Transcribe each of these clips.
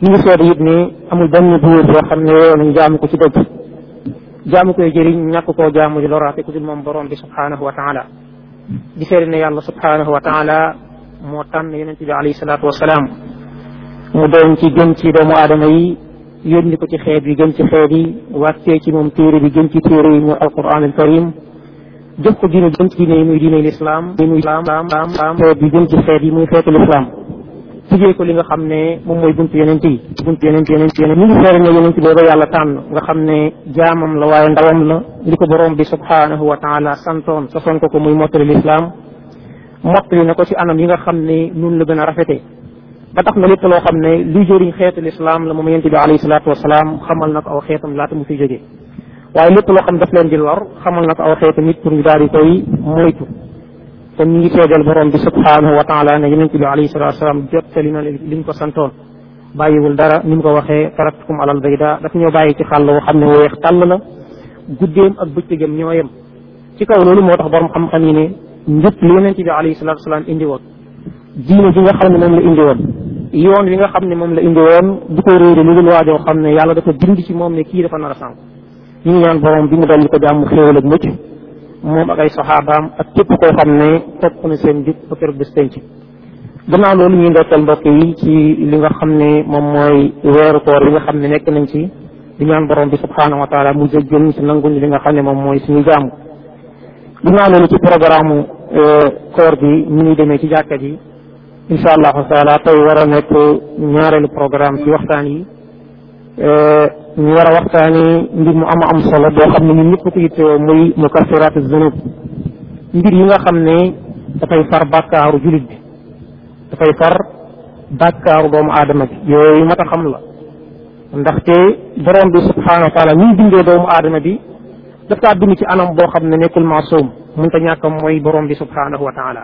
ñu ngi seede it amul benn buur boo xam jaamu ko ci dëgg jaamu koy jëriñ ñàkk ko jaamu di loraate ku dul moom borom bi subhanahu wa taala di na ne yàlla subhanahu wa taala moo tànn yonente bi alayhi salaatu wasalaam mu doon ci gën ci doomu aadama yi yónni ko ci xeet yi gën ci xeet yi wàccee ci moom téere bi gën ci téere yi muy alquran al karim jox ko diine gën ci diine yi muy diine lislaam muy islam xeet yi gën ci xeet yi muy xeetu lislaam tijjee ko li nga xam ne moom mooy buntu yonent yi buntu yonent yonent yonent ñu ngi seere ne yonent booba yàlla tànn nga xam ne jaamam la waaye ndawam la li ko borom bi subhanahu wa taala santoon sasoon ko ko muy mottali lislaam mottali na ko ci anam yi nga xam ne nun la gën a rafete ba tax na lépp loo xam ne luy jëriñ xeetu lislaam la moom yonent bi alayhi salaatu salaam xamal na ko aw xeetam laata mu fi jógee waaye lépp loo xam daf leen di lor xamal na ko aw xeetam pour ñu daal di te ñu ngi toogal borom bi subhaanahu wa taala ne yonent bi alayhi salatu wasalaam jottali na liñ ko santoon bàyyiwul dara ni mu ko waxee taraktukum alal bayda daf ñoo bàyyi ci xàll woo xam ne weex tàll la guddeem ak bëccëgam ñoo yem ci kaw loolu moo tax borom xam-xam yi ne njub li yonent bi alayhi salatu wasalaam indi woon diine ji nga xam ne moom la indi woon yoon wi nga xam ne moom la indi woon du ko réere lu dul waajoo xam ne yàlla dafa dindi ci moom ne kii dafa nar a sànq ñu ngi ñaan borom bi mu dal ko jàmm xéewal ak moom ak ay saxaabaam ak képp koo xam ne topp na seen jub ba keroog bés penc gannaaw loolu ñuy ndokkeel mbokk yi ci li nga xam ne moom mooy weeru koor yi nga xam ne nekk nañ ci di ñaan borom bi subhanahu wa taala mu jéggal si nanguñu li nga xam ne moom mooy suñu jaamu gannaaw loolu ci programme euh, koor bi ñu ngi demee ci jàkka ji incha allah taala tey war a nekk ñaareelu programme ci waxtaan yi euh, ñu war a waxtaanee mbir mu am am solo boo xam ne ñun ñëpp ko yittewoo muy mukaffiraatu zunub mbir yi nga xam ne dafay far bàkkaaru jullit bi dafay far bàkkaaru doomu aadama bi yooyu mat a xam la ndaxte borom bi subhaanahu wa taala ñuy bindee doomu aadama bi daf kaa ci anam boo xam ne nekkul maasum mun ta ñàkk mooy borom bi subhaanahu wa taala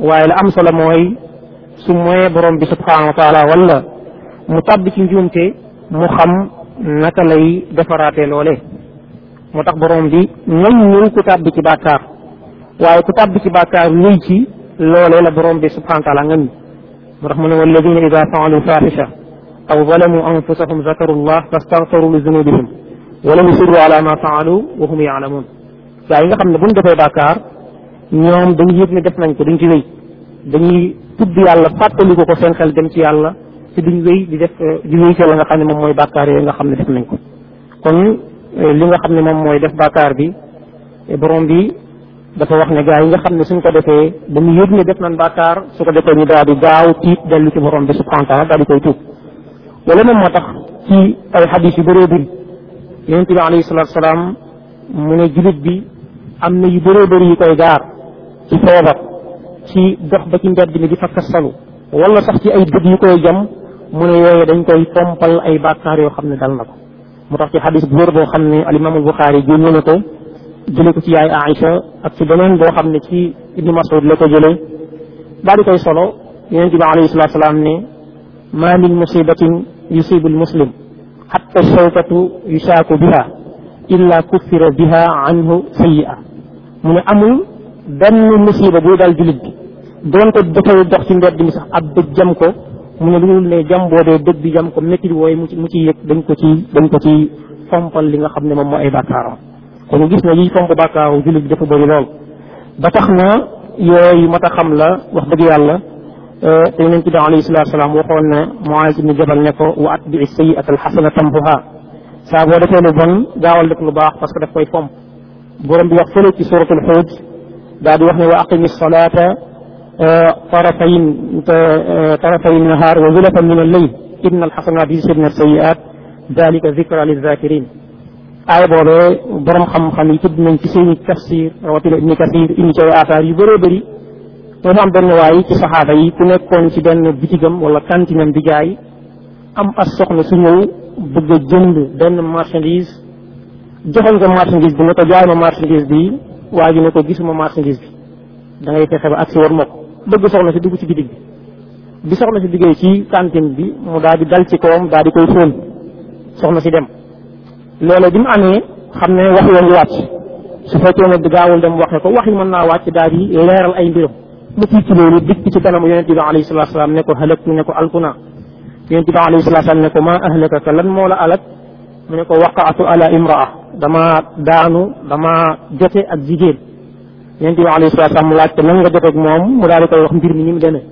waaye la am solo mooy su mooyee borom bi subhaanahu wa wala mu tàbb ci njuumte mu xam naka lay defaraate loole moo tax borom bi ñoom ku tàbbi ci bàkkaar waaye ku tàbbi ci bàkkaar luy ci loolee la borom bi subhanahu wa taala ngañ moo tax mu ne walladina ida faalu fahisha aw zalamu anfusahum zakaru llah fastaghfaru li zunubihim walam yusiru ala ma faalu wa hum yaalamun gaa yi nga xam ne buñ defee bàkkaar ñoom dañuy yëg ne def nañ ko duñ ci wéy dañuy tudd yàlla fàttaliku ko seen xel dem ci yàlla ci duñ wéy di def euh, di wéy ci la nga xam ne moom mooy bàkkaar yooyu nga xam ne def nañ ko kon euh, li nga xam ne moom mooy def bàkkaar bi euh, boroom bi dafa wax ne gaa yi nga xam ne suñ ko defee ba mu yëg ne def nañ bàkkaar su ko defee ñu daal di gaaw tiit dellu ci borom bi subhanahu wa taala di koy tuub loolu moom moo tax ci ay xadis yu bëree bëri yonent bi alayhi salaatu salaam mu ne jullit bi am na yu bëree bëri yu feebar ci dox ba ci mbedd mi wala sax ci ay dëgg yu koy jam mu ne yooyu dañ koy pompal ay bàkkaar yoo xam ne dal na ko mu tax ci xadis góor boo xam ne alimaamul Buxaari génne na ko ko ci yaay Aïcha ak ci beneen boo xam ne ci Ibnu Mas'ud la ko jëlee daal di koy solo yonente bi alayhi salaatu salaam ne ma min musibatin yusibu almuslim xatta shawkatu yushaaku biha illa kuffira biha anhu sayyi'a mu ne amul benn musiba buy dal jullit bi doon ko dafay dox ci mbedd mi sax ab dëj jam ko mu ne lu dul ne jam boobee dëgg bi jam ko métti wooye mu mu ci yëg dañ ko ci ko ci fompal li nga xam ne moom moo ay bàkkaaram kon gis na yiy fomp bàkkaaru jullit bi dafa bëri lool ba tax na yooyu ma a xam la wax dëgg yàlla euh, te yonent bi alayhi salaatu salaam waxoon na Muaaz ibn Jabal ne ko wa atbi sayyi'ata al-hasana tamhuha saa boo defee lu bon gaawal def lu baax parce que daf koy fomp borom bi wax fële ci suuratul Huud daal di wax ne wa aqimi salaata طرفي طرفي النهار وزلفا من الليل إن الحسنات يذهبن السيئات ذلك ذكرى للذاكرين aaya boobee borom xam-xam yu bëree bëri dafa am benn waay ci yi ku nekkoon ci benn bitigam wala kantinam di jaay am as soxna su ñëw a jënd benn marchandise joxoñ ma waa ji ko gisuma marchandise bi da ngay fexe ba ak si war ma bëgg soxna si dugg si bitig bi bi soxna si liggéey ci cantine bi mu daal di dal ci kawam daal di koy fóon soxna si dem loolu bi mu amee xam ne wax yoon wàcc su fekkee ne gaawul dem waxee ko wax yi mën naa wàcc daal di leeral ay mbiram mu tiit ci loolu dikk ci kanamu yonent bi alayhi salaatu salaam ne ko halak ne ko alkuna yonent bi alayhi salaatu salaam ne ko ma maa ahlakaka lan moo la alak mu ne ko waqaatu ala imraa dama daanu dama jote ak jigéen yonent bi alayhi salaatu salaam mu laaj ko nan nga jotee ak moom mu daal di koy wax mbir mi ni mu demee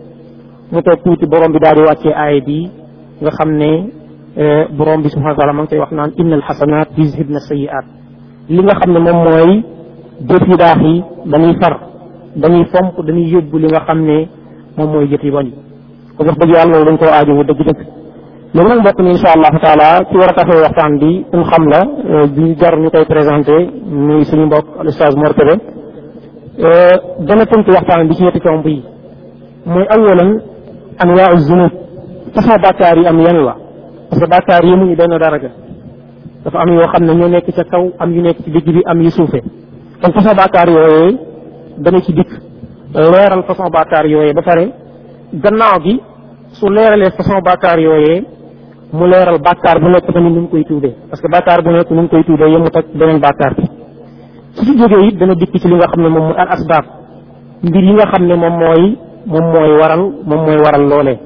mu toog tuuti borom bi daal di wàccee aaya bi nga xam ne eh, borom bi subhaanahu wa taala ma ngi koy wax naan innal xasanaat yuzhibna sayyi'aat li nga xam ne moom mooy jëf yu baax yi dañuy far dañuy fomp dañuy yóbbu li nga xam ne moom mooy jëf yu bon yi kon wax dëgg yàlla loolu dañ koo aajowu dëgg-dëgg léegi nag mbokk mi insha allahu taala ci war a taxee waxtaan bi suñ xam la eh, bi jar ñu koy présenté muy suñu mbokk al ustaz Mor Kébé Euh, dana tënk waxtaan bi ci ñetti tomb yi mooy awalan anwaau zunub façon bàkkaar yi am yan la parce que bàkkaar yi mu ngi benn daraja dafa am yoo xam ne ñoo nekk ca kaw am yu nekk ci digg bi am yu suufe kon façon baakaar yooyee dana ci dikk leeral façon bàkkaar yooyee ba pare gannaaw gi su leeralee façon bàkkaar yooyee mu leeral bàkkaar bu nekk tamit ni mu koy tuubee parce que bàkkaar bu nekk ni koy tuubee yemut ak beneen bàkkaar su si jógee it dana dikk ci li nga xam ne moom mooy al asbaab mbir yi nga xam ne moom mooy moom mooy waral moom mooy waral loolee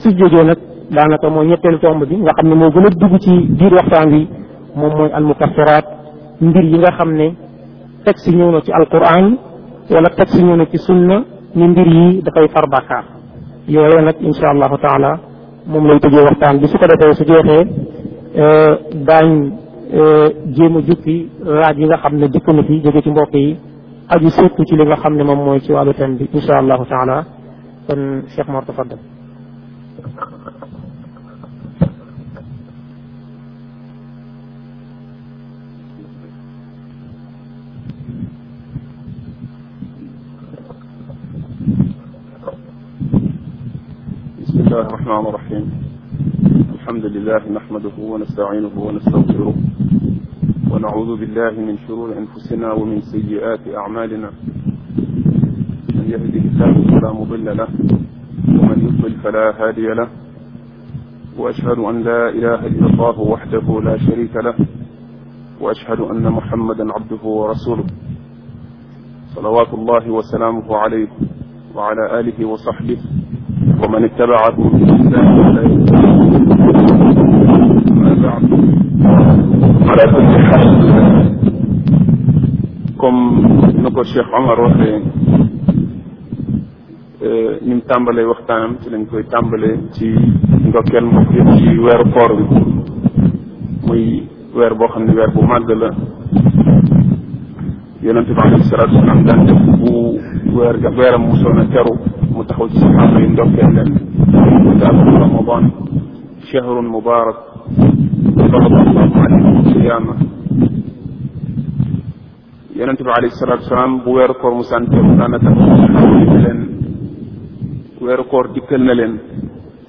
su fi jógee nag daanaka mooy ñetteelu tomb bi nga xam ne moo gën a dugg biir waxtaan wi moom mooy al mukaffiraat mbir yi nga xam ne texte ñëw na ci alquran wala texte ñëw na ci sunna ni mbir yi dafay far bàkkaar yooyu nag insha allahu taala moom lay tëjee waxtaan bi su ko defee su jeexee euh, daañ jéem a jukki laaj yi nga xam ne dikk na fi aju surtout ci li nga xam ne moom mooy ci wàllu thème bi insha taala kon Cheikh tafaddal الحمد لله نحمده ونستعينه ونستغفره ونعوذ بالله من شرور أنفسنا ومن سيئات أعمالنا من يهده الله فلا مضل له ومن يضلل فلا هادي له وأشهد أن لا إله إلا الله وحده لا شريك له وأشهد أن محمدا عبده ورسوله صلوات الله وسلامه عليه وعلى آله وصحبه ومن اتبعه بإحسان إلى يوم ala kulli xaal comme nu ko Cheikh Omar waxee eh, ni ci lañ koy tàmbalee ci ndokkeel mbokk yëpp ci weeru koor muy weer boo xam ne weer bu màgg la yonente bi alayhi salaatu wasalaam daan def bu weer ga weeram mosoon a teru mu taxaw ci saxaaba yi ndokkeel leen daal ramadan shahrun mubarak farada allahu alayhi siyaama bi alayhi salaatu wasalaam bu weeru koor mu sante mu daana tax leen weeru koor dikkal na leen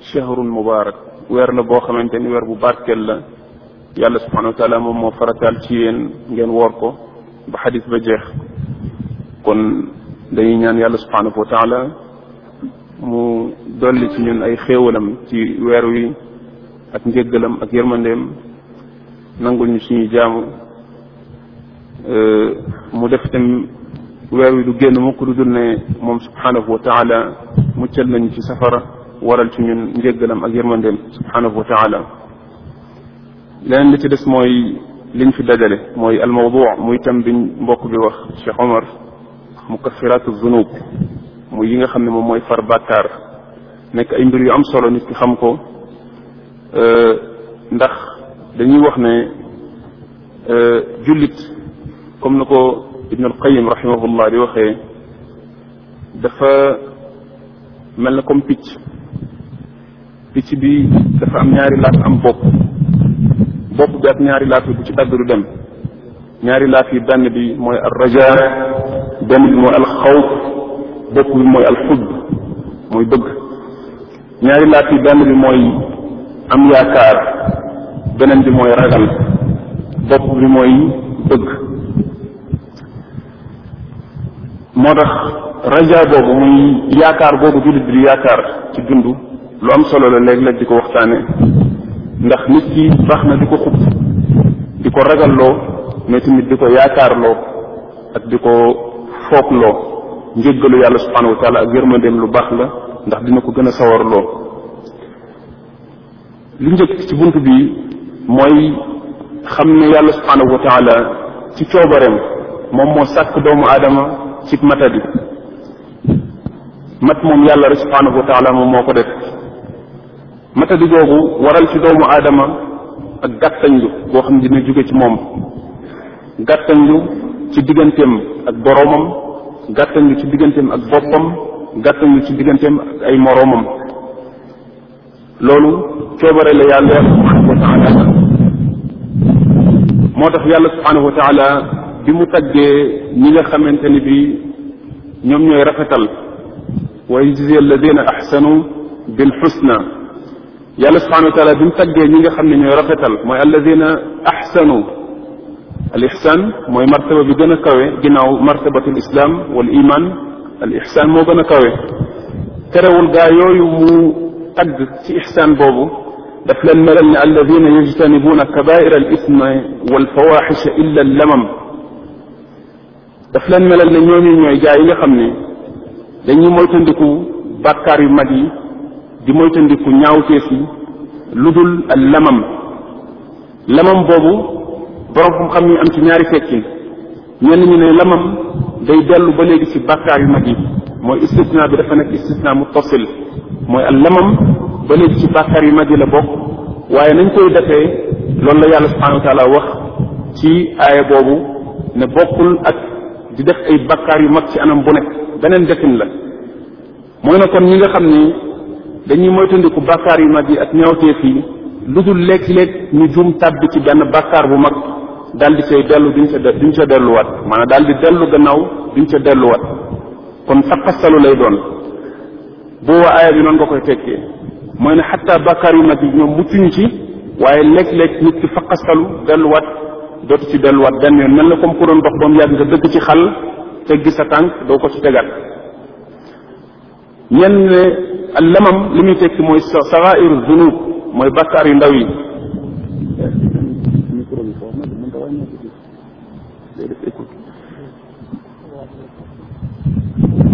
shahrun mubaarak weer la boo xamante ni weer bu barkeel la yàlla subhanahu wa moom moo farataal ci yéen ngeen woor ko ba xadis ba jeex kon dañuy ñaan yàlla subhanahu wa taala mu dolli ci ñun ay xéewalam ci weer wi ak njëggalam ak yërmandeem nangul ñu suñuy jaamu euh, mu def itam weer wi du génn mukk du dul ne moom subhanahu wa taala muccal nañu ci safara waral ci ñun njéggalam ak yërmandeem subhanahu wa taala leneen li ci des mooy liñ fi dajale mooy almawdu muy tam biñ mbokk bi wax Cheikh Omar mukaffiratu zunub muy yi nga xam ne moom mooy far bàkkaar nekk ay mbir yu am solo nit ki xam ko euh, ndax dañuy wax ne euh, jullit comme na ko ibn alqayim rahimahullah di waxe dafa mel na comme picc picc bi dafa am ñaari laaf am bopp bopp bi ak ñaari laaf yi bu ci dagg du dem ñaari laaf yi benn bi mooy al raja benn bi mooy al bopp bi mooy al mooy bëgg ñaari laaf yi benn bi mooy am yaakaar beneen bi mooy ragal bopp bi mooy bëgg moo tax raja boobu muy yaakaar boobu jullit bi di yaakaar ci dund lu am solo la léeg-léeg di ko waxtaane ndax nit ki baax na di ko xub di ko ragalloo mais mi di ko yaakaarloo ak di ko foogloo njëggalu yàlla subhanahu wa taala ak yërmandeem lu baax la ndax dina ko gën a sawarloo li njëkk ci bunt bi mooy xam ne yàlla subhaanahu wa taala ci coobareem moom moo sàkk doomu aadama ci matadi mat moom yàlla rek subhaanahu wa taala moom moo ko def matadi googu waral ci doomu aadama ak gàttañlu boo xam ne dina jóge ci moom gàttañlu ci digganteem ak boroomam gàttañlu ci digganteem ak boppam gàttañlu ci digganteem ak ay moroomam loolu coobare la yàlla subhanahu wa taala moo tax yàlla subhanahu wa taala bi mu taggee ñi nga xamante ni bi ñoom ñooy rafetal wa yujzi alladina ahsanu bil xusna yàlla subhanahu wa taala bi mu taggee ñi nga xam ne ñooy rafetal mooy alladina ahsanu al ihsan mooy martaba bi gën a kawe ginnaaw martabatul islam wal iman al ihsan moo gën a kawe terewul gaa yooyu mu tagg ci ixsaan boobu daf leen melal ne alladina yajtanibuuna kabaira al isma wal fawaxisha illa al lamam daf leen melal ne ñooñu ñooy gaa yi nga xam ne dañuy moytandiku bàkkaar yu mag yi di moytandiku ñaawteef yi lu dul al lamam lamam boobu borom xam-xam yi am ci ñaari fekkin ñenn ñu ne lamam day dellu ba léegi ci bàkkaar yu mag yi mooy istisna bi dafa nekk istisna muttasil mooy al lamam ba léegi ci bàkkaar yu mag yi la bokk waaye nañ koy defee loolu la yàlla subhanahu wa taala wax ci aaya boobu ne bokkul ak di def ay bàkkaar yu mag ci anam bu nekk beneen defin la mooy na kon ñi nga xam ni dañuy moytandiku bàkkaar yu mag yi ak ñaawteef yi lu dul lekk léeg ñu juum tàbbi ci benn bàkkaar bu mag daal di cay dellu duñ ca duñ ca delluwaat maanaam daal di dellu gannaaw duñ ca delluwaat kon taqasalu lay doon booba aaya yi noonu nga koy tekkee mooy ne xatta bàkkaar yu mag yi ñoom muccuñu ci waaye léeg-léeg nit ki faqastalu delluwaat dootu ci delluwaat benn yoon mel na comme ku doon dox ba yàgg nga dëgg ci xal teggi sa tànk doo ko ci tegaat ñenn muy tekki mooy mooy bàkkaar yu ndaw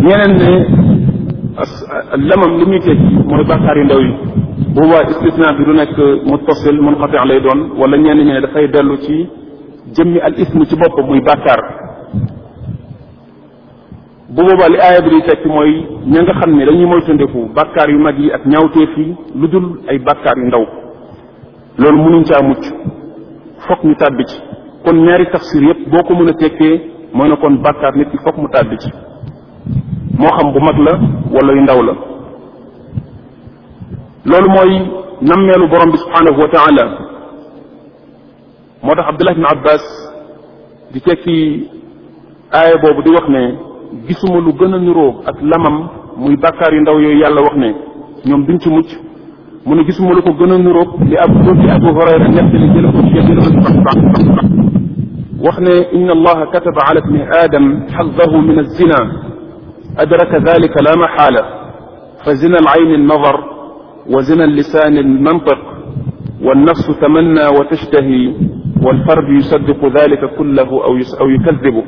ñeneen ne lemam li muy tekki mooy bàkkaar yu ndaw yi bu boobaa istisna bi du nekk muttasil munqati lay doon wala ñenn ñi ne dafay dellu ci jëmmi al ism ci boppam muy bàkkaar bu boobaa li aaya bi di tekki mooy ña nga xam ne dañuy moytandiku bàkkaar yu mag yi ak ñaawteef yi lu dul ay bàkkaar yu ndaw loolu mënuñ caa mucc fokk ñu tàbbi ci kon ñaari tafsir yépp boo ko mën a tekkee mooy ne kon bàkkaar nit fokk mu tàbbi ci moo xam bu mag la walla yu ndaw la loolu mooy nammeelu borom bi subhanahu wa taala moo tax abdullah ibn abbas di tekki aaya boobu di wax ne gisuma lu gën a niroo ak lamam muy bàkkaar yu ndaw yooyu yàlla wax ne ñoom duñ ci mucc mu ne gisuma lu ko gën a niroo li ab li abu hurayra nett li jële ko ci ko wax ne inna allaha kataba ala ibni adam xaddahu min alzina أدرك ذلك لا محالة فزنا العين النظر وزنا اللسان المنطق والنفس تمنى وتشتهي والفرد يصدق ذلك كله أو أو يكذبه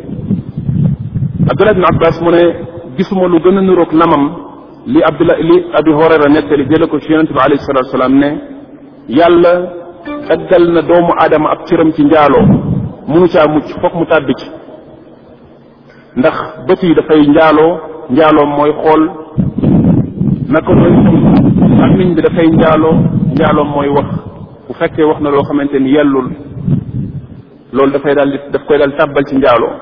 Abdullah bin Abbas mu ne gisuma lu gën a niroog lamam li Abdullah li Abi Hurayra nettali jële ko ci yonent bi alayhi salaatu salaam ne yàlla daggal na doomu aadama ab cëram ci njaaloo munu caa mucc foog mu tàbbi ci ndax bët yi dafay njaaloo njaaloom mooy xool naka nooy làmmiñ bi dafay njaaloo njaaloom mooy wax bu fekkee wax na loo xamante ni yellul loolu dafay daal daf koy daal tàbbal ci njaaloo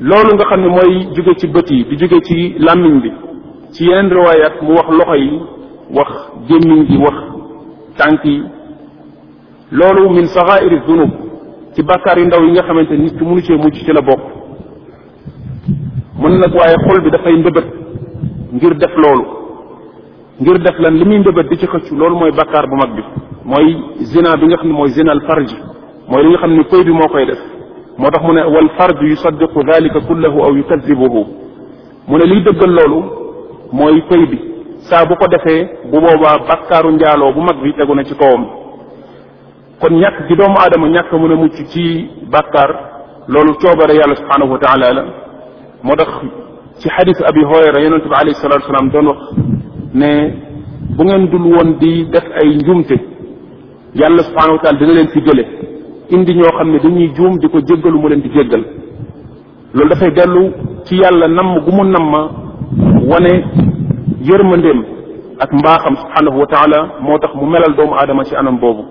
loolu nga xam ne mooy jóge ci bët yi di jóge ci làmmiñ bi ci yeneen riwaayaat mu wax loxo yi wax gémmiñ gi wax tànk yi loolu min saxaa'iri dunub ci bàkkaar yu ndaw yi nga xamante nit ki mënu cee mucc ci la bokk mu ne nag waaye xol bi dafay ndëbët ngir def loolu ngir def lan li muy ndëbët di ci xëccu loolu mooy bakkaar bu mag bi mooy zina bi nga xam ne mooy zina al farj mooy li nga xam ne koy bi moo koy def moo tax mu ne wal farj yusaddiqu dalika kullahu aw yukadibuhu mu ne liy dëggal loolu mooy koy bi saa bu ko defee bu boobaa bakkaaru njaaloo bu mag bi tegu na ci kawam kon ñàkk gi doomu aadama ñàkk mën a mucc ci bàkkaar loolu coobare yàlla subhanahu la moo tax ci xadisu abi hurayra yonente bi alayhi salatu wasalaam doon wax ne bu ngeen dul woon di def ay njuumte yàlla subhanahu wa taala dina leen fi jële indi ñoo xam ne dañuy juum di ko jéggalu mu leen di jéggal loolu dafay dellu ci yàlla namm gu mu namm wane yërmandeem ak mbaaxam subhanahu wa taala moo tax mu melal doomu aadama ci anam boobu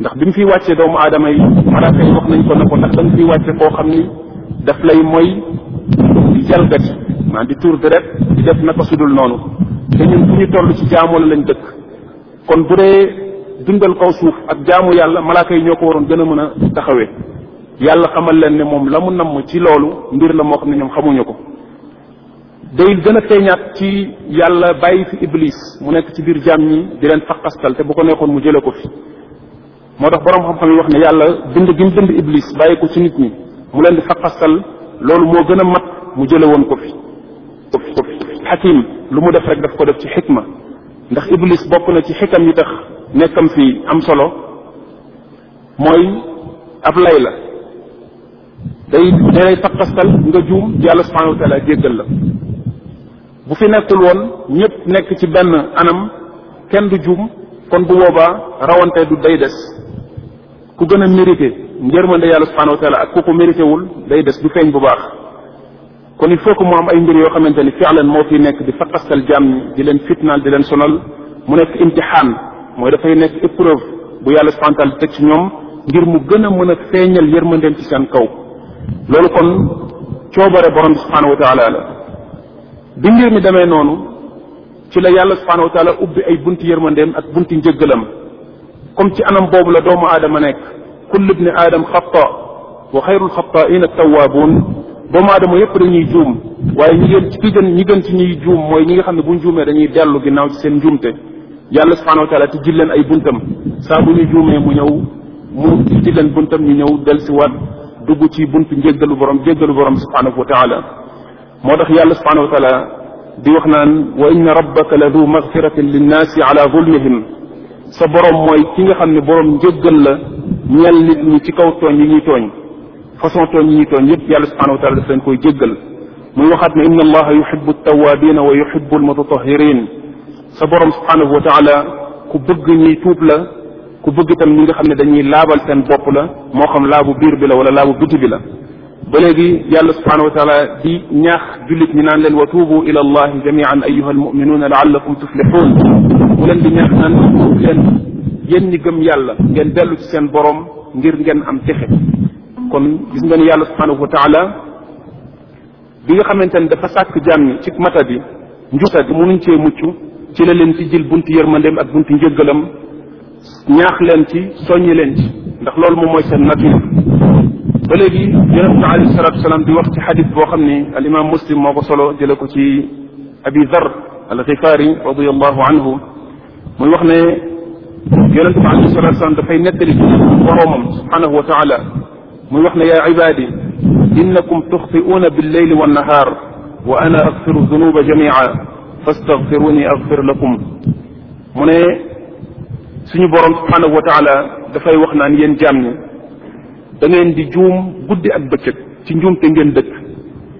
ndax bi mu fiy wàccee doomu aadama yi malaaka yi wax nañ ko ne ko ndax da nga wàcce koo xam ni daf lay mooy di jalgati maanaam di tuur deret di def naka sudul noonu te ñun fu ñu toll ci jaamono lañ dëkk kon bu dee dundal kaw suuf ak jaamu yàlla malaaka yi ñoo ko waroon gën a mën a taxawee yàlla xamal leen ne moom la mu namm ci loolu mbir la moo xam ne ñoom xamuñu ko day gën a teeñaat ci yàlla bàyyi fi iblis mu nekk ci biir jaam ñi di leen faqastal te bu ko nekkoon mu jële ko fi moo tax boroom xam-xam yi wax ne yàlla dund gi mu bind iblis bàyyi ko ci nit ñi mu jële woon ko fi xakim lu mu def rek daf ko def ci xikma ndax iblis bokk na ci xikam yi tax nekkam fi am solo mooy ab lay la day day fakkastal nga juum yàlla subhanahu wa taala la bu fi nekkul woon ñëpp nekk ci benn anam kenn du juum kon bu boobaa rawante du day des ku gën a mérité njërmande yàlla subhanahu wa taala ak ku ko mérité wul day des du feeñ bu baax kon il faut que mu am ay mbir yoo xamante ni fi'lan moo fi nekk di fakkastal jaam ñi di leen fitnaal di leen sonal mu nekk imtixaan mooy dafay nekk épreuve bu yàlla subhanahu wa taala teg ci ñoom ngir mu gën a mën a feeñal yërmandeem ci seen kaw loolu kon coobare borom bi subhanahu wa la bi mbir mi damee noonu ci la yàlla subhanahu wa ubbi ay bunti yërmandeem ak bunti njëggalam comme ci anam boobu la doomu aadama nekk kullu ibni aadam xata wa xayrul xataain at tawaabuun doomu adama yëpp dañuy juum waaye ñi gën ci ki gën ñi gën ci ñuy juum mooy ñi nga xam ne buñ juumee dañuy dellu ginnaaw ci seen njuumte yàlla subhanahu wa taala te jil leen ay buntam saa bu ñu juumee mu ñëw mu ci leen buntam ñu ñëw del si waat dugg ci bunt njéggalu borom jéggalu borom subhanahu wa taala moo tax yàlla subhanahu wa taala di wax naan wa inna rabbaka la du magfiratin linnaasi ala zulmihim sa borom mooy ki nga xam ne borom njéggal la ñeel nit ñi ci kaw tooñ yi ñuy tooñ façon tooñ yi ñuy tooñ yépp yàlla subhanahu wa taala daf leen koy jéggal muy waxaat ne inna allaha yuhibbu tawabina wa yuhibbu almutatahirin sa borom subhanahu wa taala ku bëgg ñiy tuub la ku bëgg itam ñi nga xam ne dañuy laabal seen bopp la moo xam laabu biir bi la wala laabu biti bi la ba léegi yàlla subhanahu wa taala di ñaax jullit ñi naan leen wa tuubu ila allahi jamian ayuha almuminuuna laallakum tuflixuun mu leen di ñaax naan gëm yàlla ngeen dellu ci seen borom ngir ngeen am texe kon gis nga ni yàlla subhanahu wa bi nga xamante ne dafa sàkk jaam ñi ci mata bi njuuta bi mënuñ cee mucc ci la leen ci jël bunti yërmandeem ak bunti njëggalam ñaax leen ci soññi leen ndax loolu moom mooy seen nature ba léegi yonent bi alayhi salaatu wax ci xadis boo xam ni al imam muslim moo ko solo jële ko ci abi dhar al xifaari radiallahu anhu muy wax ne yonent bi alayhi salaatu dafay nettali boromam subhanahu wa taala muy wax ne yaa ibaadi innakum tuxti'uuna billeyli wannahaar wa ana agfiru dunuba jamica fastagfiruni agfir lakum mu ne suñu borom subhaanahu wa taala dafay wax naan yéen jaam ñi da di juum guddi ak bëccëg ci njuum te ngeen dëkk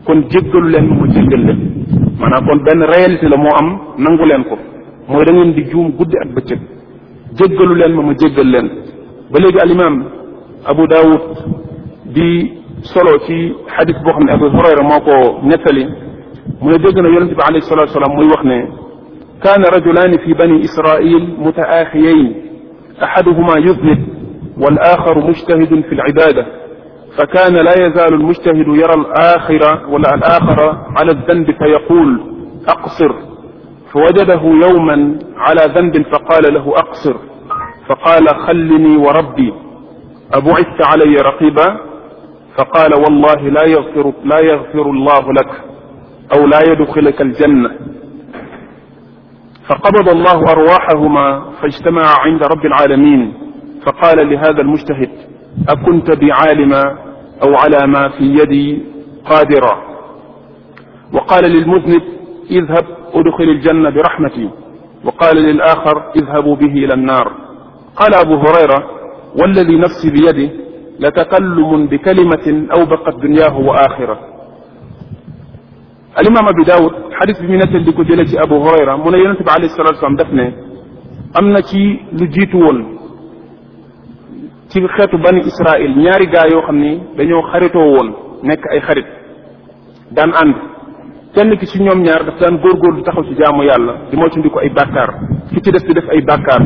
kon jéggalu leen ma ma jéggal leen maanaam kon benn réalité la moo am nangu leen ko mooy da di juum guddi ak bëccëg leen ma ma jéggal leen ba léegi al imam Abu Daawud di solo ci xadis boo xam ne Abu Hurayra moo ko nettali mu ne dégg na yonente bi alayhi salatu wasalaam muy wax ne kaana rajulaani fi bani israil mutaaxiyayn axaduhuma yudnib wal axaru mujtahidun fi lcibada fa kaana laa yazaalu almujtahidu yara alaxira wala alaxara ala aldanbi fa yaqul aqsir fa wajadahu yowman ala danbin fa qaala lahu aqsir fa qaala xallini wa rabbi abuista alaya raqiba fa qaala wallahi laa yaghfiru laa yaghfiru allahu lak aw laa yadxilaka aljanna fa qabada allahu arwaxahuma fa ijtamaca cinda rabbi alalamin fa qaala li hada almujtahid akunta bi caalima aw ala ma fi yadi qaadira wa qaala lilmuznib idhab udxil aljanna birahmati wa qaala lilaxar idhabuu bihi ila annar qaala abu hurayra walladi nafsi biyadihi la taqallumun bi kalimatin aw baqat duniyaahu wa axira alimaam abi daawud xadis bi ñu nettal di ko jële ci abu hurayra mu ne yonente bi alayhi salatu salaam ne am na ci lu jiitu woon ci xeetu bani israil ñaari gaa yoo xam ni dañoo xaritoo woon nekk ay xarit daan ànd kenn ki ci ñoom ñaar daf daan góorgóorlu taxaw ci jaamu yàlla di moo ci ndi ko ay bàkkaar ki ci des di def ay bàkkaar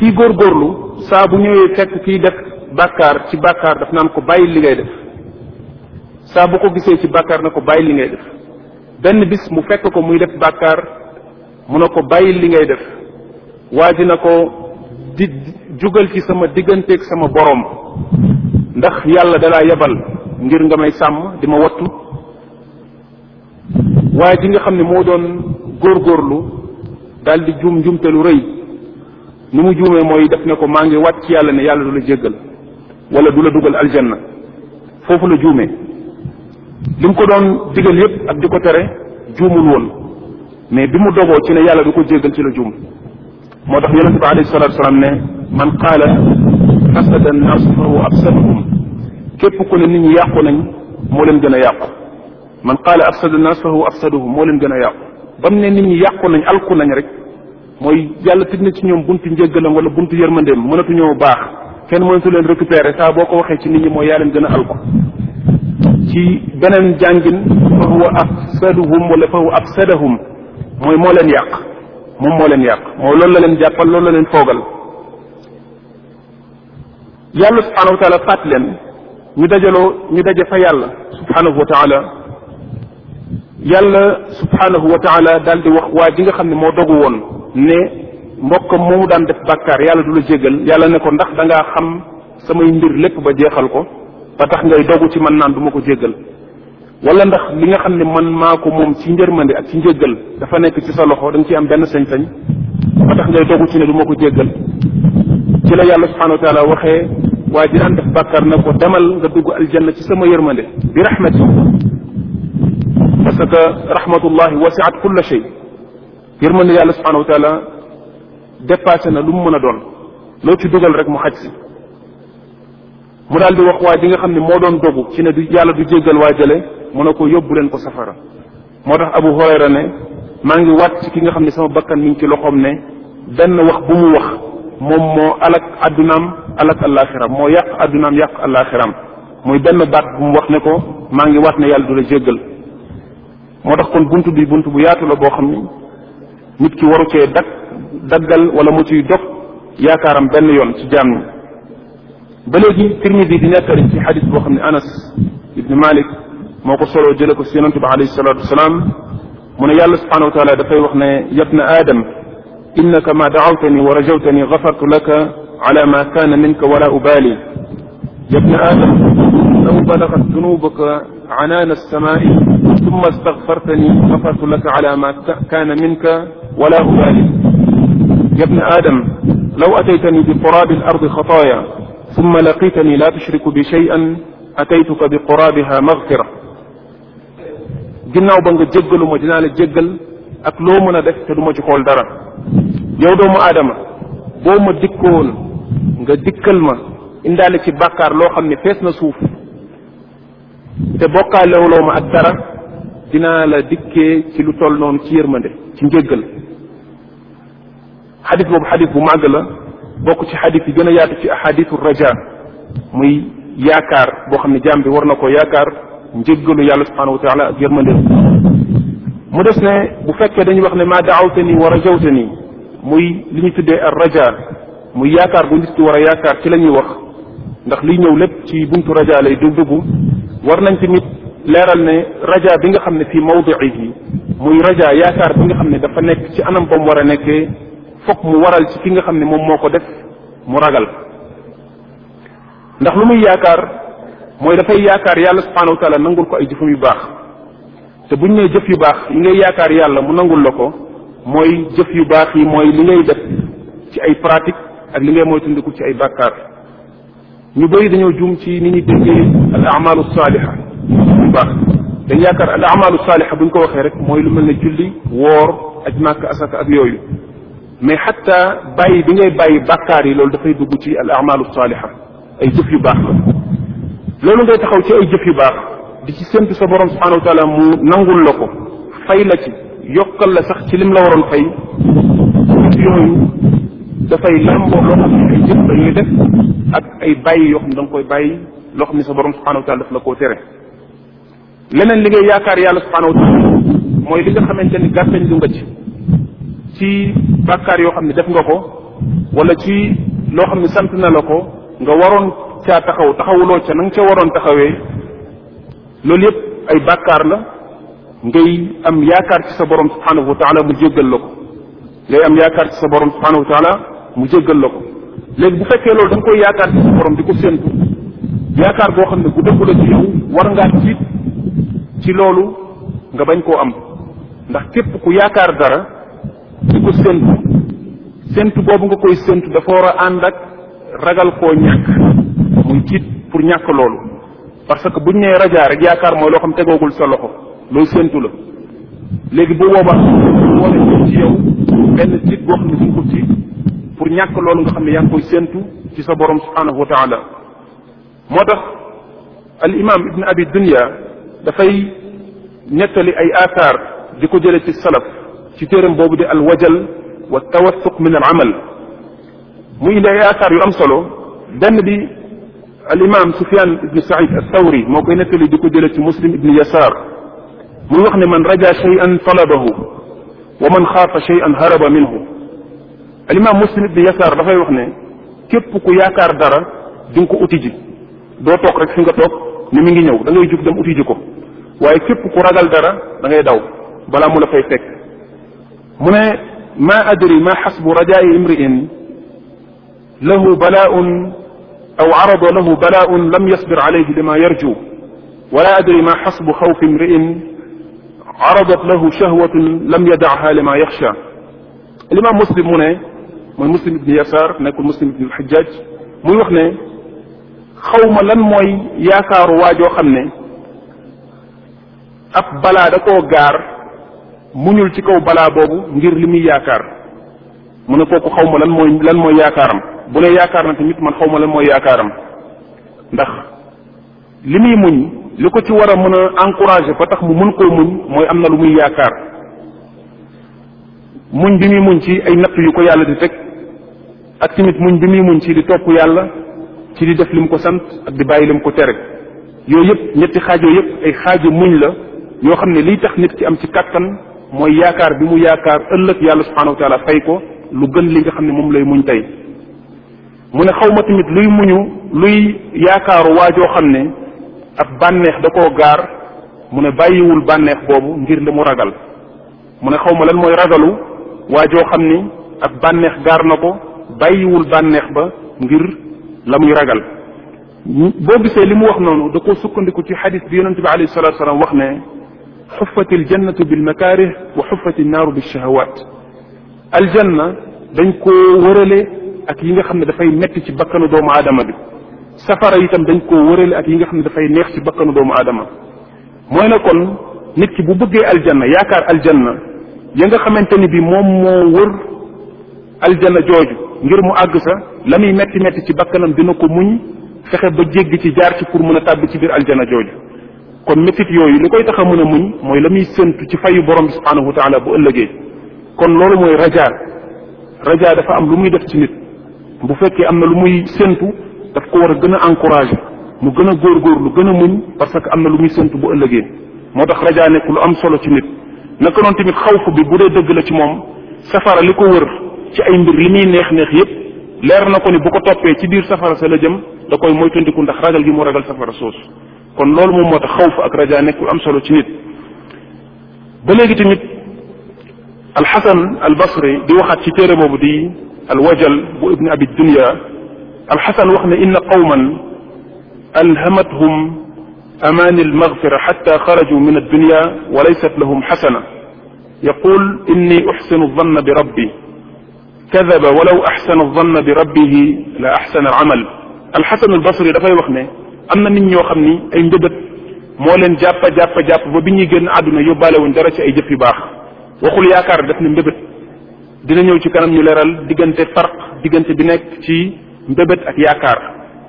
kii góorgóorlu saa bu ñëwee fekk kii def bàkkaar ci bàkkaar daf naan ko bàyyi li ngay def saa bu ko gisee ci bàkkaar na ko bàyyi li ngay def benn bis mu fekk ko muy def bàkkaar mu ne ko bàyyi li ngay def waa ji na ko di jugal ci sama digganteeg sama boroom ndax yàlla dalaa yebal ngir nga may sàmm di ma wattu waaye nga xam ne moo doon góorgóorlu daal di juum njuumte lu rëy ni mu juumee mooy def na ko maa ngi wàcc yàlla ne yàlla du la jéggal wala du la dugal aljanna foofu la juumee li mu ko doon digal yépp ak di ko tere juumul woon mais bi mu dogoo ci ne yàlla du ko jéggal ci la juum moo tax yonente bi alayhi salatu wasalaam ne man qaala fasada annaas ku ne nit ñi yàqu nañ moo leen gën a yàqu man qaala afsada annaas fa huwa afsaduhum moo leen gën a yàqu ba mu ne nit ñi yàqu nañ alku nañ rek mooy yàlla tëj na ci ñoom buntu njéggalam wala buntu yërmandeem mënatuñoo baax kenn mënatu leen récupérer saa boo ko waxee ci nit ñi mooy yaa leen gën a alku ci beneen jàngin fa huwa afsaduhum wala fa huwa afsadahum mooy moo leen yàq moom moo leen yàq mooy loolu la leen jàppal loolu la leen foogal yàlla subhaanahu wa faat leen ñu dajaloo ñu daje fa yàlla subhaanahu wa taala yàlla subhaanahu wa taala daal di wax waa ji nga xam ne moo dogu woon ne mbokkam moomu daan def bàkkaar yàlla du la jégal yàlla ne ko ndax da ngaa xam samay mbir lépp ba jeexal ko ba ngay dogu ci man naan du ma ko jégal wala ndax li nga xam ne man maa ko moom ci njërmande ak ci njégal dafa nekk ci sa loxo da ci am benn sañ-sañ ba tax ngay dogu ci ne du ma ko jégal ci la yàlla subhanahu wa taala waxee waaye di daan def bàkkaar na ko demal nga dugg aljanna ci sama yërmande bi rahmati parce que rahmatullahi wasiat kulla shay yërmande yàlla subhanahu wa taala dépassé na lu mu mën a doon loo ci dugal rek mu xaj si mu daal di wax waaye ji nga xam ne moo doon dogu ci ne du yàlla du jéggal waa jële mu ne ko yóbbu leen ko safara moo tax Abu Hurayra ne maa ngi waat ci ki nga xam ne sama bakkan mi ngi ci loxoom ne benn wax bu mu wax moom moo alak addunaam alak allaaxiram moo yàq àddunaam yàq allaaxiram muy benn baat bu mu wax ne ko maa ngi waat ne yàlla du la jéggal moo tax kon bunt bi bunt bu yaatu la boo xam ni nit ki waru cee dak daggal wala mu ciy dog yaakaaram benn yoon ci jaam ñi ba léegi Tirmidi di nettali ci xadis boo xam ne Anas ibn Malik moo ko soloo jële ko si yonente bi alayhi salaatu wasalaam mu ne yàlla subhanahu wa taala dafay wax ne yabna aadam innaka ma daawtani wa rajawtani gafartu laka ala ma kaana minka wala ubaali yabna aadam law balagat dunubuka anaana alsamaai summa stagfartani gafartu laka ala ma kaana minka wala ubaali يا ابن آدم لو أتيتني بقراب الأرض خطايا ثم لقيتني لا تشرك بي شيئا أتيتك بقرابها مغفرة ba nga jéggalu ma dinaa la jéggal ak loo mën a def te du ma ci xool dara yow doomu aadama boo ma dikkoon nga dikkal ma indaale ci bàkkaar loo xam ne fees na suuf te bokkaalewloo ma ak dara dinaa la dikkee ci lu toll noonu ci yërmande ci njéggal xadis boobu xadis bu màgg la bokk ci xadis yi gën a yaatu ci ahadisu raja muy yaakaar boo xam ne jaam bi war na ko yaakaar njëggalu yàlla subhanahu wa taala ak yërmandeem mu des ne bu fekkee dañuy wax ne maa daawte war a rajawte nii muy li ñu tuddee ar raja muy yaakaar bu nit war a yaakaar ci lañuy ñuy wax ndax liy ñëw lépp ci buntu raja lay dug dugg war nañ ti mit leeral ne raja bi nga xam ne fii mawdiihi muy rajaa yaakaar bi nga xam ne dafa nekk ci anam war a nekkee fokk mu waral ci ki nga xam ne moom moo ko def mu ragal ndax lu muy yaakaar mooy dafay yaakaar yàlla subhanahu wa taala nangul ko ay jëfam yu baax te buñ nee jëf yu baax yi ngay yaakaar yàlla mu nangul la ko mooy jëf yu baax yi mooy li ngay def ci ay pratique ak li ngay ko ci ay bàkkaar ñu bëri dañoo juum ci ni ñuy déggee al amalu saaliha yu baax dañ yaakaar al amalu saaliha buñ ko waxee rek mooy lu mel ne julli woor ak màkk asaka ak yooyu mais xatta bàyyi bi ngay bàyyi bàkkaar yi loolu dafay dugg ci al amalu saaliha ay jëf yu baax la loolu ngay taxaw ci ay jëf yu baax di ci séntu sa borom subhanahu wa mu nangul la ko fay la ci yokkal la sax ci lim la waroon fay dafay làmboo loo xam ne ay jëf la ñuy def ak ay bàyyi yoo xam ne da loo xam ne sa borom subhanahu wa daf la ko tere leneen li ngay yaakaar yàlla subhanahu wa taala mooy li nga xamante ni gàttañ lu nga ci ci bàkkaar yoo xam ne def nga ko wala ci loo xam ne sant na la ko nga waroon caa taxaw taxawuloo ca na nga ca waroon taxawee loolu yépp ay bàkkaar la ngay am yaakaar ci sa borom subhanahu wa taala mu jéggal la ko ngay am yaakaar sa borom subhanahu wa mu jéggal ko léegi bu fekkee loolu da nga koy yaakaar ci sa borom di ko séentu yaakaar boo xam ne bu dëggu la ci yow war ngaa tiit ci loolu nga bañ koo am ndax képp ku yaakaar dara di ko séntu séntu boobu nga koy séntu dafa war a ànd ak ragal koo ñàkk muy tiit pour ñàkk loolu parce que buñ nee rajaa rek yaakaar mooy loo xam tegoogul sa loxo loolu séntu la léegi bu boobaa wala ci yow benn tiit boo xam ne duñ ko tiit pour ñàkk loolu nga xam ne yaa ngi koy séntu ci sa borom subhanahu wa taala moo tax al imam ibn abi dunya dafay nettali ay athar di ko jële ci salaf ci téeram boobu di al wajal wa tawassuq min al amal mu indi ay asaar yu am solo benn bi al imam sufyan ibni said althawri moo koy nettali di ko jële ci muslim ibni yasaar muy wax ne man raja cheyan talabahu wa man xaafa cheyan haraba minhu al imam muslim ibni yasaar dafay wax ne képp ku yaakaar dara di nga ko uti ji doo toog rek fi nga toog ni mi ngi ñëw da ngay jug dem uti ji ko waaye képp ku ragal dara dangay daw balaa mu la fay fekk mu ne maa adri ma xasbu rajaa'i imri'in lahu balaaun aw arada lahu balaaun lam yasbir alayhi lima yarju wala adri ma xasbu xawfi imri'in aradat lahu shahwatun lam yada'ha lima yaxsha limaam muslim mu ne mooy muslim ibni yasaar nekkul muslim ibni alxajjaaj muy wax ne xaw ma lan mooy yaakaaru waajoo xam ne ab balaa da koo gaar muñul ci kaw balaa boobu ngir li muy yaakaar mu ne kooku xaw ma lan mooy lan mooy yaakaaram bu ne yaakaar na nit man xaw ma lan mooy yaakaaram ndax li muy muñ li ko ci war a mën a encouragé ba tax mu mën koo muñ mooy am na lu muy yaakaar muñ bi muy muñ ci ay natt yu ko yàlla di teg ak tamit muñ bi muy muñ ci di topp yàlla ci di def li mu ko sant ak di bàyyi li mu ko tere yooyu yëpp ñetti xaajoo yëpp ay xaajo muñ la yoo xam ne liy tax nit ki am ci kàttan mooy yaakaar bi mu yaakaar ëllëg yàlla subhanahu wa taala ko lu gën li nga xam ne moom lay muñ tey mu ne xaw ma tamit luy muñu luy yaakaaru waajoo xam ne ab bànneex da ko gaar mu ne bàyyiwul bànneex boobu ngir li mu ragal mu ne xaw ma lan mooy ragalu waajoo xam ni ab bànneex gaar na ko bàyyiwul bànneex ba ngir la muy ragal boo gisee li mu wax noonu da ko sukkandiku ci xadis bi yonente bi alayhi salatu salaam wax ne xuffat aljannatu bilmakaarih wa xuffat annaaru bilshahawaat aljanna dañ koo wërale ak yi nga xam ne dafay metti ci bakkanu doomu aadama bi safara tam dañ koo wërale ak yi nga xam ne dafay neex ci bakkanu doomu adama mooy ne kon nit ki bu bëggee aljanna yaakaar aljanna ya nga xamante ni bi moom moo wër aljanna jooju ngir mu àgg sax la yi metti metti ci bakkanam dina ko muñ fexe ba jégg ci jaar ci pour mën a tàbbi ci biir aljanna jooju kon métit yooyu li koy taxa a mën a muñ mooy la muy séentu ci fayu borom bi subhaanahu wa taala bu ëllëgee kon loolu mooy raja rajaa dafa am lu muy def ci nit bu fekkee am na lu muy séentu daf ko war a gën a encouragé mu gën a góorgóorlu gën a muñ parce que am na lu muy séntu bu ëllëgee moo tax raja nekk lu am solo ci nit naka noonu tamit xawfu bi bu dee dëgg la ci moom safara li ko wër ci ay mbir li muy neex neex yépp leer na ko ni bu ko toppee ci biir safara sa la jëm da koy moytandiku ndax ragal gi mu ragal safara soosu kon loolu moom moo tax xawf ak rajaa nekk lu am solo ci nit ba léegi tamit alxasan al basri di waxaat ci téere boobu di alwajal bu ibni abi dunya alxasan wax ne inna qawman alhamathum amaani almaghfira xatta xaraju min addunya wa laysat lahum xasana yaqul inni uxsinu aldanna bi rabbi kadaba walaw axsana aldanna bi rabbihi la axsana alamal alxasan albasri dafay wax ne am na nit ñoo xam ni ay mbëbët moo leen jàppa jàppa jàpp ba bi ñuy génn àdduna yóbbaale wuñ dara ci ay jëf yu baax waxul yaakaar daf ne mbëbët dina ñëw ci kanam ñu leeral diggante farq diggante bi nekk ci mbëbët ak yaakaar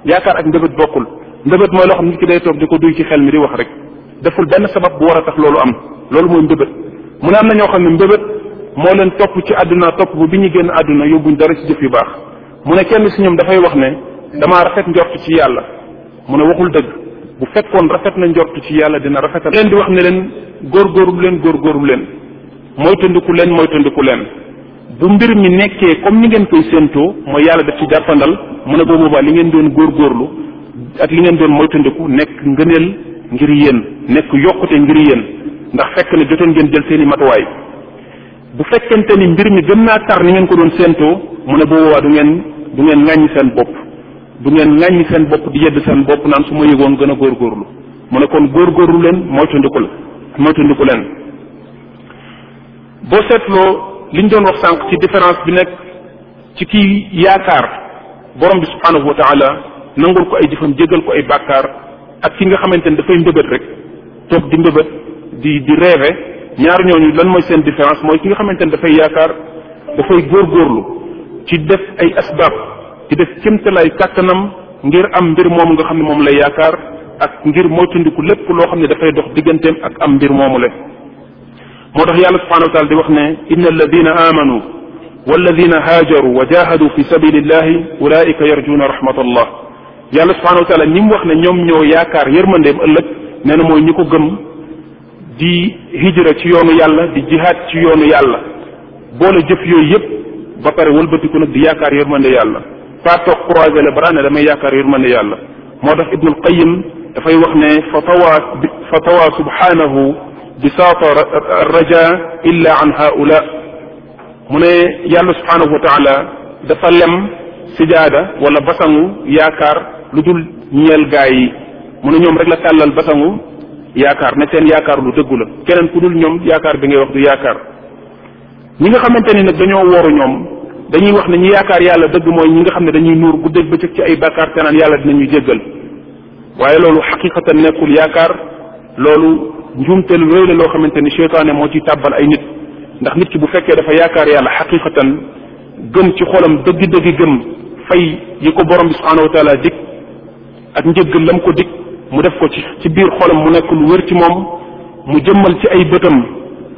yaakaar ak mbëbët bokkul mbëbët mooy loo xam nit ki day di ko duy ci xel mi di wax rek deful benn sabab bu war a tax loolu am loolu mooy mbëbët mu ne na ñoo xam ne mbëbët moo leen topp ci àdduna topp bi ñu génn àdduna yóbbuñ dara ci jëf yu baax mu ne kenn si ñoom dafay wax ne damaa rafet njort ci yàlla mu ne waxul dëgg bu fekkoon rafet na njort ci yàlla dina rafetal leen di wax ne leen góorgóorlu leen góorgóorlu leen moytandiku leen moytandiku leen bu mbir mi nekkee comme ni ngeen koy séentoo mooy yàlla def ci jàppandal mu ne boo li ngeen doon góor góorlu ak li ngeen doon moytandiku nekk ngëneel ngir yéen nekk yokkute ngir yéen ndax fekk ne jotoon ngeen jël seen i matuwaay bu fekkente ni mbir mi gën naa tar ni ngeen ko doon séentoo mu ne ngeen du ngeen ŋàññi seen bopp du ngeen ŋàññi seen bopp di yedd seen bopp naan su ma yëgoon gën a góorgóorlu mu ne kon góorgóorlu leen moytandiku la moytandiku leen boo seetloo liñ doon wax sànq ci différence bi nekk ci kii yaakaar borom bi subhanahu wa taala nangul ko ay jëfam jégal ko ay bàkkaar ak ki nga xamante ni dafay mbébét rek toog di mbébét di di rêve ñaari ñooñu lan mooy seen différence mooy ki nga xamante ni dafay yaakaar dafay góor góorgóorlu ci def ay asbaab di def kémtalaay kàttanam ngir am mbir moomu nga xam ne moom lay yaakaar ak ngir moytandiku lépp loo xam ne dafay dox digganteem ak am mbir moomu le moo tax yàlla subhanahu wa taala di wax ne inna alladina amanu walladina haajaru wa jahadu fi sabilillahi ulaika yarjuna rahmatallah yàlla subhanahu wa taala ni mu wax ne ñoom ñoo yaakaar yërmandeem ëllëg nee na mooy ñi ko gëm di hijra ci yoonu yàlla di jihaad ci yoonu yàlla boole jëf yooyu yépp ba pare wëlbatiku nag di yaakaar yërmande yàlla pas toog la le bras ne damay yaakaar yërmande yàlla moo tax ibnul qayim dafay wax ne fatawaa fatawaa subhanahu bisaata raja illa an haula mu ne yàlla subhanahu wa dafa lem sijaada wala basangu yaakaar lu dul ñeel gaa yi mu ne ñoom rek la tàllal basangu yaakaar ne seen yaakaar lu dëggu la keneen ku dul ñoom yaakaar bi ngay wax du yaakaar ñi nga xamante ni nag dañoo wooru ñoom dañuy wax ne ñu yaakaar yàlla dëgg mooy ñi nga xam ne dañuy nuur guddeeg bëccëg ci ay bakkaar te naan yàlla dinañu jéggal waaye loolu xaqiqatan nekkul yaakaar loolu njuumte lu rëy la loo xamante ni seytaane moo ciy tàbbal ay nit ndax nit ki bu fekkee dafa yaakaar yàlla xaqiqatan gëm ci xolam dëgg-dëgg gëm fay yi ko borom bi subhanahu wa taala ak njëggal lam ko dig mu def ko ci ci biir xolam mu nekk lu wér ci moom mu jëmmal ci ay bëtam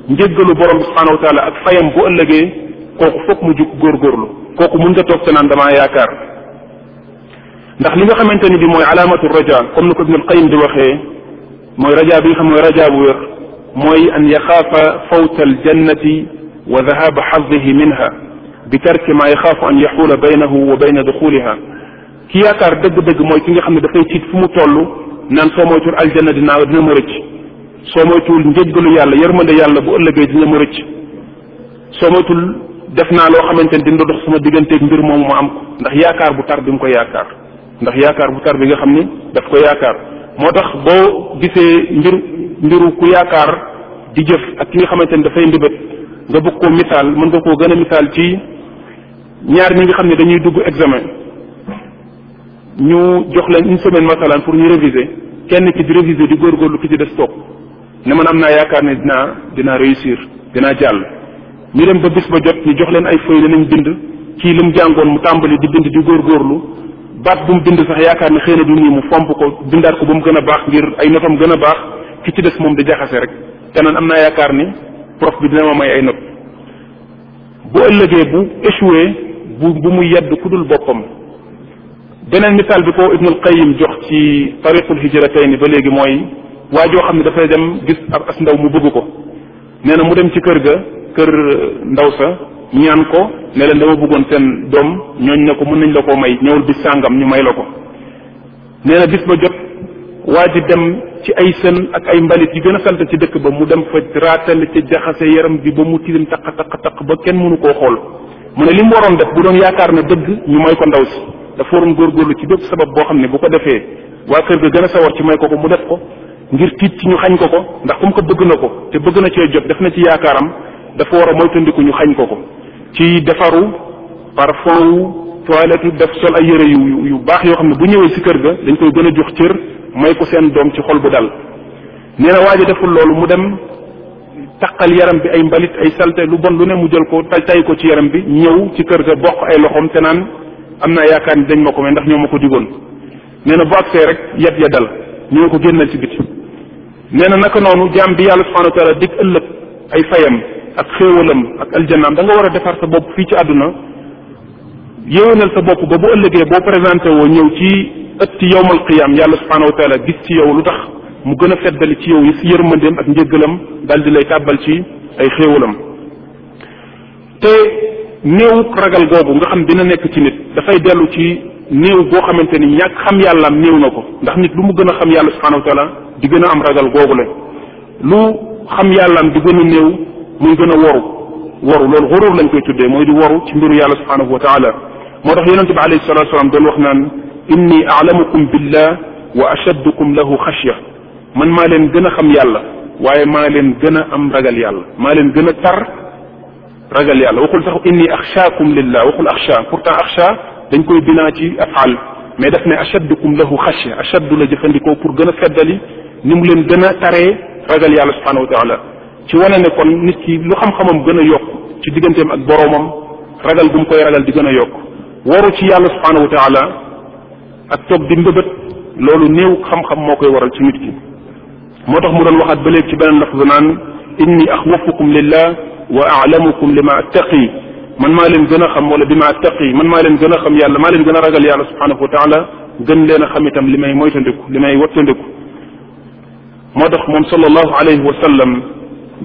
njëggalu borom bi subhanahu ak fayam bu ëllëgee kooku foog mu jug góorgóorlu kooku mën nga toog te naan damaa yaakaar ndax li nga xamante ni bi mooy alaamatu raja comme ni ko ibnul qayim di waxee mooy raja bi nga xam mooy raja bu wér mooy an yaxaafa fawta aljannati wa dahaba xadihi minha bi tarki ma yaxaafu an yaxuula baynahu wa bayna duxuliha ki yaakaar dëgg-dëgg mooy ki nga xam ne dafay tiit fu mu toll naan soo moytuwul aljanna dinaa dina ma rëcc soo moytuwul njëggalu yàlla yërmande yàlla bu ëllëgee dina ma rëcc soo moytuwul def naa loo xamante ni dina dox sama digganteeg mbir moom ma am ndax yaakaar bu tar bi mu ko yaakaar ndax yaakaar bu tar bi nga xam ne daf ko yaakaar moo tax boo gisee mbir mbiru ku yaakaar di jëf ak ki nga xamante ni dafay ndëbët nga bëgg koo misaal mën nga koo gën a misaal ci ñaar ñi nga xam ne dañuy dugg examen ñu jox leen une semaine masalan pour ñu réviser kenn ki di réviser di góorgóorlu lu ci des toog ne man am naa yaakaar ne dinaa dinaa réussir dinaa jàll ñu dem ba bis ba jot ñu jox leen ay feuille ne nañ bind kii lu mu jàngoon mu tàmbali di bind di góorlu baat bu mu bind sax yaakaar ne xëy na du nii mu fomp ko bindaat ko ba mu gën a baax ngir ay notam gën a baax ki ci des moom di jaxase rek te naan am naa yaakaar ni prof bi dina ma may ay not bu ëllëgee bu échoué bu bu mu yedd ku dul boppam beneen misaal bi ko Ibnul Qayyim jox ci tariqul ni ba léegi mooy waa joo xam ne dafay dem gis ab as ndaw mu bëgg ko nee na mu dem ci kër ga kër ndaw sa ñaan ko ne leen dama bëggoon seen doom ñooñ ne ko mën nañ la koo may ñëwul bis sàngam ñu may la ko nee na bis ba jot waa ji dem ci ay sën ak ay mbalit yi gën a salte ci dëkk ba mu dem fa raatal ca jaxase yaram bi ba mu tilim taq taq taq ba kenn mënu koo xool mu ne li mu waroon def bu doon yaakaar ne dëgg ñu may ko ndaw si dafa waroon góor góorgóorlu ci bépp sabab boo xam ne bu ko defee waa kër ga gën a sawar ci may ko ko mu def ko ngir tiit ci ñu xañ ko ko ndax comme que bëgg na ko te bëgg na cee jot def na ci yaakaaram dafa war a moytandiku ñu xañ ko ko ci defaru parfum wu toilette yu def sol ay yére yu yu baax yoo xam ne bu ñëwee ci kër ga dañ koy gën a jox cër may ko seen doom ci xol bu dal nee na waaja deful loolu mu dem taqal yaram bi ay mbalit ay salte lu bon lu ne mu jël ko tay tay ko ci yaram bi ñëw ci kër ga bokk ay loxoom te naan am na yaakaar ni dañ ma ko may ndax ñoo ma ko digoon nee na bu agsee rek yat ya dal ñu ne ko génnal ci biti nee naka noonu jaam bi yàlla subhanahu wa taala dig ay fayam ak xéewalam ak aljanaam da war a defar sa bopp fii ci àdduna yéwénal sa bopp ba bu ëllëgee boo présenté woo ñëw ci ëtt yowmal qiyam yàlla subhanahu wa taala gis ci yow lu tax mu gën a feddali ci yow yi si yërmandeem ak njëggalam daal di lay tàbbal ci ay xéewalam te néewuk ragal googu nga xam dina nekk ci nit dafay dellu ci néew boo xamante ni ñàkk xam yàllaam néew na ko ndax nit lu mu gën a xam yàlla subhanahu wa di gën a am ragal googu la lu xam yàllaam muy gën a woru woru loolu xurur lañ koy tuddee mooy di woru ci mbiru yàlla subhanahu wa taala moo tax yonente bi alayhi salatu wasalaam doon wax naan inni aalamukum billah wa ashaddukum lahu xashya man maa leen gën a xam yàlla waaye maa leen gën a am ragal yàlla maa leen gën a tar ragal yàlla waxul sax inni axshaakum lillah waxul axsha pourtant axsha dañ koy binaa ci afal mais daf ne ashaddukum lahu xashya ashaddu la jëfandikoo pour gën a feddali ni mu leen gën a taree ragal yàlla subhanahu wa taala ci wane ne kon nit ki lu xam-xamam gën a yokk ci digganteem ak boroomam ragal gum koy ragal di gën a yokk waru ci yàlla subhaanahu wa taala ak toog di mbëbët loolu néew xam-xam moo koy waral ci nit moo tax mu doon waxaat ba léegi ci beneen lafz naan inni axwafukum lillah wa alamukum li ma attaqi man maa leen gën a xam wala bi ma attaqi man maa leen gën a xam yàlla maa leen gën a ragal yàlla subhaanahu wa taala gën leen a xam itam li may moytandiku li may wattandiku moo tax moom sallallahu alayhi wa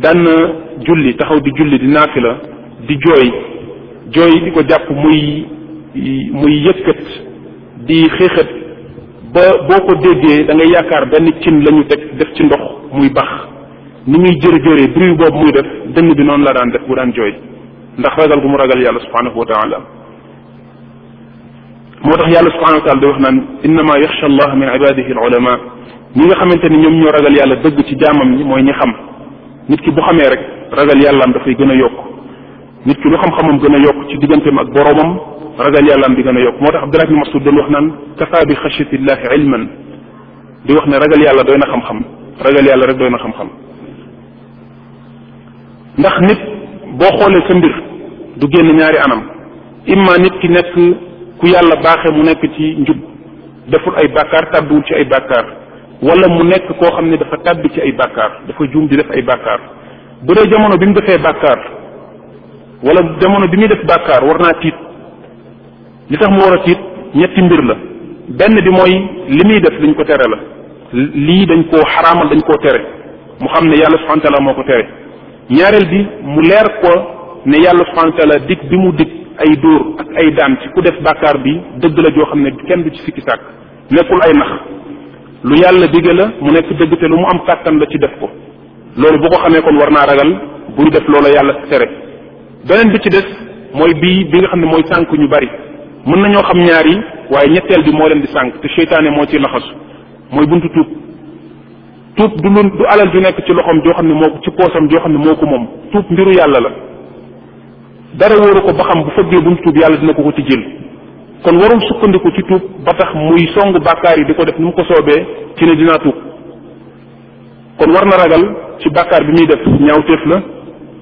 daan na julli taxaw di julli di naafila di jooy jooy di ko jàpp muy muy yëkkat di xéexat ba boo ko déggee da ngay yaakaar benn cin la ñu teg def ci ndox muy bax ni muy jërëjëree bruit boobu muy def dënn bi noonu la daan def bu daan jooy ndax ragal gu mu ragal yàlla subhanahu wa taala moo tax yàlla subhanahu wa taala day wax naan innama yaxsha allah min ibadihi al ulama nga xamante ni ñoom ñoo ragal yàlla dëgg ci jaamam ñi mooy ñi xam nit ki bu xamee rek ragal yàllaam dafay gën a yokk nit ki lu xam-xamam gën a yokk ci digganteem ak boroomam ragal yàllaam di gën a yokk moo tax Abdullah ibn Mas'ud doon wax naan kafa bi xashiyatillahi ilman di wax ne ragal yàlla doy na xam-xam ragal rek doy na xam-xam ndax nit boo xoolee sa mbir du génn ñaari anam imma nit ki nekk ku yàlla baaxee mu nekk ci njub deful ay bàkkaar tàdduwul ci ay bàkkaar wala mu nekk koo xam ne dafa tàbbi ci ay bàkkaar dafa juum di def ay bàkkaar bu dee jamono bi mu defee bàkkaar wala jamono bi muy def bàkkaar war naa tiit li tax mu war a tiit ñetti mbir la benn bi mooy li muy def luñ ko tere la lii dañ koo xaraamal dañ koo tere mu xam ne yàlla subhanahu wa moo ko tere ñaareel bi mu leer ko ne yàlla subhanahu wa taala bi mu dikk ay dóor ak ay daan ci ku def bàkkaar bi dëgg la joo xam ne kenn du ci sikki sàkk nekkul ay lu yàlla dige la mu nekk dëgg te lu mu am kàttan la ci def ko loolu bu ko xamee kon war naa ragal buy def loola yàlla tere beneen bi ci des mooy bii bi nga xam ne mooy sànk ñu bari mën nañoo xam ñaar yi waaye ñetteel bi moo leen di sànq te seytaane moo ciy laxasu mooy buntu tuub tuub du lu du alal ju nekk ci loxoom joo xam ne moo ko ci poosam joo xam ne moo ko moom tuub mbiru yàlla la dara wóoru ko ba xam bu fëggee buntu tuub yàlla dina ko ko ci kon warul sukkandiku ci tuub ba tax muy song bàkkaar yi di ko def ni mu ko soobee ci ne dinaa tuub kon war na ragal ci bàkkaar bi muy def ñaaw ñaawteef la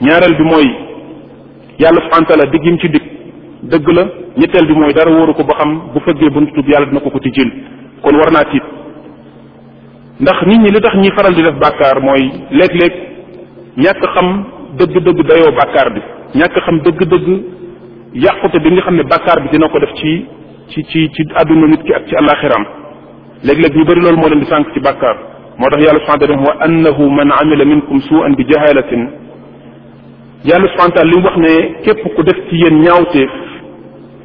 ñaareel bi mooy yàlla fu wa taala dig yim ci dig dëgg la ñetteel bi mooy dara waru ko ba xam bu fekkee buntu tuub yàlla dina ko ko ci tijjil kon war naa tiit ndax nit ñi li tax ñuy faral di def bàkkaar mooy léeg-léeg ñàkk xam dëgg-dëgg dayoo bàkkaar bi ñàkk xam dëgg-dëgg yàqute bi nga xam ne bàkkaar bi dina ko def ci ci ci ci àdduna nit ki ak ci àllaaxiram léeg-léeg ñu bari loolu moo leen di sànq ci bàkkaar moo tax yàlla subhana taala wa annahu man amila minkum suan bi jahalatin yàlla subhana taala li mu wax ne képp ku def ci yéen ñaawteef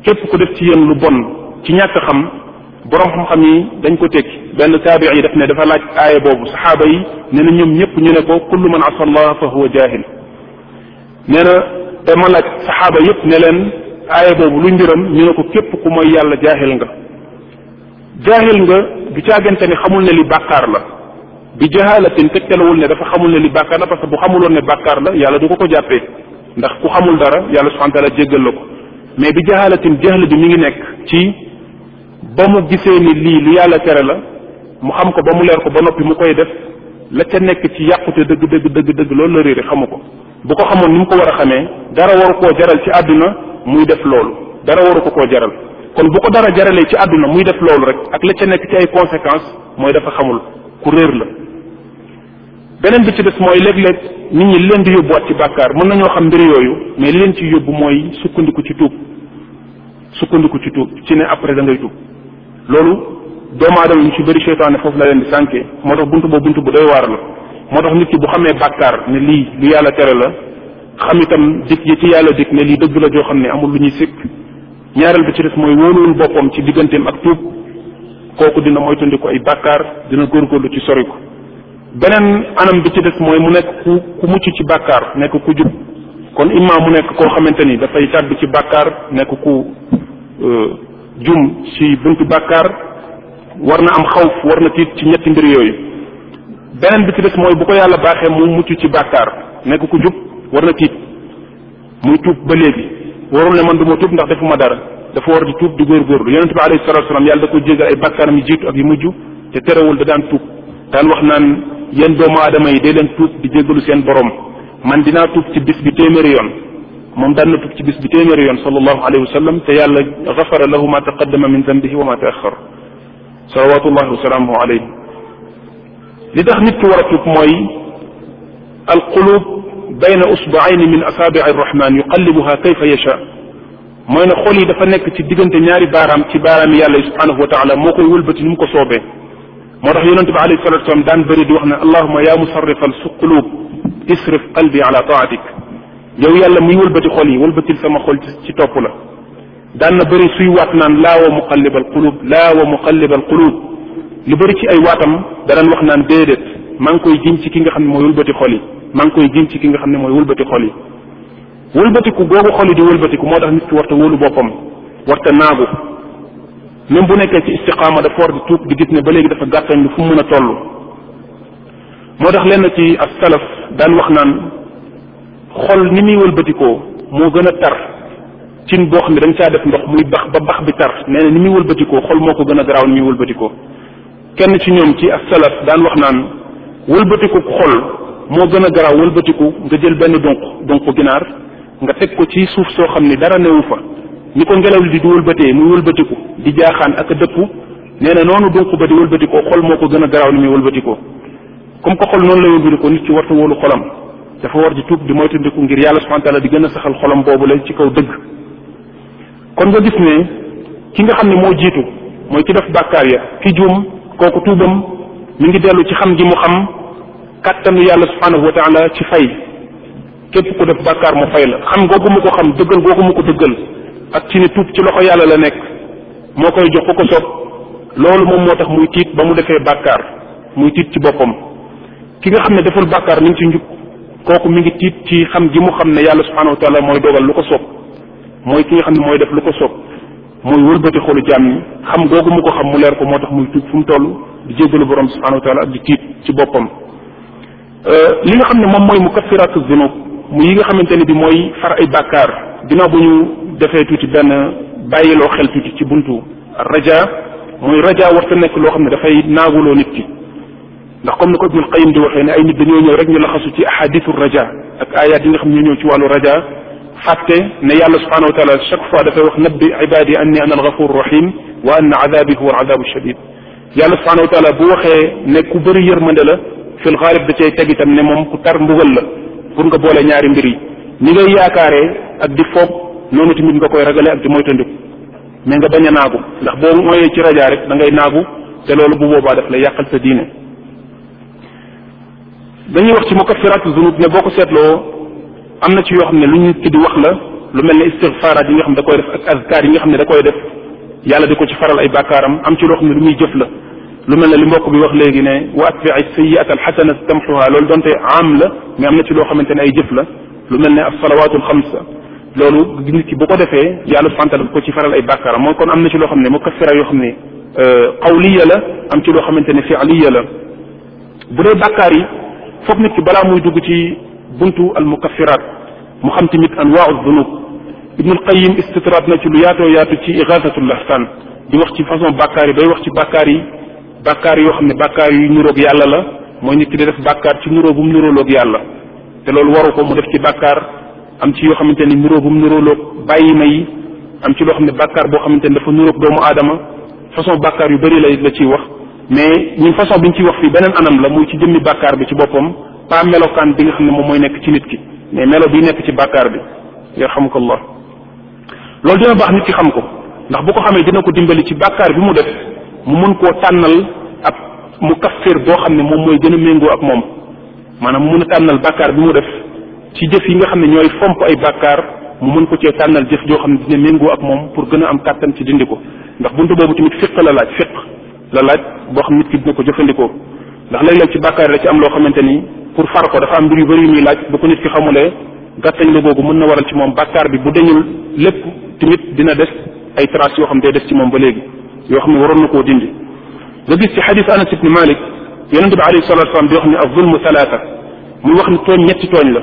képp ku def ci yéen lu bon ci ñàkk xam borom xam-xam yi dañ ko tekki benn taabi yi daf ne dafa laaj aaya boobu saxaaba yi nee na ñoom ñëpp ñu ne ko kullu man asa allah fa huwa jahil nee na te ma laaj saxaaba yépp ne leen aaya boobu lu mbiram ñu ne ko képp ku mooy yàlla jaahil nga jaahil nga du caagante ni xamul ne li bàkkaar la bi jahaalatin tegtalawul ne dafa xamul ne li bàkkaar la parce que bu xamuloon ne bàkkaar la yàlla du ko ko jàppee ndax ku xamul dara yàlla subhanahu wa taala jéggal ko mais bi jahaalatin jahl bi mi ngi nekk ci ba mu gisee ni lii yàlla tere la mu xam ko ba mu leer ko ba noppi mu koy def la ca nekk ci yàqute dëgg dëgg dëgg dëgg loolu la réere xamu ko bu ko xamoon ni mu ko war a xamee dara waru koo jaral ci àdduna muy def loolu dara waru ko koo jaral kon bu ko dara jaralee ci àdduna muy def loolu rek ak la ca nekk ci ay conséquences mooy dafa xamul ku réer la beneen bi ci des mooy léeg-léeg nit ñi li leen di yóbbuwaat ci bàkkaar mën nañoo xam mbir yooyu mais li leen ci yóbbu mooy sukkandiku ci tuub sukkandiku ci tuub ci ne après da ngay tuub loolu doomu aadama ñu ci bari seytaane foofu la leen di sànke moo tax buntu boobu buntu bu doy waar la moo tax nit ki bu xamee bàkkaar ne lii lu yàlla tere la xam itam dikk yi ci yàlla dikk ne lii dëgg la joo xam ne amul lu ñuy sikk ñaareel bi ci des mooy wóoluwul boppam ci digganteem ak tuub kooku dina moytandiku ay bàkkaar dina lu ci sori ko beneen anam bi ci des mooy mu nekk ku ku mucc ci bàkkaar nekk ku jub kon imma mu nekk koo xamante ni dafay tàbbi ci bàkkaar nekk ku euh, jum ci buntu bàkkaar war na am xawf war na tiit ci ñetti mbir yooyu beneen bi ci des mooy bu ko yàlla baaxee mu mucc ci bàkkaar nekk ku jub war na tiit muy tuub ba léegi warul ne man du ma tuub ndax defuma dara dafa war di tuub di góorgóorlu yonente bi alayhi salatu wasalaam yàlla da ko jégal ay bàkkaaram yu jiitu ak yu mujj te terewul da daan tuub daan wax naan yéen doomu aadama yi day leen tuub di jégalu seen borom man dinaa tuub ci bis bi téeméeri yoon moom daan na tuub ci bis bi téeméeri yoon sallallahu alayhi wa sallam te yàlla gafara lahu ma taqaddama min dambihi wa ma taaxar salawatullahi wa salaamuhu alayhi li tax nit ki war a tuub mooy alqulub bayna usbaaini min asaabii arrahman yuqallibuha kayfa yasha mooy ne xol yi dafa nekk ci diggante ñaari baaraam ci baaraami yàlla yi subhanahu wa taala moo koy wëlbati ni ko soobee moo tax yonente bi alayhi salatu daan bëri di wax ne allahuma yaa musarrifal su qulub isrif qalbi ala taatik yow yàlla muy wëlbati xol yi wëlbatil sama xol ci topp la daan na bëri suy waat naan laa wa muqallibal laa wa muqallibal qulub lu bari ci ay waatam danañ wax naan déedéet maa ngi koy jiñ ci ki nga xam ne mooy wëlbati xol yi maa ngi koy jiñ ci ki nga xam ne mooy wëlbati xol yi wëlbatiku googu xol yi di walbatiku moo tax nit ki warta wóolu boppam warta naagu même bu nekkee ci istiqaama dafa war di di gis ne ba léegi dafa gàttañ lu mën a toll moo tax lenn ci as salaf daan wax naan xol ni muy wëlbatikoo moo gën a tar cin boo xam ne dañ caa def ndox muy bax ba bax bi tar nee na ni muy wëlbatikoo xol moo ko gën a garaaw ni muy wëlbatikoo kenn ci ñoom ci as salaf daan wax naan wëlbatiku xol moo gën a garaaw walbatiku nga jël benn donq donq ginaar nga teg ko ci suuf soo xam ni dara newu fa ni ko ngelaw li di du wëlbatee muy wëlbatiku di jaaxaan ak a dëpp nee na noonu donq ba di wëlbatikoo xol moo ko gën a garaaw ni muy wëlbatikoo comme ko xol noonu la wëlbatikoo nit ci wartu wóolu xolam dafa war di tuub di moytandiku ngir yàlla subhana taala di gën a saxal xolam boobu la ci kaw dëgg ki nga xam ne moo jiitu mooy ki ya kooku tuubam mi ngi dellu ci xam ji mu xam kàttanu yàlla subhanahu wa taala ci fay képp ku def bàkkaar mu fay la xam googu mu ko xam dëggal googu mu ko dëggal ak ci ni tuub ci loxo yàlla la nekk moo koy jox ku ko soob loolu moom moo tax muy tiit ba mu defee bàkkaar muy tiit ci boppam ki nga xam ne deful bàkkaar mi ngi ci njub kooku mu ngi tiit ci xam ji mu xam ne yàlla subhanahu wa taala mooy dogal lu ko soob mooy ki nga xam ne mooy def lu ko soob mooy wëlbati xolu jaam ñi xam googu mu ko xam mu leer ko moo tax muy tuub fu mu toll di jéggalu borom subhanahu wa taala ak di tiit ci boppam euh, li nga xam ne moom mooy mu kaffiraatu zunub mu yi nga xamante ne bi mooy far ay bakkaar ginnaaw bu ñu defee tuuti benn bàyyiloo xel tuuti ci buntu raja mooy raja warta nekk loo xam ne dafay naaguloo nit ki ndax comme ni ko Ibnul Qayyim di waxee ne ay nit dañoo ñëw rek ñu laxasu ci ahadithu raja ak ayat yi nga xam ñu ñoo ñëw ci wàllu raja fàtte ne yàlla subhanahu wa taala chaque fois dafay wax nabbi ibadi anni ana alghafur rahim wa anna adabi huwa aladabu shadid yàlla subhanahu wa taala bu waxee ne ku bëri yërmande la fil xaalib da cay teg itam ne moom ku tar mbugal la pour nga boole ñaari mbir yi ni ngay yaakaaree ak di foog noonu tamit nga koy ragale ak di moytandiku mais nga bañ a naagu ndax boo moyee ci rajaa rek da ngay naagu te loolu bu boobaa daf lay yàqal sa diine dañuy wax ci mukaffiratu zunub ne boo am na ci yoo xam ne lu ñu tudd wax lu mel ne istigfaaraat yi nga xam da koy def ak azkaar yi nga xam ne da koy def yàlla di ko ci faral ay bàkkaaram am ci loo xam ne lu muy jëf la lu mel ne li mbokk bi wax léegi ne wa atbii sayiata alxasana tamxuha loolu donte am la mais am na ci loo xamante ne ay jëf la lu mel ne alsalawaatul xamsa loolu nit ki bu ko defee yàlla subhana taala ko ci faral ay bàkkaaram mooy kon am na ci loo xam ne mukaffira yoo xam ne euh, qawliya la am ci loo xamante ne fi'liya la bu dee bàkkaar buntu al mukaffiraat mu xam tamit anwaau dunub ibnul qayim istitraat na ci lu yaatoo yaatu ci igaasatul lahsan di wax ci façon bakkaar yi bay wax ci bàkkaar yi bàkkaar yoo xam ne bàkkaar yu niroog yàlla la mooy nit ki di def bàkkaar ci niroo bu mu nirooloog yàlla te loolu waru ko mu def ci bakkaar am ci yoo xamante ne niroo bu mu nirooloog bàyyi ma yi am ci loo xam ne bàkkaar boo xamante ne dafa niroog doomu aadama façon bàkkaar yu bëri lay la ciy wax mais ñun façon biñ ciy wax fii beneen anam la muy ci jëmmi bàkkaar bi ci boppam pas melokaan bi nga xam ne moom mooy nekk ci nit ki mais melo bi nekk ci bàkkaar bi yarhamukallah loolu dina baax nit ki xam ko ndax bu ko xamee dina ko dimbali ci bàkkaar bi mu def mu mën koo tànnal ab mu kaffir boo xam ne moom mooy gën a méngoo ak moom maanaam mu mën a tànnal bàkkaar bi mu def ci jëf yi nga xam ne ñooy fomp ay bàkkaar mu mën ko cee tànnal jëf joo xam ne dina méngoo ak moom pour gën a am kàttan ci dindi ko ndax buntu boobu tamit fiq la laaj fiq la laaj boo xam nit ki dina ko jëfandikoo ndax léeg-léeg ci bàkkaar la ci am loo xamante ni pour far ko dafa am mbir yu bëri yu muy laaj bu ko nit ki xamulee gàttañ lu googu mën na waral ci moom bàkkaar bi bu deñul lépp tamit dina des ay traces yoo xam day des ci moom ba léegi yoo xam ne waroon na koo dindi nga gis ci xadis anas ibni malik yonente bi alayhi salatu wasalam di wax ni az-zulmu talaata muy wax ni tooñ ñetti tooñ la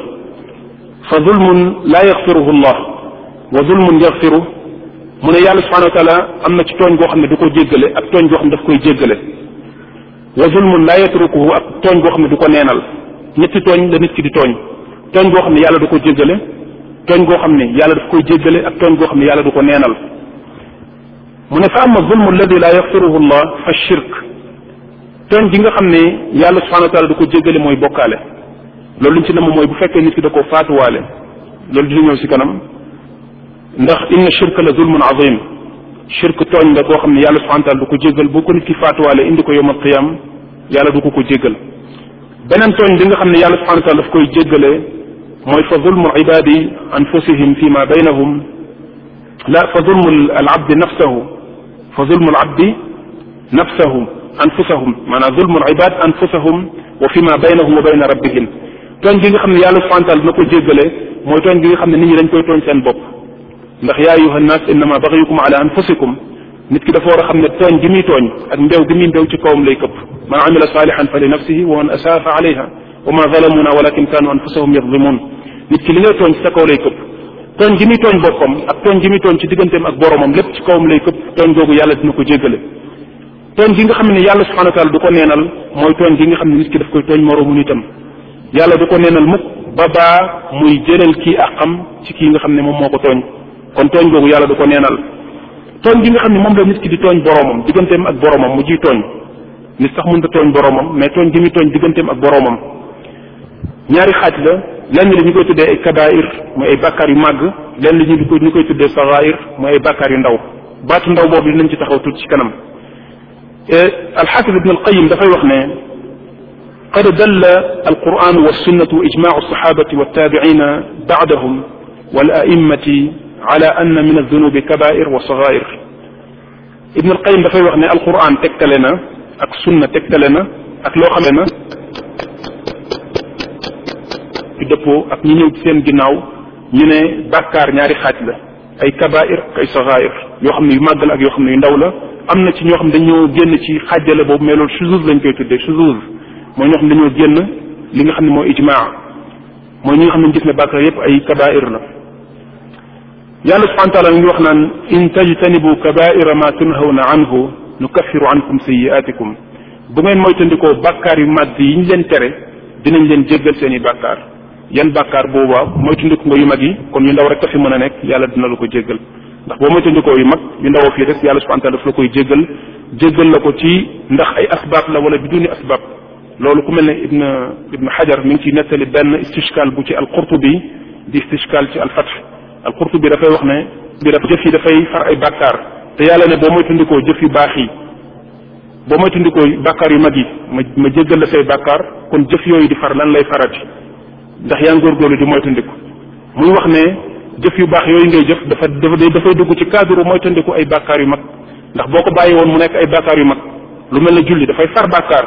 fa zulmun laa yaxfiruhu llah wa zulmun yaxfiru mu ne yàlla subhanahu wa taala am na ci tooñ goo xam ne du ko jéggale ak tooñ goo xam ne daf koy jéggale wa zulmun la yatrukuhu ak tooñ goo xam ne du ko neenal ñetti tooñ la nit ki di tooñ tooñ goo xam ne yàlla du ko jéggale tooñ goo xam ne yàlla daf koy jéggale ak tooñ goo xam ne yàlla du ko neenal mu ne fa amma zulmu alladi la yaxfiruhu llah fa shirk tooñ gi nga xam ne yàlla subhanahu wa du ko jéggale mooy bokkaale loolu liñ ci namm mooy bu fekkee nit ki da ko faatuwaale loolu di ñëw si kanam ndax inna shirka la zulmun azim shirk tooñ la boo xam ne yàlla subhanahu wa taala du ko jéggal boo ko nit ki faatuwaale indi ko yawmal qiyaam yàlla du ko ko jéggal beneen tooñ bi nga xam ne yàlla subhanahu wa taala daf koy jéggalee mooy fa zulmu ibaadi anfusihim fi ma baynahum la fa zulmu al abdi nafsahu fa zulmu al abdi nafsahum anfusahum maanaam zulmu al ibaad anfusahum wa fi ma baynahum wa bayna rabbihim tooñ bi nga xam ne yàlla subhanahu wa taala dina ko jéggalee mooy tooñ bi nga xam ne nit ñi dañ koy tooñ seen bopp ndax yaa ayuha nnaas innama baxyukum ala ki dafa war a xam ne tooñ gi muy tooñ ak mbew gi muy mbew ci kawam lay këpp man amila saalihan fa li nafsihi wa man asaa fa alayha ki li ngay tooñ ci sa kaw lay këpp tooñ gi ak tooñ gi muy ci digganteem ak boromam lépp ci kawam lay këpp tooñ googu yàlla dina ko jéggale tooñ gi nga xam ne yàlla subhanahu wa taala du ko neenal mooy tooñ gi nga xam ne nit ki daf koy tooñ moromu nitam yàlla du ko neenal mukk ba baa muy jëlal kii àqam ci kii nga xam ne moom moo ko tooñ kon tooñ googu yàlla du ko neenal tooñ gi nga xam ne moom la nit di tooñ boroomam digganteem ak boroomam mu ciy tooñ nit sax mënta tooñ boroomam mais tooñ gi muy tooñ digganteem ak boroomam ñaari xaaj la lenn li ñu koy tuddee ay kadair mooy ay bàkkaar yu màgg lenn li ñu ñu koy tuddee sagair mooy ay bàkkaar yu ndaw baatu ndaw boobu dinañ ci taxaw tuuti ci kanam alxaafid ibn alqayim dafay wax ne qad dalla alquranu walsunnatu wa ijmacu alsaxaabati waltaabiina baadahum wal a'immati ala anna min adunubi kabair wa sagair ibn alqayim dafay wax ne alquran tegtale na ak sunna tegtale na ak loo xam ne ci dëppoo ak ñu ñëw ci seen ginnaaw ñu ne bàkkaar ñaari xaaj la ay kabair ak ay sagair yoo xam ne yu màgg la ak yoo xam ne yu ndaw la am na ci ñoo xam ne dañoo génn ci xaajale boobu mais loolu shuzuz lañ koy tuddee shuzuz mooy ñoo xam ne dañoo génn li nga xam ne mooy ijmaa mooy ñi nga xam ne gis ne bàkkaar yépp ay kabair la yàlla subhana taala mi ngi wax naan in tajtanibu kabaira ma tunhawna anhu nukaffiru ankum sayiatikum bu ngeen moytandikoo bàkkaar yu màgg yi ñu leen tere dinañ leen jéggal seen i bàkkaar yan bàkkaar boobaa moytandiku nga yu mag yi kon yu ndaw rek a fi mën a nekk yàlla dina la ko jéggal ndax boo moytandikoo yu mag yu ndaw fii res yàlla subhana taala daf la koy jéggal jéggal la ko ci ndax ay asbaab la wala bi biduni asbaab loolu ku mel ne ibn ibn xajar mi ngi ciy nettali benn istishkaal bu ci alqurtubi di istishkaal ci alfath bii dafay wax ne bi daf jëf yi dafay far ay bàkkaar te yàlla ne boo moytandikoo jëf yu baax yi boo moytandikoo bàkkaar yu mag yi ma ma jéggal la say bàkkaar kon jëf yooyu di far lan lay farati ndax yaa ngóorgóorlu di moytandiku muy wax ne jëf yu baax yooyu ngay jëf dafa dafay dugg ci cadre moytandiku ay bàkkaar yu mag ndax boo ko bàyyi woon mu nekk ay bàkkaar yu mag lu mel ne julli dafay far bàkkaar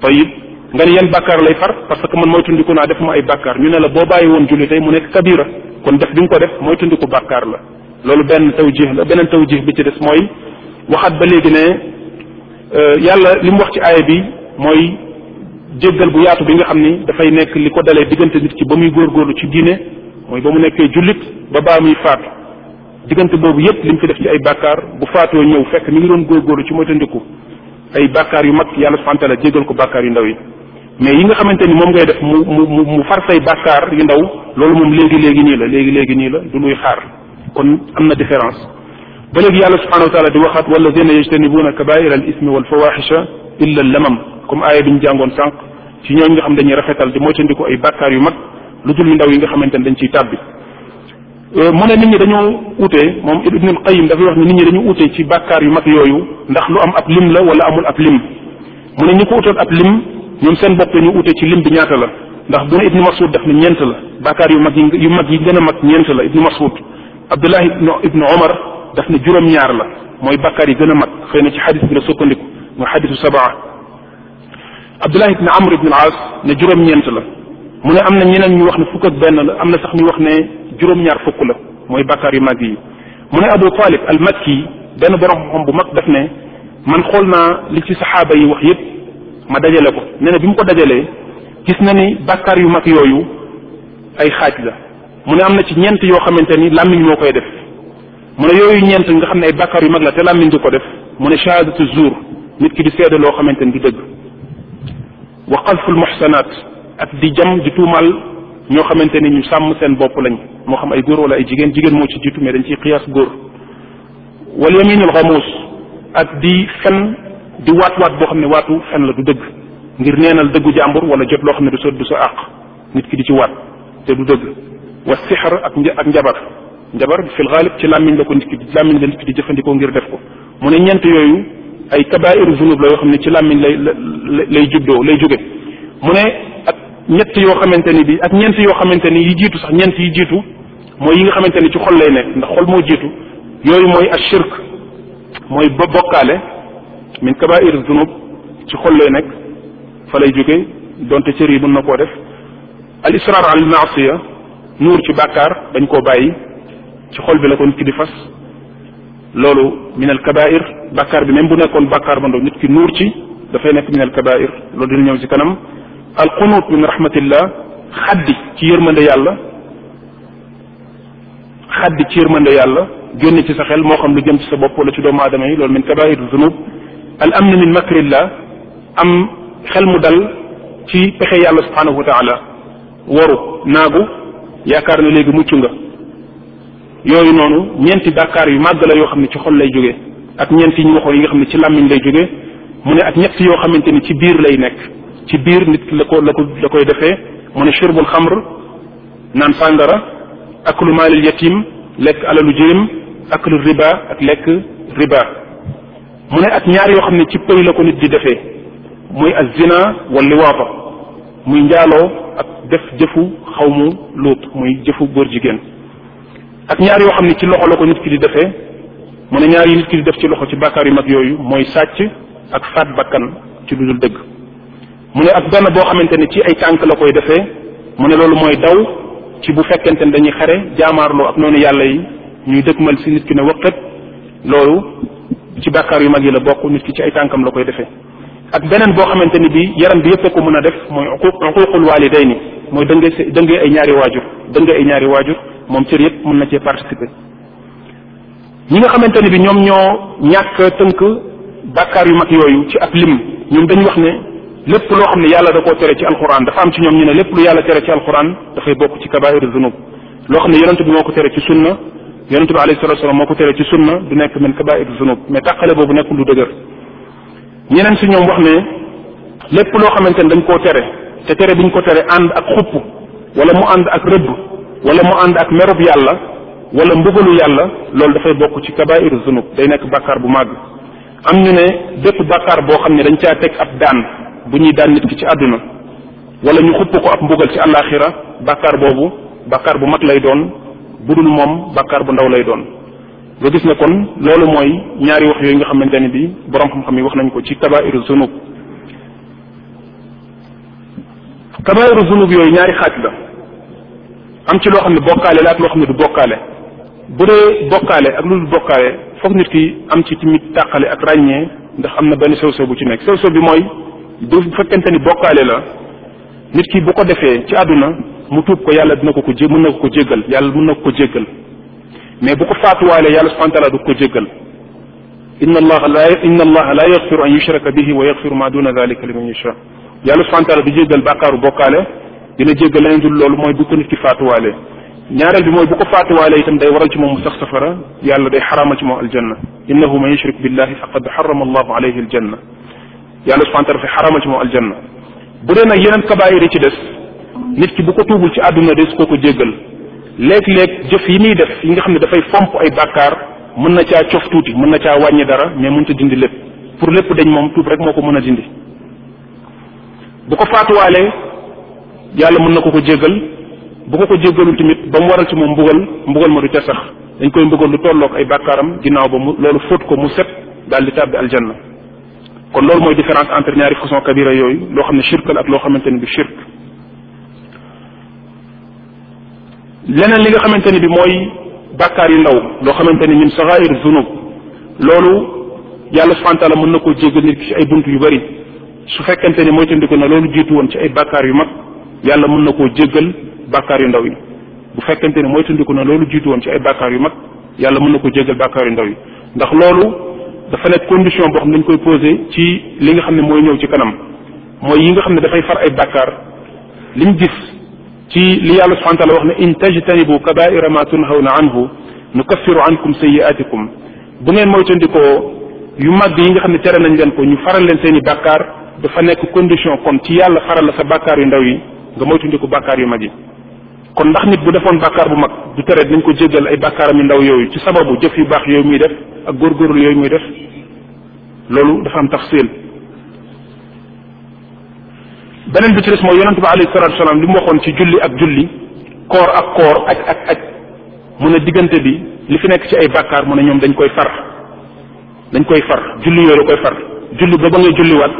tayib nga ne yan bàkkaar lay far parce que mooy moytandiku naa def ma ay bàkkaar ñu ne la boo bàyyi woon julli tey mu nekk kabira kon def bi mu ko def mooy tundiku bàkkaar la loolu benn tawjih la beneen tawjih bi ci des mooy waxaat ba léegi ne euh, yàlla li mu wax ci aaya bi mooy jéggal bu yaatu bi nga xam ni dafay nekk li ko dalee diggante nit ki ba muy góor góorlu ci giine mooy ba mu nekkee jullit ba baa muy faatu diggante boobu yëpp li mu fi def ci ay bàkkaar bu faatoo ñëw fekk mi ngi doon góor góorlu ci moytandiku ay bàkkaar yu mag yàlla subhanahu wa jéggal ko bàkkaar yu ndaw yi mais yi nga xamante ni moom ngay def mu mu mu far say bàkkaar yu ndaw loolu moom léegi léegi nii la léegi léegi nii la du luy xaar kon am na différence ba léegi yàlla subhanahu wa taala di waxaat walladina yajtanibuuna kabaira al ismi wal fawaxisha illa al lamam comme aaya bi ñu jàngoon sànq ci ñooñ nga xam dañuy rafetal di moytandiku ay bàkkaar yu mag lu jul yu ndaw yi nga xamante ni dañ ciy tàbbi euh, mu ne nit ñi dañoo utee moom ibn al qayim dafay wax nit ñi dañu utee ci bàkkaar yu mag yooyu ndax lu am ab lim la wala amul ab lim mu ñoom seen bopp dañu ute ci lim bi ñaata la ndax bu ne ibnu masud def na ñeent la baakaar yu mag yi yu mag yi gën a mag ñeent la ibnu masud abdullah ibnu omar daf ne juróom-ñaar la mooy baakaar yi gën a mag xëy na ci xadis bi la sukkandiku mooy xadisu sabaa abdullah ibnu amr ibnu al-aas ne juróom-ñeent la mu ne am na ñeneen ñu wax ne fukk ak benn la am na sax ñu wax ne juróom-ñaar fukk la mooy baakaar yu mag yi mu ne abu talib al makki benn borom xam bu mag daf ne man xool naa li ci saxaaba yi wax yépp ma dajale ko nee na bi mu ko dajalee gis na ni bàkkaar yu mag yooyu ay xaaj la mu ne am na ci ñeent yoo xamante ni làmmiñ moo koy def mu ne yooyu ñeent nga xam ne ay bàkkaar yu mag la te làmmiñ di ko def mu ne shahadatu zuur nit ki di seede loo xamante ni di dëgg wa xalful muxsanaat ak di jam di tuumaal ñoo xamante ni ñu sàmm seen bopp lañ moo xam ay góor wala ay jigéen jigéen moo ci jiitu mais dañ ci xiyaas góor wal yaminul ak di fen di waat waat boo xam ne waatu fen la du dëgg ngir neenal dëggu jàmbur wala jot loo xam ne du sa du sa àq nit ki di ci waat te du dëgg wa sixar ak ak njabar njabar fil xaalib ci làmmiñ la ko nit ki làmmiñ di jëfandikoo ngir def ko mu ne ñent yooyu ay kabaa'iru zunub la yoo xam ne ci làmmiñ lay lay juddoo lay jóge mu ne ak ñett yoo xamante ni bi ak ñent yoo xamante ni yi jiitu sax ñeent yi jiitu mooy yi nga xamante ni ci xol lay ne ndax xol moo jiitu yooyu mooy ashirk mooy bokkaale min kabair dunub ci xol lay nekk fa lay jóge donte cër yi mën na koo def al a al maasiya nuur ci bàkkaar dañ koo bàyyi ci xol bi la ko nit ki di fas loolu min al bàkkaar bi même bu nekkoon bàkkaar ba ndox nit ki nuur ci dafay nekk min al kabair loolu dina ñëw ci kanam al qunut min rahmatillah xaddi ci yërmande yàlla xaddi ci yërmande yàlla génn ci sa xel moo xam lu jëm ci sa bopp wala ci doomu aadama yi loolu min kabair zunub al amn min la am xel mu dal ci pexe yàlla subhanahu wa taala waru naagu yaakaar na léegi mucc nga yooyu noonu ñeenti bàkkaar yu màgg la yoo xam ne ci xol lay jóge ak ñeenti yi ñu waxoon yi nga xam ne ci làmmiñ lay jóge mu ne ak ñett yoo xamante ni ci biir lay nekk ci biir nit la ko la ko la koy defe mu ne shurbul xamr naan sàngara aklu maalil yatim lekk alalu jirim aklu riba ak lekk riba mu ne ak ñaar yoo xam ne ci pëy la ko nit di defee muy ak zina wala waaba muy njaaloo ak def jëfu xaw mu luut muy jëfu góor jigéen ak ñaar yoo xam ne ci loxo la ko nit ki di defee mu ne ñaar yi def ci loxo ci bàkkaar yu mag yooyu mooy sàcc ak faat bakkan ci lu dëgg mu ne ak benn boo xamante ne ci ay tànk la koy defee mu ne loolu mooy daw ci bu fekkente ne dañuy xare jaamaarloo ak noonu yàlla yi ñuy dëkkmal si nit ki ne waqat loolu ci bàkkaar yu mag yi la bokk nit ki ci ay tànkam la koy defee ak beneen boo xamante ni bi yaram bi yépp a ko mën a def mooy uququl ni mooy dëngee dëngee ay ñaari waajur dëngee ay ñaari waajur moom cër yëpp mën na cee participer ñi nga xamante ni bi ñoom ñoo ñàkk tënk bàkkaar yu mag yooyu ci ab lim ñoom dañu wax ne lépp loo xam ne yàlla da koo tere ci alquran dafa am ci ñoom ñu ne lépp lu yàlla tere ci alquran dafay bokk ci kabair zunub loo xam ne yonent bi moo ko yonente bi alayhi salatu moo ko tere ci sunna du nekk min kabair zunub mais tàqale boobu nekkul lu dëgër ñeneen si ñoom wax ne lépp loo xamante ne dañ koo tere te tere bi ñu ko tere ànd ak xupp wala mu ànd ak rëbb wala mu ànd ak merub yàlla wala mbugalu yàlla loolu dafay bokk ci kabair zunub day nekk bàkkaar bu màgg am ñu ne dépp bàkkaar boo xam ne dañ caa teg ab daan bu ñuy daan nit ki ci àdduna wala ñu xupp ko ab mbugal ci àllaaxira bàkkaar boobu bàkkaar bu mag lay doon bu dul moom bàkkaar bu ndaw lay doon nga gis ne kon loolu mooy ñaari wax yooyu nga xamante ne bi borom xam-xam yi wax nañ ko ci kabairu zunub kabairu zunub yooyu ñaari xaaj la am ci loo xam ne bokkaale la ak loo xam ne du bokkaale bu dee bokkaale ak lu dul bokkaale foog nit ki am ci timit tàqale ak ràññee ndax am na benn sew-sew bu ci nekk sew-sew bi mooy bu fekkente ni bokkaale la nit ki bu ko defee ci àdduna mu tuub ko yàlla dina ko ko jé mën na ko ko jéggal yàlla mën na ko ko jéggal mais bu ko faatuwaale yàlla subhana taala du ko jéggal inna allaha la inna allaha la yaxfiru an yushraka bihi wa yaxfiru ma duna dalika liman yasha yàlla subhana taala du jéggal bàkkaaru bokkaale dina jéggal leneen dul loolu mooy bu ko nit ki faatuwaale ñaareel bi mooy bu ko faatuwaale itam day waral ci moom mu sax safara yàlla day xaraamal ci moom aljanna innahu man yushrik billahi faqad xarama allahu alayhi aljanna yàlla subhana taala fi xaraamal ci moom aljanna bu dee nag yeneen kabaayir yi ci des nit ki bu ko tuubul ci àdduna des koo ko jéggal léeg-léeg jëf yi muy def yi nga xam ne dafay fomp ay bàkkaar mën na caa cof tuuti mën na caa wàññi dara mais mënut a dindi lépp pour lépp dañ moom tuub rek moo ko mën a dindi bu ko faatuwaalee yàlla mën na ko ko jéggal bu ko ko jéggalul tamit ba mu waral ci moom mbugal mbugal ma du ca sax dañ koy mbugal lu tollook ay bàkkaaram ginnaaw ba mu loolu fóot ko mu set daal di tàbbi aljanna kon loolu mooy différence entre ñaari façon kabira loo xam ne shirk loo xamante ne du shirk leneen li nga xamante ni bi mooy bàkkaar yu ndaw loo xamante ni min saxair zunub loolu yàlla subhana taala mën na koo jéggal nit ki ci ay bunt yu bari su fekkente ni moytandiku na loolu jiitu woon ci ay bàkkaar yu mag yàlla mën na koo jéggal bàkkaar yu ndaw yi bu fekkente ni moytandiku na loolu jiitu woon ci ay bàkkaar yu mag yàlla mën na koo jéggal bàkkaar yu ndaw yi ndax loolu dafa nekk condition boo xam ne dañ koy posé ci li nga xam ne mooy ñëw ci kanam mooy yi nga xam ne dafay far ay bàkkaar liñ gis ci li yàlla subhana taala wax ne in tajtanibu kabaira ma tunhawna anhu nukaffiru ankum sayiatikum bu ngeen moytandikoo yu mag yi nga xam ne tere nañ leen ko ñu faral leen seen i bàkkaar dafa nekk condition comme ci yàlla faral la sa bàkkaar yu ndaw yi nga moytandiku bàkkaar yu mag yi kon ndax nit bu defoon bàkkaar bu mag du tere dañ ko jéggal ay bàkkaaram yu ndaw yooyu ci sababu jëf yu baax yooyu muy def ak góorgóorlu yooyu muy def loolu dafa am tafsil beneen bi ci des mooy yonente bi alayhi salatu wasalaam li mu waxoon ci julli ak julli koor ak koor aj ak aj mu ne diggante bi li fi nekk ci ay bàkkaar mu ne ñoom dañ koy far dañ koy far julli yooyu da koy far julli ba ba ngay julliwaat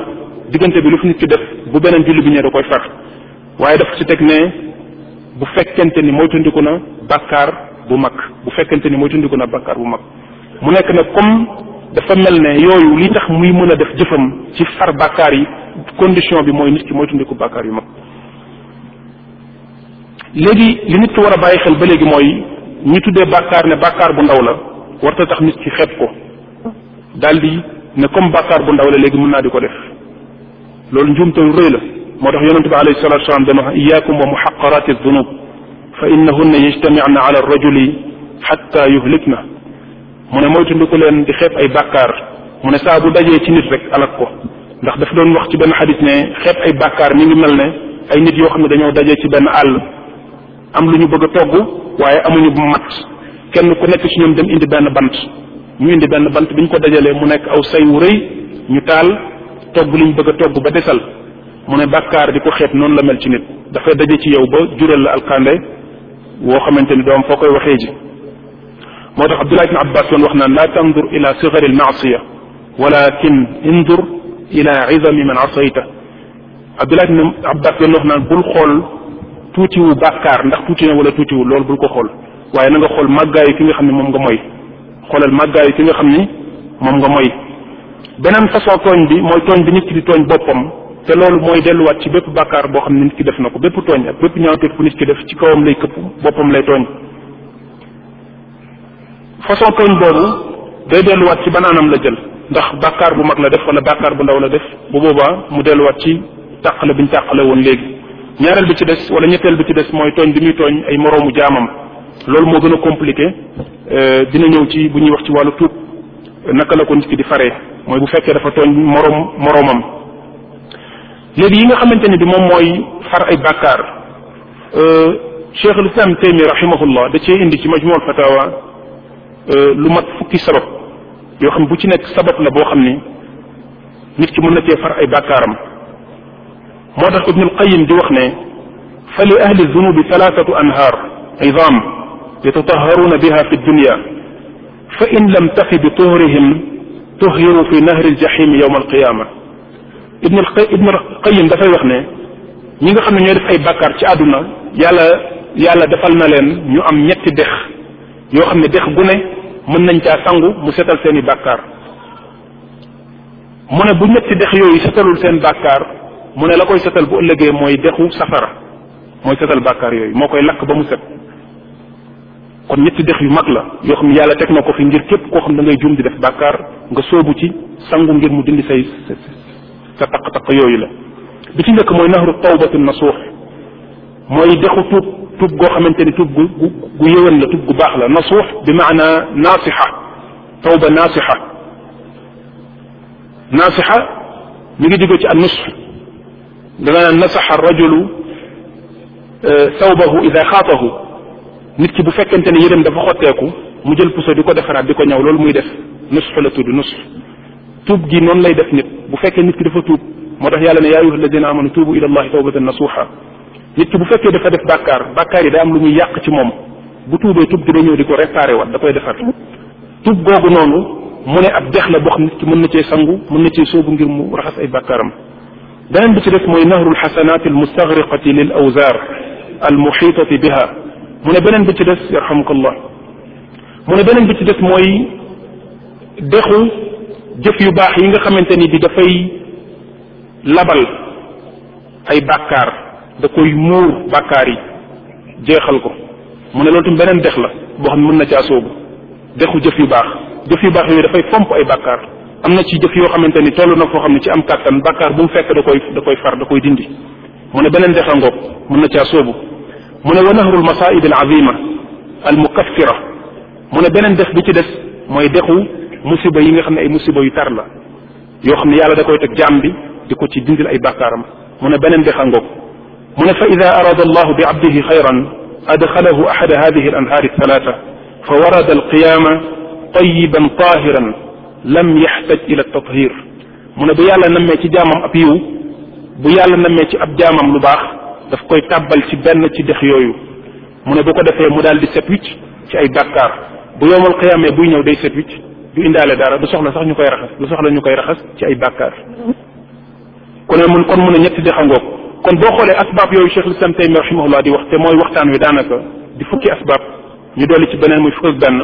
diggante bi lu fi nit ci def bu beneen julli bi ñëwee da koy far waaye dafa si teg ne bu fekkente ni mooy moytandiku na bàkkaar bu mag bu fekkente ni mooy moytandiku na bàkkaar bu mag mu nekk nag comme dafa mel ne yooyu li tax mën a def jëfam ci far bàkkaar yi condition bi mooy nit ki mooy tundiku bàkkaar yu mag léegi li nit ki war a bàyyi xel ba léegi mooy ñu tuddee bàkkaar ne bàkkaar bu ndaw la warta tax nit ki xeeb ko daldi ne comme bàkkaar bu ndaw la léegi mën naa di ko def loolu njuumte lu rëy la moo tax yonente bi alayhi salatu wasalaam dana wax iyakum wa muxaqarati dunub fa innahunna yajtami'na ala rajuli xatta yuhlikna mu ne moytu ko leen di xeeb ay bàkkaar mu ne saa bu ci nit rek alak ko ndax dafa doon wax ci benn xadis ne xeet ay bàkkaar mi ngi mel ne ay nit yoo xam ne dañoo daje ci benn àll am lu ñu bëgg a togg waaye amuñu mat kenn ku nekk ci ñoom dem indi benn bant ñu indi benn bant bi ñu ko dajalee mu nekk aw say wu rëy ñu taal togg li ñu bëgg a togg ba desal mu ne bàkkaar di ko xeet noonu la mel ci nit dafay daje ci yow ba jural la alkande woo xamante ni doom foo koy waxee ji moo tax Abdullah ibn Abbas doon wax naan laa tandur ila sigaril maasiya walakin indur ila izami man asayta Abdullah ibn Abbas doon wax naan bul xool tuutiwu bàkkaar ndax tuuti na wala tuutiwu loolu bul ko xool waaye na nga xool màggaayu ki nga xam ne moom nga mooy xoolal màggaayu ki nga xam ni moom nga mooy beneen façon tooñ bi mooy tooñ bi nit ki di tooñ boppam te loolu mooy delluwaat ci bépp bàkkaar boo xam ne nit ki def na ko bépp tooñ ak bépp ñaawteef bu nit ki def ci kawam lay këpp boppam lay tooñ façon tooñ boobu day delluwaat ci ban anam la jël ndax bàkkaar bu mag la def wala bàkkaar bu ndaw la def bu boobaa mu delluwaat ci tàqale bi ñu tàqale woon léegi ñaareel bi ci des wala ñetteel bi ci des mooy tooñ bi muy tooñ ay moroomu jaamam loolu moo gën a compliqué euh, dina ñëw ci bu ñuy wax ci wàllu tuub naka la ko nit ki di faree mooy bu fekkee dafa tooñ moroom moroomam léegi yi nga xamante ni bi moom mooy far ay bàkkaar euh, cheikh al islam taymi rahimahullah da cee indi ci majmuul fatawa euh, lu mat fukki yoo xam bu ci nekk sabab la boo xam ni nit ki mën na cee ay bàkkaaram moo tax ibnul qayim di wax ne fa li ahli zunubi talaatatu anhaar idaam yatataharuuna lam taxi bi tuhrihim tuhiru fi nahri aljahim yowma alqiyama ibnul ibnul qayim dafay wax ne ñi nga xam ne ñooy ay bàkkaar ci àdduna yàlla yàlla defal na leen ñu am ñetti dex yoo xam ne dex gu mën nañ caa sangu mu setal seeni i bàkkaar mu ne bu ñetti dex yooyu setalul seen bàkkaar mu ne la koy setal bu ëllëgee mooy dexu safara mooy setal bàkkaar yooyu moo koy lakk ba mu set kon ñetti dex yu mag la yoo xam ne yàlla teg na ko fi ngir képp koo xam da ngay juum di def bàkkaar nga sóobu ci sangu ngir mu dindi say sa taq-taq yooyu la bi ci njëkk mooy nahru tawbati nasuux mooy dexu tuub tuub goo xamante ni tuub gu gu gu yëwan la tuub gu baax la nasuux bi maana naasixa tawba naasixa naasixa mi ngi jóge ci an nusx danga naan nasaxa rajulu sawbahu euh, ida xaatahu nit ki bu fekkente ne yërëm dafa xotteeku mu jël puso di ko defaraat di ko ñaw loolu muy def nusx la tudd nusx noonu lay def nit bu fekkee nit ki dafa tuub moo tax yàlla ne yaa ayuha alladina amanu tuubu ila allahi tawbatan nasuuxa nit ki bu fekkee dafa def bàkkaar bàkkaar yi day am lu muy yàq ci moom bu tuubee tub gi day ñëw di ko réparé wat da koy defar tub googu noonu mu ne ab dex la boo xam nit ki mën na cee sangu mën na cee soobu ngir mu raxas ay bàkkaaram beneen bi ci def mooy nahrul xasanaat al mustagriqati lil awzaar al muxiitati biha mu ne beneen bi ci des yarhamukallah mu ne beneen bi ci des mooy dexu jëf yu baax yi nga xamante ni bi dafay labal ay bàkkaar da koy muur bàkkaar yi jeexal ko mu ne loolu tam beneen dex la boo xam ne mën na caa soobu dexu jëf yu baax jëf yu baax yooyu dafay fomp ay bàkkaar am na ci jëf yoo xamante ni toll na foo xam ne ci am kàttan bàkkaar bu mu fekk da koy da koy far da koy dindi mu ne beneen dex a ngoog mën na caa soobu mu ne wa nahrul masaa'ib al azima al mukaffira mu ne beneen dex bi ci des mooy dexu musiba yi nga xam ne ay musiba yu tar la yoo xam ne yàlla da koy teg jaam bi di ko ci dindil ay bàkkaaram mu ne beneen dex mu ne fa ida arada allahu bi abdihi xayran adxalahu ahada hadihi al anhaari thalatha fa warada al qiyaama tayiban tahiran lam yaxtaj ila tathir mu ne bu yàlla nammee ci jaamam ab yiw bu yàlla nammee ci ab jaamam lu baax daf koy tàbbal ci benn ci dex yooyu mu ne bu ko defee mu daal di set wicc ci ay bàkkaar bu yowmal qiyaamee buy ñëw day set wicc du indaale dara du soxla sax ñu koy raxas du soxla ñu koy raxas ci ay bàkkaar ku ne mun kon mun a ñetti dexangoog kon boo xoolee asbaab yooyu Cheikh l'Islam Taymiyya rahimahullah di wax te mooy waxtaan wi daanaka di fukki asbaab ñu dolli ci beneen muy fukk ak benn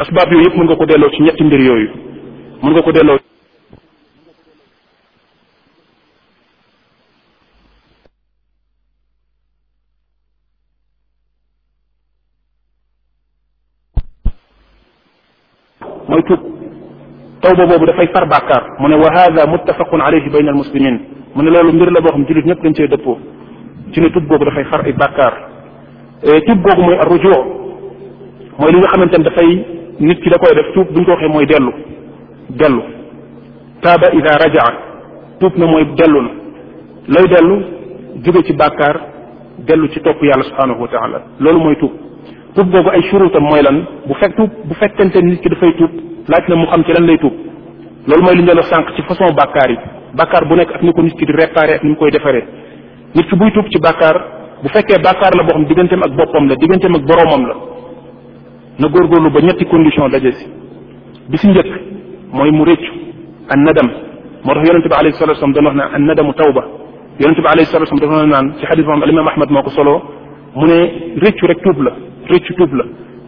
asbaab yooyu yëpp mën nga ko delloo ci ñetti mbir nga ko delloo mooy tuub tawba boobu dafay far bakaar mu ne wa hada muttafaqun alayhi bayna almuslimin mun ne loolu mbir la boo xam jullit ñëpp dañ cee dëppoo ci ne tub googu dafay xar ay bàkkaar eh, tub googu mooy arrujoo mooy li ñu xamante ne dafay nit ki da koy def tuub bu ñu ko waxee mooy dellu dellu taaba ida rajaa tuub na mooy dellu na lay dellu jóge ci bàkkaar dellu ci topp yàlla subhanahu wa taala loolu mooy tuub tuub googu ay shuruutam mooy lan bu fekk tuub bu fekkente nit ki dafay tuub laaj na mu xam ci lan lay tuub loolu mooy li ñu doon sànq ci façon bàkkaar yi bàkkaar bu nekk ak ni ko nit ki di réparé ak ni mu koy defaree nit ki buy tuub ci bàkkaar bu fekkee bàkkaar la boo xam digganteem ak boppam la digganteem ak boroomam la na góorgóorlu ba ñetti condition daje si bi si njëkk mooy mu réccu an nadam moo tax yonente bi alayhi salatu wasallam doon wax ne an nadamu tawba yonente bi alayhi salatu wasallam dafa naan ci xadis moom alimam ahmad moo ko solo mu ne réccu rek tuub la réccu tuub la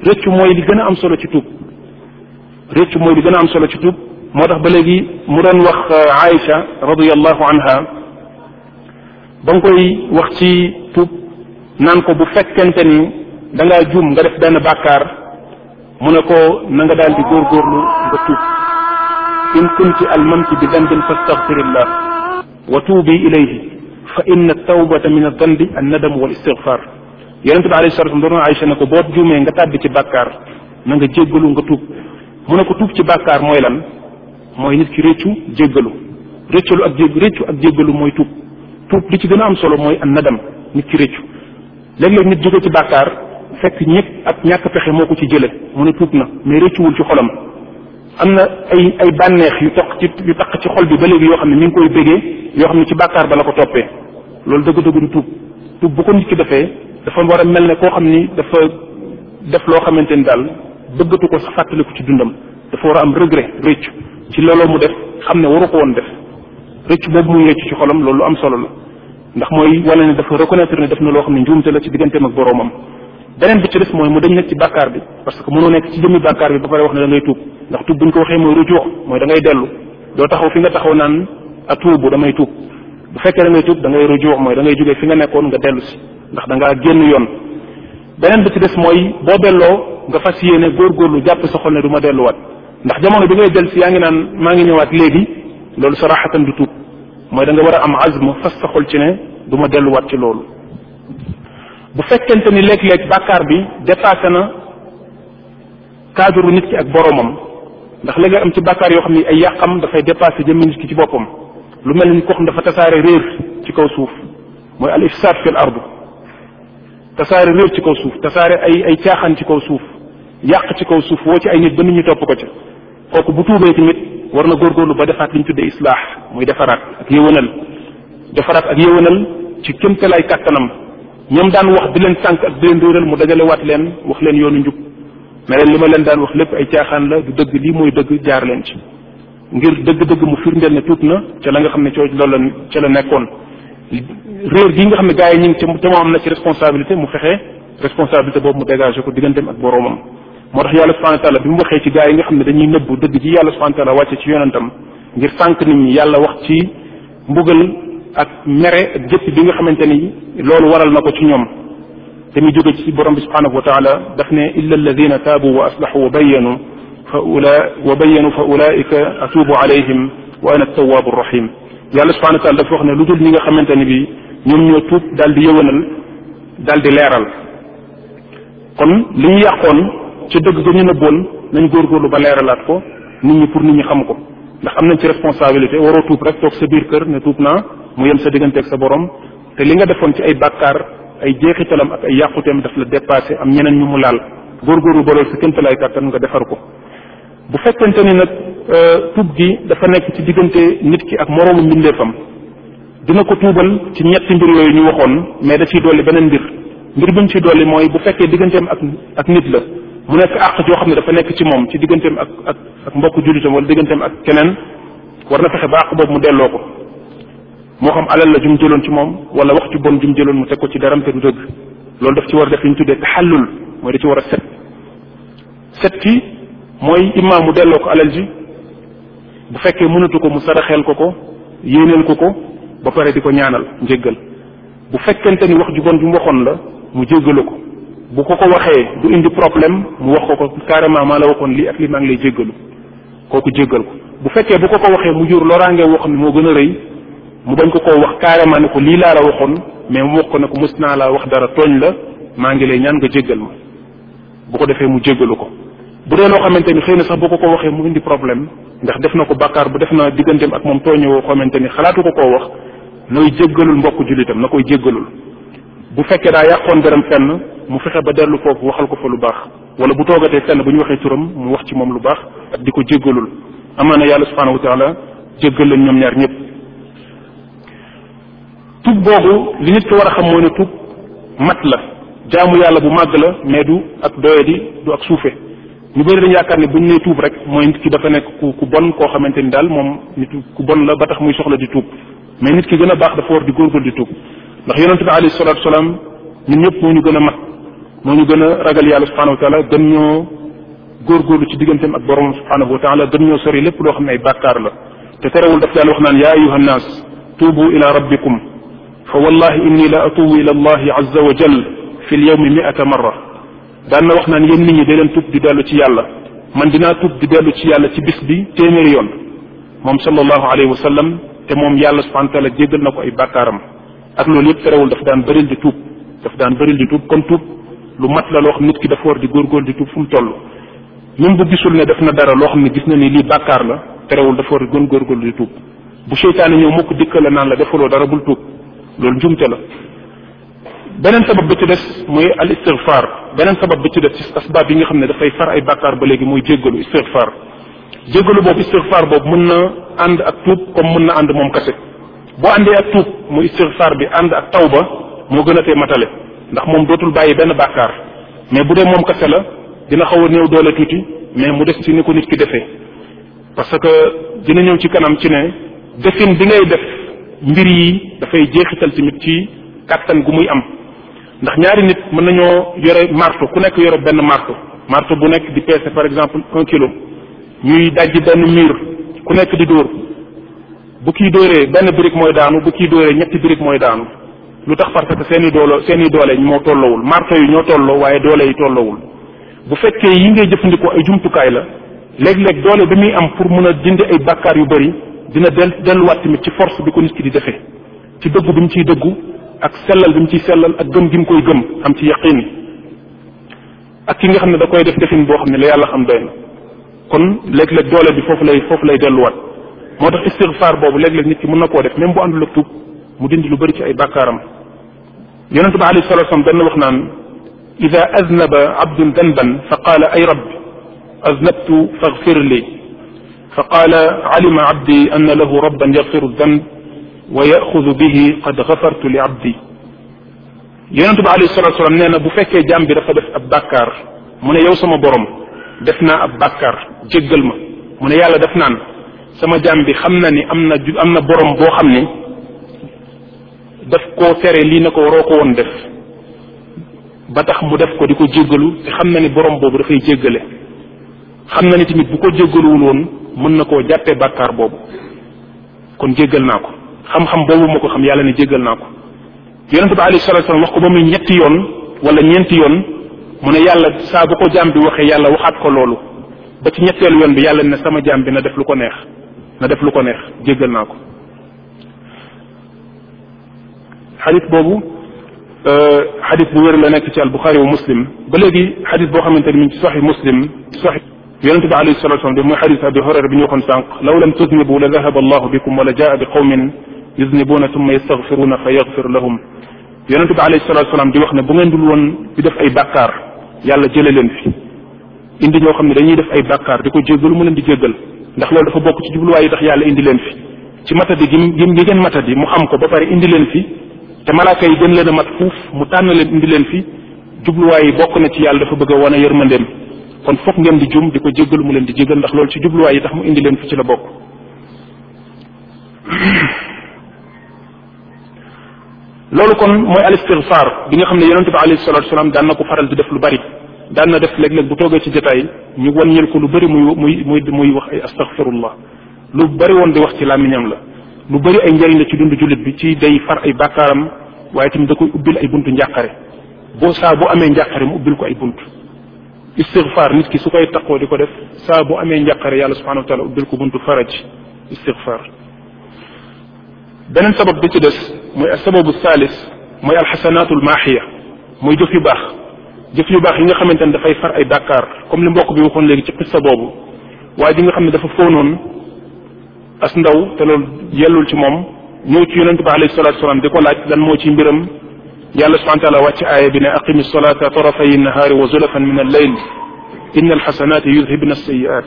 réccu mooy li gën a am solo ci tuub réccu mooy li gën a am solo ci tuub moo tax ba léegi mu doon wax euh, Aïcha radiyallahu anha ba nga koy wax ci tuub naan ko bu fekkente ni danga ngaa juum nga def benn bàkkaar mu ne ko na nga daal di góorgóorlu nga tuub in kunti almamti bi dambin fastaghfirillah wa tuubi ilayhi fa inna tawbata min adambi annadamu wal istigfar yonente bi alayhi salatu doon Aïcha ne ko boot juumee nga tàbbi ci bàkkaar na nga jéggalu nga tuub mu ne ko tuub ci bàkkaar mooy lan mooy nit ki réccu jéggalu réccalu ak jég réccu ak jéggalu mooy tuub tuub li ci gën a am solo mooy an nadam nit ki réccu léeg-léeg nit jóge ci bàkkaar fekk ñëpp ak ñàkk pexe moo ko ci jële mu ne tuub na mais réccuwul ci xolam am na ay ay bànneex yu toq ci yu taq ci xol bi ba léegi yoo xam ne mi ngi koy bégee yoo xam ne ci bàkkaar ba la ko toppee loolu dëgg-dëgg du tuub tuub bu ko nit ki defee dafa war a mel ne koo xam ni dafa def loo xamante ni daal bëggatu ko sax fàttaliku ci dundam dafa war a am regret réccu ci loolu mu def xam ne waru ko woon def rëcc boobu muy rëcc ci xolam loolu am solo la ndax mooy wane ne dafa reconnaître ne def na loo xam ne njuumte la ci digganteem ak boroomam beneen bi ci des mooy mu dañ nekk ci bàkkaar bi parce que mënoo nekk ci jëmmi bàkkaar bi ba pare wax ne da ngay tuub ndax tuub bu ñu ko waxee mooy rujuux mooy da taxaw fi nga taxaw naan atuubu damay tuub bu fekkee da ngay tuub da ngay rujuux mooy da ngay jógee fi nekkoon nga dellu si ndax da ngaa génn yoon beneen bi ci des mooy boo delloo nga fas góor lu jàpp sa xol ne du delluwaat ndax jamono bi ngay jël si yaa ngi naan maa ngi ñëwaat léegi loolu saraxatan du tuub mooy da nga war a am azm fas sa xol ci ne du ma delluwaat ci loolu bu fekkente ni léeg-léeg bàkkaar bi dépassé na cadre nit ki ak boromam ndax léegi am ci bàkkaar yoo xam ne ay yàqam dafay dépassé jëmmi nit ki ci boppam lu mel ni ko xam dafa tasaare réer ci kaw suuf mooy al ifsaad fi l ardu tasaare réer ci kaw suuf tasaare ay ay caaxaan ci kaw suuf yàq ci kaw suuf woo ci ay nit ba nit ñi ko ca kooku bu tuubee tamit war na góorgóorlu ba defaat li ñu tuddee islaax muy defaraat ak yëwanal defaraat ak yëwanal ci kémtalaay kàttanam ñoom daan wax di leen sànq ak di leen réeral mu dajalewaat leen wax leen yoonu njub ne leen li ma leen daan wax lépp ay caaxaan la du dëgg lii mooy dëgg jaar leen ci ngir dëgg-dëgg mu firndeel ne tuub na ca la nga xam ne coo lool la ca la nekkoon réer gi nga xam ne gars yi ñu ngi ca te moo am na ci responsabilité mu fexe responsabilité boobu mu dégagé ko digganteem ak boroomam moo tax yàlla subhanahu wa taala bi mu waxee ci gaa yi nga xam ngir sànq nit ñi yàlla wax ci mbugal ak mere ak jëpp bi nga xamante ni loolu waral na ko ci ñoom te muy jóge ci borom bi subhanahu wa taala daf ne illa alladina taabu wa aslahu wa bayanu fa ula wa bayanu fa ulaika atubu alayhim wa ana tawaabu rahim yàlla subhanahu wa taala dafa wax ne lu dul ñi nga xamante ni bi ñoom ñoo tuub daal di yëwanal daal di leeral kon li ñu yàqoon ci dëgg ga ñu nëbboon nañ góorgóorlu ba leeralaat ko nit ñi pour nit ñi xam ko ndax am nañ ci responsabilité waroo tuub rek toog sa biir kër ne tuub naa mu yem sa diggante sa borom te li nga defoon ci ay bàkkaar ay jeexitalam ak ay yàquteem daf la dépassé am ñeneen ñu mu laal góorgóorlu ba loolu sa kéemtalaay kàttan nga defar ko bu fekkente ni nag euh, tuub gi dafa nekk ci diggante nit ki ak moroomu mbindeefam dina ko tuubal ci ñetti mbir yooyu ñu waxoon mais da ciy dolli beneen mbir mbir bi mu ciy dolli mooy bu fekkee digganteem ak ak nit la mu nekk àq joo xam ne dafa nekk ci moom ci digganteem ak ak ak mbokk jullitam wala digganteem ak keneen war na fexe ba àq boobu mu delloo ko moo xam alal la jum jëloon ci moom wala wax ci bon jum jëloon mu teg ko ci daram te du dëgg loolu daf ci war a def li ñu tuddee taxallul mooy da ci war a set set ci mooy imaam mu delloo ko alal ji bu fekkee mënatu ko mu saraxeel ko ko yéeneel ko ko ba pare di ko ñaanal njéggal bu fekkente ni wax ju bon ju mu waxoon la mu jéggalu ko bu ko ko waxee bu indi problème mu wax ko ko carrément maa la waxoon lii ak lii maa ngi lay jéggalu kooku jéggal ko bu fekkee bu ko ko waxee mu jur loraange woo xam ne moo gën a rëy mu bañ ko koo wax carrément ne ko lii laa la waxoon mais mu wax ko ne ko mës naa laa wax dara tooñ la maa ngi lay ñaan nga jéggal ma bu ko defee mu jéggalu ko bu dee loo xamante ni xëy na sax bu ko ko waxee mu indi problème ndax def na ko bàkkaar bu def na digganteem ak moom tooñe woo xamante ni xalaatu koo wax nooy jéggalul mbokk jullitam na koy jéggalul bu fekkee daa yàqoon deram fenn mu fexe ba dellu foofu waxal ko fa lu baax wala bu toogatee fenn bu ñu waxee turam mu wax ci moom lu baax ak di ko jéggalul amaana yàlla subhaanahu wa taala jéggal leen ñoom ñaar ñëpp tub boobu li war a xam mooy ne tub mat la jaamu yàlla bu màgg la mais du ak doyadi du suufe ñu bëri dañu yaakaar ne bu ñu nee tuub rek mooy nit ki dafa nekk ku ku bon koo xamante ni daal moom nit ku bon la ba tax muy soxla di tuub mais nit ki gën a baax dafa war di góorgóorlu di tuub ndax yonente bi alayhi salaatu wasalaam ñun ñëpp moo ñu gën a mat moo ñu gën a ragal yàlla subhanahu wa taala gën ñoo góorgóorlu ci digganteem ak borom subhanahu wa taala gën ñoo sori lépp loo xam ne ay bàkkaar la te terewul daf daan wax naan yaa ayuha nnaas tuubu ila rabbikum fa wallahi inni la atuubu ila allahi azza wa jal fi l yawmi miata marra daan na wax naan yéen nit ñi da leen tuub di dellu ci yàlla man dinaa tuub di dellu ci yàlla ci bis bi téeméeri yoon moom sallallahu alayhi wa sallam te moom yàlla subhanahu wa taala jéggal na ko ay bàkkaaram ak loolu yëpp terewul daf daan bëril di tuub daf daan bëril di tuub kon tuub lu mat la loo xam nit ki dafa war di góorgóor di tuub fu mu toll même bu gisul ne def na dara loo xam ne gis na ni lii bàkkaar la terewul dafa war di gën góorgóor di tuub bu seytaane ñëw mukk dikkal la naan la defaloo dara bul tuub loolu njumte la beneen sabab bi ci des muy al istigfaar beneen sabab bi ci des ci asbaab yi nga xam ne dafay far ay bàkkaar ba léegi mooy jéggalu istigfaar jéggalu boobu istigfaar boobu mën na ànd ak tuub comme mën na ànd moom kese boo àndee ak tuub mu istigfaar bi ànd ak tawba moo gën a tee matale ndax moom dootul bàyyi benn bàkkaar mais bu dee moom kese la dina xaw a néew doole tuuti mais mu des ci ni ko nit ki defee parce que dina ñëw ci kanam ci ne defin bi ngay def mbir yi dafay jeexital tamit ci kàttan gu muy am ndax ñaari nit mën nañoo yore marto ku nekk yore benn marto marto bu nekk di peese par exemple un kilo ñuy dajj benn mur ku nekk di dóor bu kii dóoree benn brique mooy daanu bu kii dóoree ñetti brique mooy daanu lu tax parce que seen i doole seen doole moo tollowul marto yi ñoo tolloo waaye doole yi tollowul bu fekkee yi ngay jëfandikoo ay jumtukaay la léeg-léeg doole bi muy am pour mun a dindi ay bàkkaar yu bëri dina del delluwaat tamit ci force bi ko nit di defee ci dëggu bi mu ciy dëggu ak sellal bi mu ciy sellal ak gëm gi mu koy gëm am ci yaqin yi ak ki nga xam ne da koy def defin boo xam ne la yàlla xam doy na kon léeg-léeg doole bi foofu lay foofu lay delluwaat moo tax istigfaar boobu léeg-léeg nit ki mën na koo def même bu àndul ak tuub mu dindi lu bëri ci ay bàkkaaram yonente bi alayhi salatu wasalam dana wax naan ida aznaba abdun danban fa qaala ay rabbi aznabtu faghfir li fa qaala alima abdi anna lahu rabban yaghfiru danb wa yaxudu bihi qad gafartu li abdi yonente bi alayhi salatu wasalam nee na bu fekkee jaam bi dafa def ab bàkkaar mu ne yow sama borom def naa ab bàkkaar jéggal ma mu ne yàlla def naan sama jaam bi xam na ni am na am na borom boo xam ni daf koo tere lii na ko waroo ko woon def ba tax mu def ko di ko jéggalu te xam na ni borom boobu dafay jéggale xam na ni tamit bu ko jéggaluwul woon mën na koo jàppee bàkkaar boobu kon jéggal naa ko xam-xam boobu ma ko xam yàlla ni jéggal naa ko yonente bi alayhi wax ko ba muy ñetti yoon wala ñeenti yoon mu ne yàlla saa bu ko jaam bi waxee yàlla waxaat ko loolu ba ci ñetteelu yoon bi yàlla ne sama jaam bi na def lu ko neex na def lu ko neex jéggal naa ko xadis boobu euh, xadis bu wér la nekk ci albuxaari wa muslim ba léegi xadis boo xamante ni mi ngi ci saxi muslim saxi yonente bi alayhi salatu wasalam mooy xadis abi horera bi ñu waxoon sànq law lam tudnibu la dahaba allahu bikum wala jaa bi qawmin yudnibuna tumma yastaghfiruna fa yaghfir lahum yonente bi alayhi salatu wasalam di wax ne bu ngeen dul woon di def ay bàkkaar yàlla jële leen fi indi ñoo xam ne dañuy def ay bàkkaar di ko jéggalu mu leen di jéggal ndax loolu dafa bokk ci jubluwaay yi tax yàlla indi leen fi ci matadi gi gi ngeen matadi mu xam ko ba pare indi leen fi te malaaka yi gën leen a mat fuuf mu tànn leen indi leen fi jubluwaay yi bokk na ci yàlla dafa bëgg a wane yërmandeem kon foog ngeen di jum di ko jéggalu mu leen di jéggal ndax loolu ci jubluwaay yi tax mu indi leen fi ci la bokk loolu kon mooy al istigfaar bi nga xam ne yonente bi alayhi salatu wasalaam daan na ko faral di def lu bari daan na def léeg-léeg bu toogee ci jotaay ñu wàññil ko lu bari muy muy muy muy wax ay astaghfirullah lu bari woon di wax ci làmmiñam la lu bëri ay njëriñ la ci dund jullit bi ci day far ay bàkkaaram waaye tamit da koy ubbil ay buntu njàqare boo saa bu amee njàqare mu ubbil ko ay bunt istigfaar nit ki su koy taqoo di ko def saa bu amee njàqare yàlla subhanahu wa taala ubbil ko buntu faraj istigfaar beneen sabab bi ci des mooy sababu saalis mooy alxasanaatul maaxiya mooy jëf yu baax jëf yu baax yi nga xamante ne dafay far ay bàkkaar comme li mbokk bi waxoon léegi ci xissa boobu waaye ji ne dafa foonoon as ndaw te loolu yellul ci moom ñëw ci yonente bi alayhi salatu wasalaam di ko laaj lan moo ci mbiram yàlla subhana taala wàcc aaya bi ne aqimi solata tarafayi nahaari wa zulafan min al-layl inna alxasanaati yudhibna as-sayyi'aat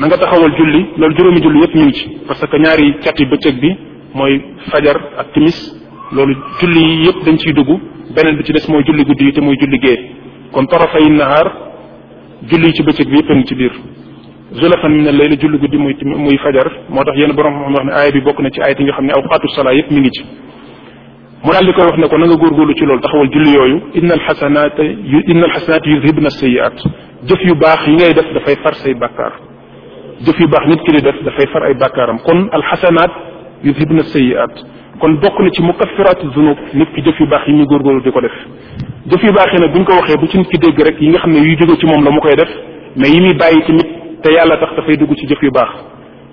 na nga taxawal julli loolu juróomi julli yëpp ñu ngi ci parce que ñaari cati bëccëg bi mooy fajar ak timis loolu julli yi yëpp dañ ciy dugg beneen bi ci des mooy julli guddi yi te mooy julli gée kon tarafayi nahaar julli yi ci bëccëg bi yëpp a ngi ci biir zulafan min al-layli julli guddi muy muy fajar moo tax yenn borom xam wax ne aaya bi bokk na ci aayat yi nga xam ne awqaatu salaa yëpp mi ngi ci mu daal di koy wax ne ko na góor góorgóorlu ci lool taxawal julli yooyu inna alxasanaat inna alxasanaat yudhibna sayiat jëf yu baax yi ngay def dafay far say bàkkaar jëf yu baax nit ki di def dafay far ay bàkkaaram kon alxasanaat yudhibna sayiat kon bokk na ci mukaffiraatu zunub nit ki jëf yu baax yi muy góor di ko def jëf yu baax yi nag buñ ko waxee bu dégg rek yi nga xam ne yuy jóge ci moom la mu koy def mais te yàlla tax dafay dugg ci jëf yu baax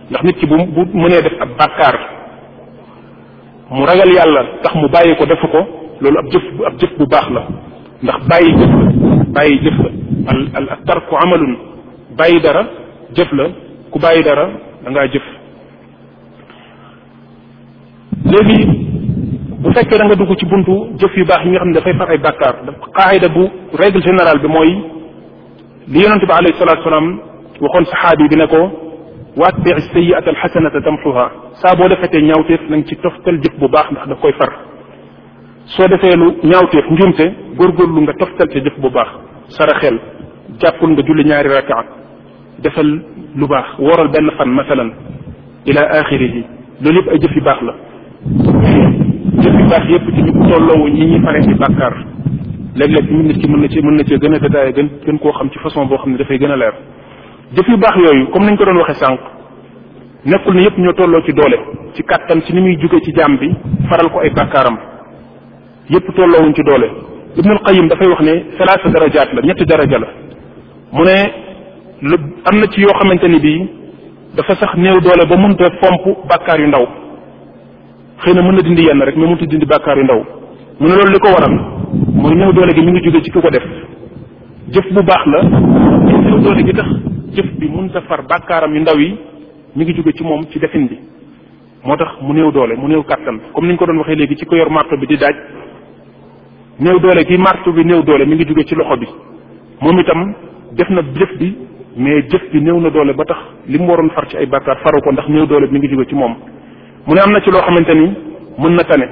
ndax nit ki bu bu mënee def ab bàkkaar mu ragal yàlla tax mu bàyyi ko defu ko loolu ab jëf ab bu baax la ndax bàyyi jëf la bàyyi jëf la al al tarku amalun bàyyi dara jëf la ku bàyyi dara dangaa jëf léegi bu fekkee da nga dugg ci buntu jëf yu baax yi nga xam ne dafay far ay bàkkaar xaaxida bu règle générale bi mooy li yonente bi alayhi salaam waxoon saxaabi bi ne ko waatee sayiata alxasanata tamxuha saa boo defetee ñaawteef na nga ci toftal jëf bu baax ndax daf koy far soo defee lu ñaawteef njuumte góorgóorlu nga toftal ca jëf bu baax saraxel jàppul nga julli ñaari rakaat defal lu baax wooral benn fan masalan ila axirihi loolu yëpp ay jëf baax la jëf yu baax yëpp ci ñu tolloowu ñi ñi faree ci bàkkaar léeg-léeg nit ki mën na ci mën na cee gën a détaillé gën gën koo xam ci façon boo xam ne dafay gën leer jëf yu baax yooyu comme nañ ko doon waxee sànq nekkul ne yépp ñoo tolloo ci doole ci kàttan ci ni muy jóge ci jaam bi faral ko ay bàkkaaram yépp tolloowuñ ci doole ibnul qayim dafay wax ne salaasa darajaat la ñetti daraja la mu ne lu am na ci yoo xamante ni bii dafa sax néew doole ba mënta fomp bàkkaar yu ndaw xëy na mën na dindi yenn rek mais mënta dindi bàkkaar yu ndaw mu ne loolu li ko waral mooy néew doole gi mi ngi jóge ci ki ko def jëf bu baax la néew doole gi tax jëf bi mënut a far bàkkaaram yu ndaw yi mu ngi jóge ci moom ci defin bi moo tax mu new doole mu new kàttan comme ni ñu ko doon waxee léegi ci ko yor marto bi di daaj néew doole gi marto bi néew doole mi ngi jóge ci loxo bi moom itam def na jëf bi mais jëf bi néew na doole ba tax li mu waroon far ci ay bàkkaar faru ko ndax néew doole bi mi ngi jóge ci moom mu ne am na ci loo xamante ni mën na tane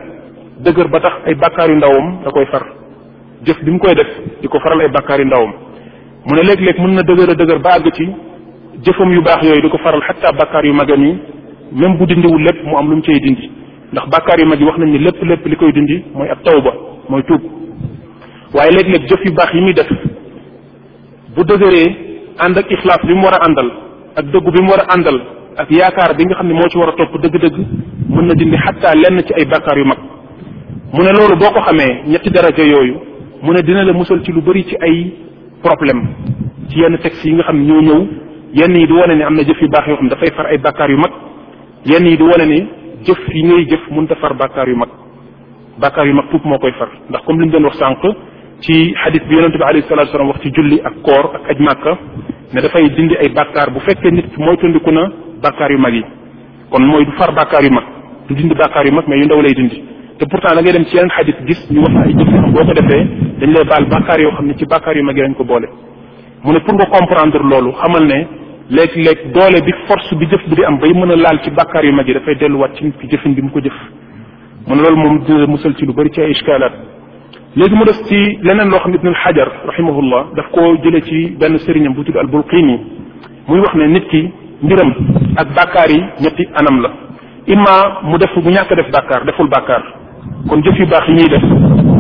dëgër ba tax ay bàkkaar yu ndawam da koy far jëf bi mu koy def di ko faral ay bàkkaar yu ndawam mu ne léeg-léeg mën na dëgër a dëgër ba àgg ci jëfam yu baax yooyu di ko faral xatta bàkkaar yu magam yi même bu dindiwul lépp mu am lu mu cay dindi ndax bàkkaar yu mag yi wax nañ ni lépp lépp li koy dindi mooy ab tawba mooy tuub waaye léeg-léeg yu baax yi muy def bu dëgëree ànd ak ixlaas bi mu war a àndal ak dëggu bi mu war a àndal ak yaakaar bi nga xam ne moo ci war a topp dëgg-dëgg mën na dindi xatta lenn ci ay bàkkaar yu mag mu ne loolu boo ko xamee ñetti daraja yooyu mu ne dina la musal ci lu bari ci ay problème ci yenn text yi nga xam ñoo ñëw yenn yi du wane ni am na jëf yu baax yoo xam dafay far ay bàkkaar yu mag yenn yi du wane ni jëf yi ngay jëf mun a far bàkkaar yu mag bàkkaar yu mag tuub moo koy far ndax comme li ñu doon wax sànq ci xadis bi yonente bi alayhi wax ci julli ak koor ak aj màkka dafay dindi ay bàkkaar bu fekkee nit mooy tundiku na bàkkaar yu mag yi kon mooy du far bàkkaar yu mag du dindi bàkkaar yu mag mais yu ndaw lay dindi te pourtant da ngay dem ci yeneen xadis gis ñu wax ay jëf yoo boo ko defee dañ lay baal bàkkaar yoo xam ne ci bàkkaar yu mag yi lañ ko boole mu ne pour nga comprendre loolu xamal ne léeg-léeg doole bi force bi jëf bu di am bay mën a laal ci bàkkaar yu mag yi dafay delluwaat ci ci jëfin bi mu ko jëf mu ne loolu moom dina musal ci lu bëri ci ay iskalaat léegi mu def ci leneen loo xam ne ibnul xajar rahimahullah daf koo jëlee ci benn sëriñam bu tudd al bulqiini muy wax ne nit ki mbiram ak bàkkaar yi ñetti anam la imma mu def bu ñàkk def bàkkaar deful bàkkaar kon jëf yu baax yi ñuy def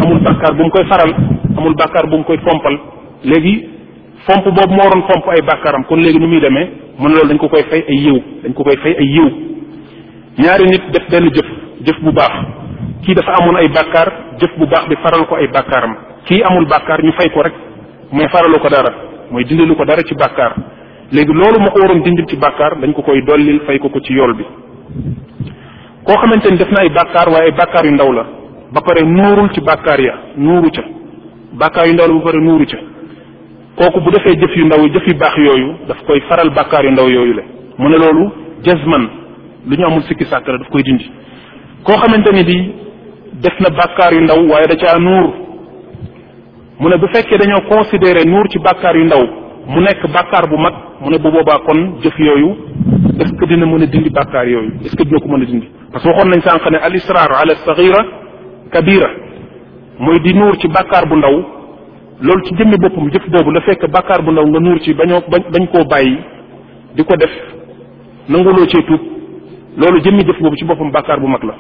amul bàkkaar bu mu koy faral amul bàkkaar bu mu koy fompal léegi fomp boobu moo waroon fomp ay bàkkaaram kon léegi nu muy demee mën ne loolu dañ ko koy fay ay yiw dañ ko koy fay ay yiw ñaari nit def benn jëf jëf bu baax kii dafa amoon ay bàkkaar jëf bu baax bi faral ko ay bàkkaaram kii amul bàkkaar ñu fay ko rek mais faralu ko dara mooy dindilu ko dara ci bàkkaar léegi loolu moo ko waroon dindil ci bàkkaar dañ ko koy dollil fay ko ko ci yool bi koo xamante ni def na ay bàkkaar waaye ay bàkkaar yu ndaw la ba pare nuurul ci bàkkaar ya nuuru ca bàkkaar yu ndaw la ba pare nuuru ca kooku bu defee jëf yu ndaw jëf yu baax yooyu daf koy faral bàkkaar yu ndaw yooyu la mu ne loolu jazman lu ñu amul sikki sàkk la daf koy dindi koo xamante ni bi def na bàkkaar yu ndaw waaye da caa nuur mu ne bu fekkee dañoo considéré nuur ci bàkkaar yu ndaw mu nekk bàkkaar bu mag mu ne bu boobaa kon jëf yooyu est-ce que dina mën a dindi bàkkaar yooyu est-ce que dina ko mën a dindi parce que waxoon nañ sànq ne al israar ala sagira kabira mooy di nuur ci bàkkaar bu ndaw loolu ci jëmmi boppam jëf boobu la fekk bàkkaar bu ndaw nga nuur ci bañoo bañ koo bàyyi di ko def nanguloo cee tuub loolu jëmmi jëf boobu ci boppam bàkkaar bu mag la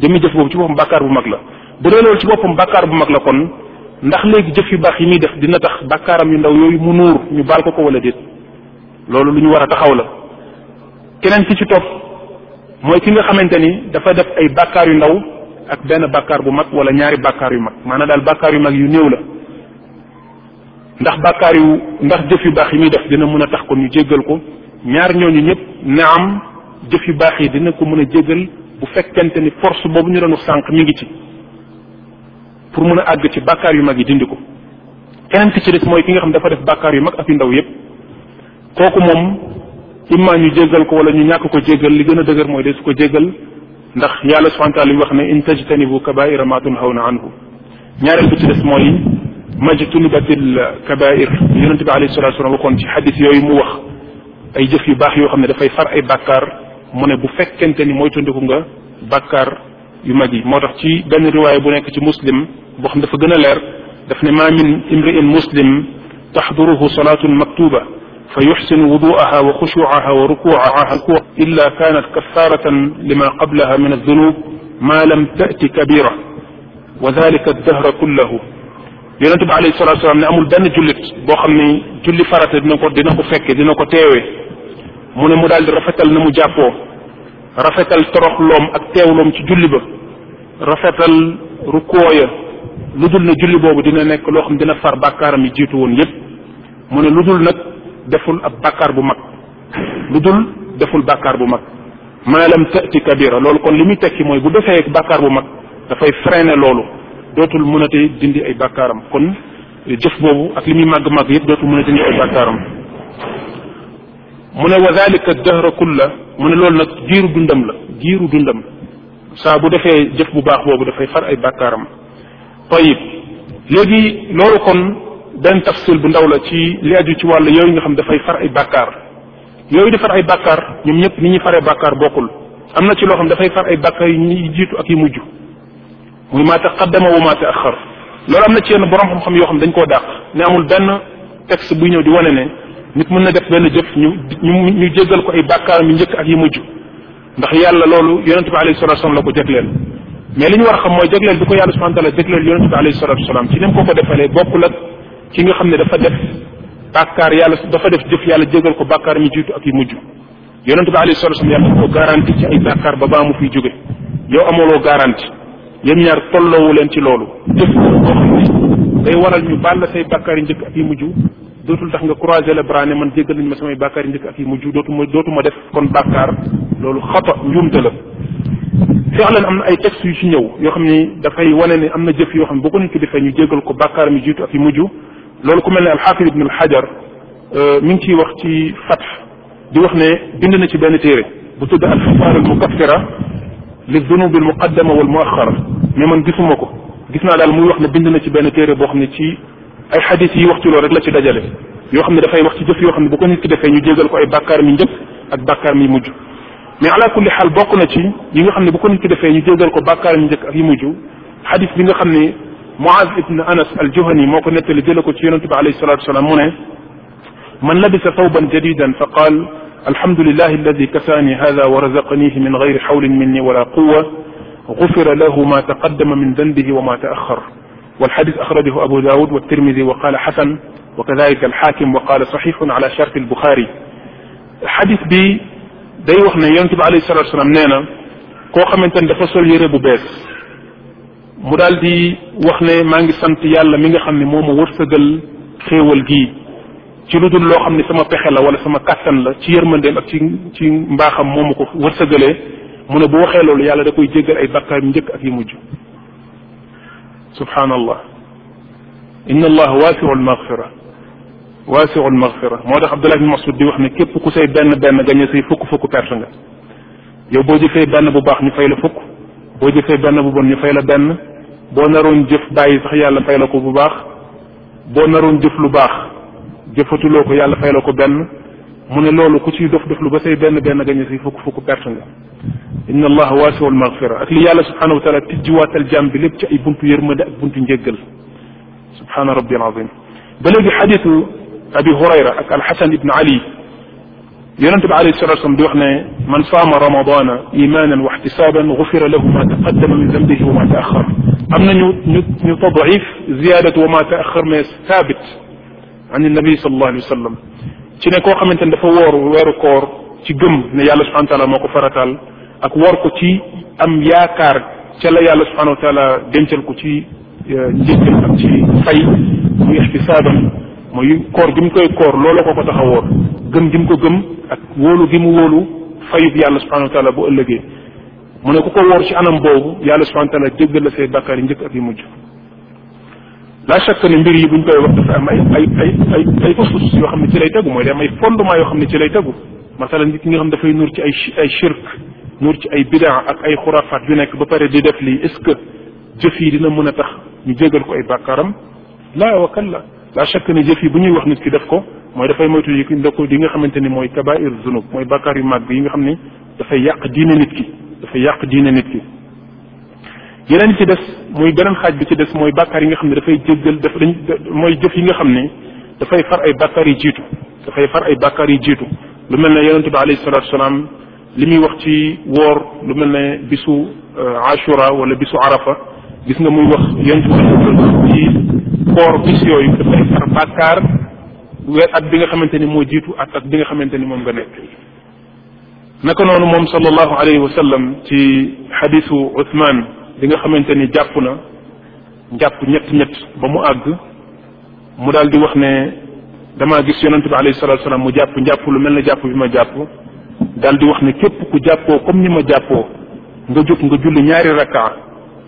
jëmmi jëf boobu ci boppam bàkkaar bu mag la bu dee loolu ci boppam bàkkaar bu mag la kon ndax léegi jëf yu baax yi muy def dina tax bàkkaaram yu ndaw yooyu mu nuur ñu baal ko ko wala déet loolu lu ñu war a taxaw la keneen ki ci topp mooy ki nga xamante ni dafa def ay bàkkaar yu ndaw ak benn bàkkaar bu mag wala ñaari bàkkaar yu mag maanaam daal bàkkaar yu mag yu néew la ndax bàkkaar yu ndax jëf yu baax yi muy def dina mën a tax kon ñu jéggal ko ñaar ñooñu ñëpp naam jëf yu baax yi dina ko mën a jéggal bu fekkente ni force boobu ñu doon sànq mi ngi ci pour mën a àgg ci bàkkaar yu mag yi dindi ko keneen ki ci des mooy ki nga xam dafa def bàkkaar yu mag ak yu ndaw yépp kooku moom imma ñu jéggal ko wala ñu ñàkk ko jéggal li gën a dëgër mooy su ko jéggal ndax yàlla subhanahu wa taala yi wax ne in tajtanibu kabaira ma tunhawna anhu ñaareel bi ci des mooy majtunibatil kabair yonente bi alayhi salatu wasalam waxoon ci xadis yooyu mu wax ay jëf yu baax yoo xam ne dafay far ay bàkkaar mu ne bu fekkente ni mooy moytandiku nga bàkkaar yu mag yi moo tax ci benn riwaay bu nekk ci muslim boo xam dafa gën a leer daf ne maa min imri'in muslim taxduruhu salaatun maktuba fa yuxsinu wudu'aha wa xushuucaha wa rukuucaha illa kaanat kafaaratan lima qablaha min aldunub ma lam ta'ti kabira wa dalika addahra kullahu yonente bi alayhi salatu salaam ne amul benn jullit boo xam ne julli farata dina ko dina ko fekke dina ko teewee mu ne mu daal di rafetal na mu jàppoo rafetal toroxloom ak teewloom ci julli ba rafetal rukkoo ya lu dul ne julli boobu dina nekk loo xam dina far bàkkaaram yi jiitu woon yépp mu ne lu dul nag deful ab bàkkaar bu mag lu dul deful bàkkaar bu mag maalam tati kabira loolu kon li muy tekki mooy bu defee bàkkaar bu mag dafay ne loolu dootul mënatee dindi ay bàkkaaram kon jëf boobu ak li muy màgg màgg yépp dootul mën a dindi ay bàkkaaram mu ne wa ak dahra la mu ne loolu nag giiru dundam la giiru dundam saa bu defee jëf bu baax boobu dafay far ay bàkkaaram tayib léegi loolu kon benn tafsil bu ndaw la ci li aju ci wàll yooyu nga xam dafay far ay bàkkaar yooyu di ay bàkkaar ñoom ñëpp ni ñuy faree bàkkaar bokkul am na ci loo xam dafay far ay bàkkaar yi ñuy jiitu ak yu mujj muy maa taqaddama wa maa taaxar loolu am na ci yenn borom xam-xam yoo xam dañ koo dàq ne amul benn texte buy ñëw di wane ne nit mën na def benn jëf ñu ñu ñu jéggal ko ay bàkkaar yu njëkk ak yu mujj ndax yàlla loolu yonente bi alayhi salatu salaam la ko leen mais li ñu war a xam mooy jagleel bi ko yàlla subhanahu taala jagleel yonente bi alayhi salatu salaam ci nem ko ko defalee bokk ak ki nga xam ne dafa def bàkkaar yàlla dafa def jëf yàlla jégal ko bàkkaar mi jiitu ak yu mujj yonente bi alayhi salatu salaam yàlla daf ko garanti ci ay bàkkaar ba baa mu fiy jóge yow amoloo garanti yéen ñaar tolloowu leen ci loolu jëf boo xam ne day waral ñu bàll say bàkkaar yi njëkk ak yu mujj dootul tax nga croiser les bras man jéggal nañ ma samay bàkkaar yi njëkk ak yi mujj dootuma def kon bàkkaar loolu xata njuumte la fexlan am na ay textes yu ci ñëw yoo xam ni dafay wane ne am na jëf yoo xam ne boo ko nit ki defee ñu jéggal ko bàkkaar mi jiitu ak yi mujj loolu ku mel ne alxaafid ibn alxajar euh, mi ngi ciy wax ci fat di wax ne bind na ci benn téere bu tudd alfafaar almukaffira li dunubi almuqaddama wal muaxara mais man gisuma ko gis naa daal muy ne bind na ci benn téere boo xam ne ci ay xadis yi wax ci loolu rek la ci dajale yoo xam ne dafay wax ci jëf yoo xam ne bu ko nit ki defee ñu jégal ko ay bàkkaar mi njëkk ak bàkkaar mi mujj mais ala kulli xaal bokk na ci yi nga xam ne bu ko nit ki defee ñu jégal ko bàkkaar mi njëkk ak yi mujj xadis bi nga xam ne Muaz ibn Anas al-Juhani moo ko nettali jële ko ci yonente bi alayhi salatu wasalaam mu ne man labisa thawban jadidan fa qaal alhamdulilah alladi kasaani hada wa razaqanihi min gayri xawlin minni wala quwa gufira lahu ma taqaddama min danbihi wa ma taaxar والحديث أخرجه أبو داود والترمذي وقال حسن وكذلك الحاكم وقال صحيح على شرط البخاري xadis bi day wax ne yonent bi alayhi salaatu salaam nee na koo xamante ne dafa sol yére bu bees mu daal di wax ne maa ngi sant yàlla mi nga xam ne moo ma wërsëgal xéewal gii ci lu dul loo xam ne sama pexe la wala sama kàttan la ci yërmandeem ak ci ci mbaaxam moo ma ko wërsëgalee mu ne bu waxee loolu yàlla da koy jéggal ay bakkaar yu njëkk ak yu mujj subhaanallah inna allah waasiul magfira waasiul magfira moo tax Abdullah ibn Mas'ud di wax ne képp ku say benn benn gañe say fukk fukk perte nga yow boo jëfee benn bu baax ñu fay la fukk boo jëfee benn bu bon ñu fay la benn boo naroon jëf bàyyi sax yàlla fay la ko bu baax boo naroon jëf lu baax jëfatuloo ko yàlla fay la ko benn mu ne loolu ku ciy dof dof lu ba say benn benn gañe say fukk fukk perte nga inna allaha waasiul magfira ak li yàlla subhanahu wa taala tijjiwaatal jàmm bi lépp ci ay buntu yërmande ak buntu njéggal subhana rabbi alazim ba léegi xadisu abi hurayra ak alxasan ibn ali yonente bi alayhi salatu wasalam di wax ne man saama ramadana imanan wa ixtisaban gufira lahu ma taqaddama min dambihi wa ma taaxar am na ñu ñu ñu tadif ziyadatu wa ma taaxar mais thabit an nabi sallallahu alayhi wa sallam ci ne koo xamante ne dafa woor weeru koor ci gëm ne yàlla subhanahu wa taala moo ko faratal ak wor ko ci am yaakaar ca la yàlla subhanahu wa taala dencal ko ci eh, njëkkal ak ci fay muy ixtisaaban mooy koor gi mu koy koor loolu ko ko tax a gëm gi mu ko gëm ak wóolu gi mu wóolu fayub yàlla subhanahu wa bu ëllëgee mu ne ku ko wóor ci anam boobu yàlla subhanahu wa taala jéggal la say bakkaar njëkk ak yi mujj la chaque ne mbir yi buñ koy wax dafa ay ay ay ay ay usus yoo xam ne ci lay tegu mooy day am ay fondement yoo xam ne ci lay tegu masalan nit ki nga xam dafay nur ci ay ay shirk ñor ci ay bidaa ak ay xurafaat yu nekk ba pare di def lii est-ce que jëf yi dina mën a tax ñu jégal ko ay bàkkaaram laa wa la la chaque ne jëf yi bu ñuy wax nit ki def ko mooy dafay moytu yi ndako yi nga xamante ni mooy kabair zunub mooy bàkkaar yu mag yi nga xam ne dafay yàq diine nit ki dafay yàq diine nit ki yeneen yi ci des muy beneen xaaj bi ci des mooy bàkkaar yi nga xam ne dafay jéggal daf dañ mooy jëf yi nga xam ne dafay far ay bàkkaar yi jiitu dafay far ay bàkkaar yi jiitu lu mel ne yonente bi alayhi salatu wasalaam li muy wax ci woor lu mel ne bisu euh, ashura wala bisu arafa gis nga muy wax yonent bi ci koor bis yooyu dafay far bàkkaar at bi nga xamante ni moo jiitu at at bi nga xamante ni moom nga nekk naka noonu moom sallallahu alayhi wa ci xadisu Ousmane bi nga xamante ni jàpp na jàpp ñett ñett ba mu àgg mu daal di wax ne damaa gis yonent bi alayhi salatu mu jàpp njàpp lu mel ne jàpp bi ma jàpp daal di wax ne képp ku jàppoo comme ni ma jàppoo nga jóg nga julli ñaari rakka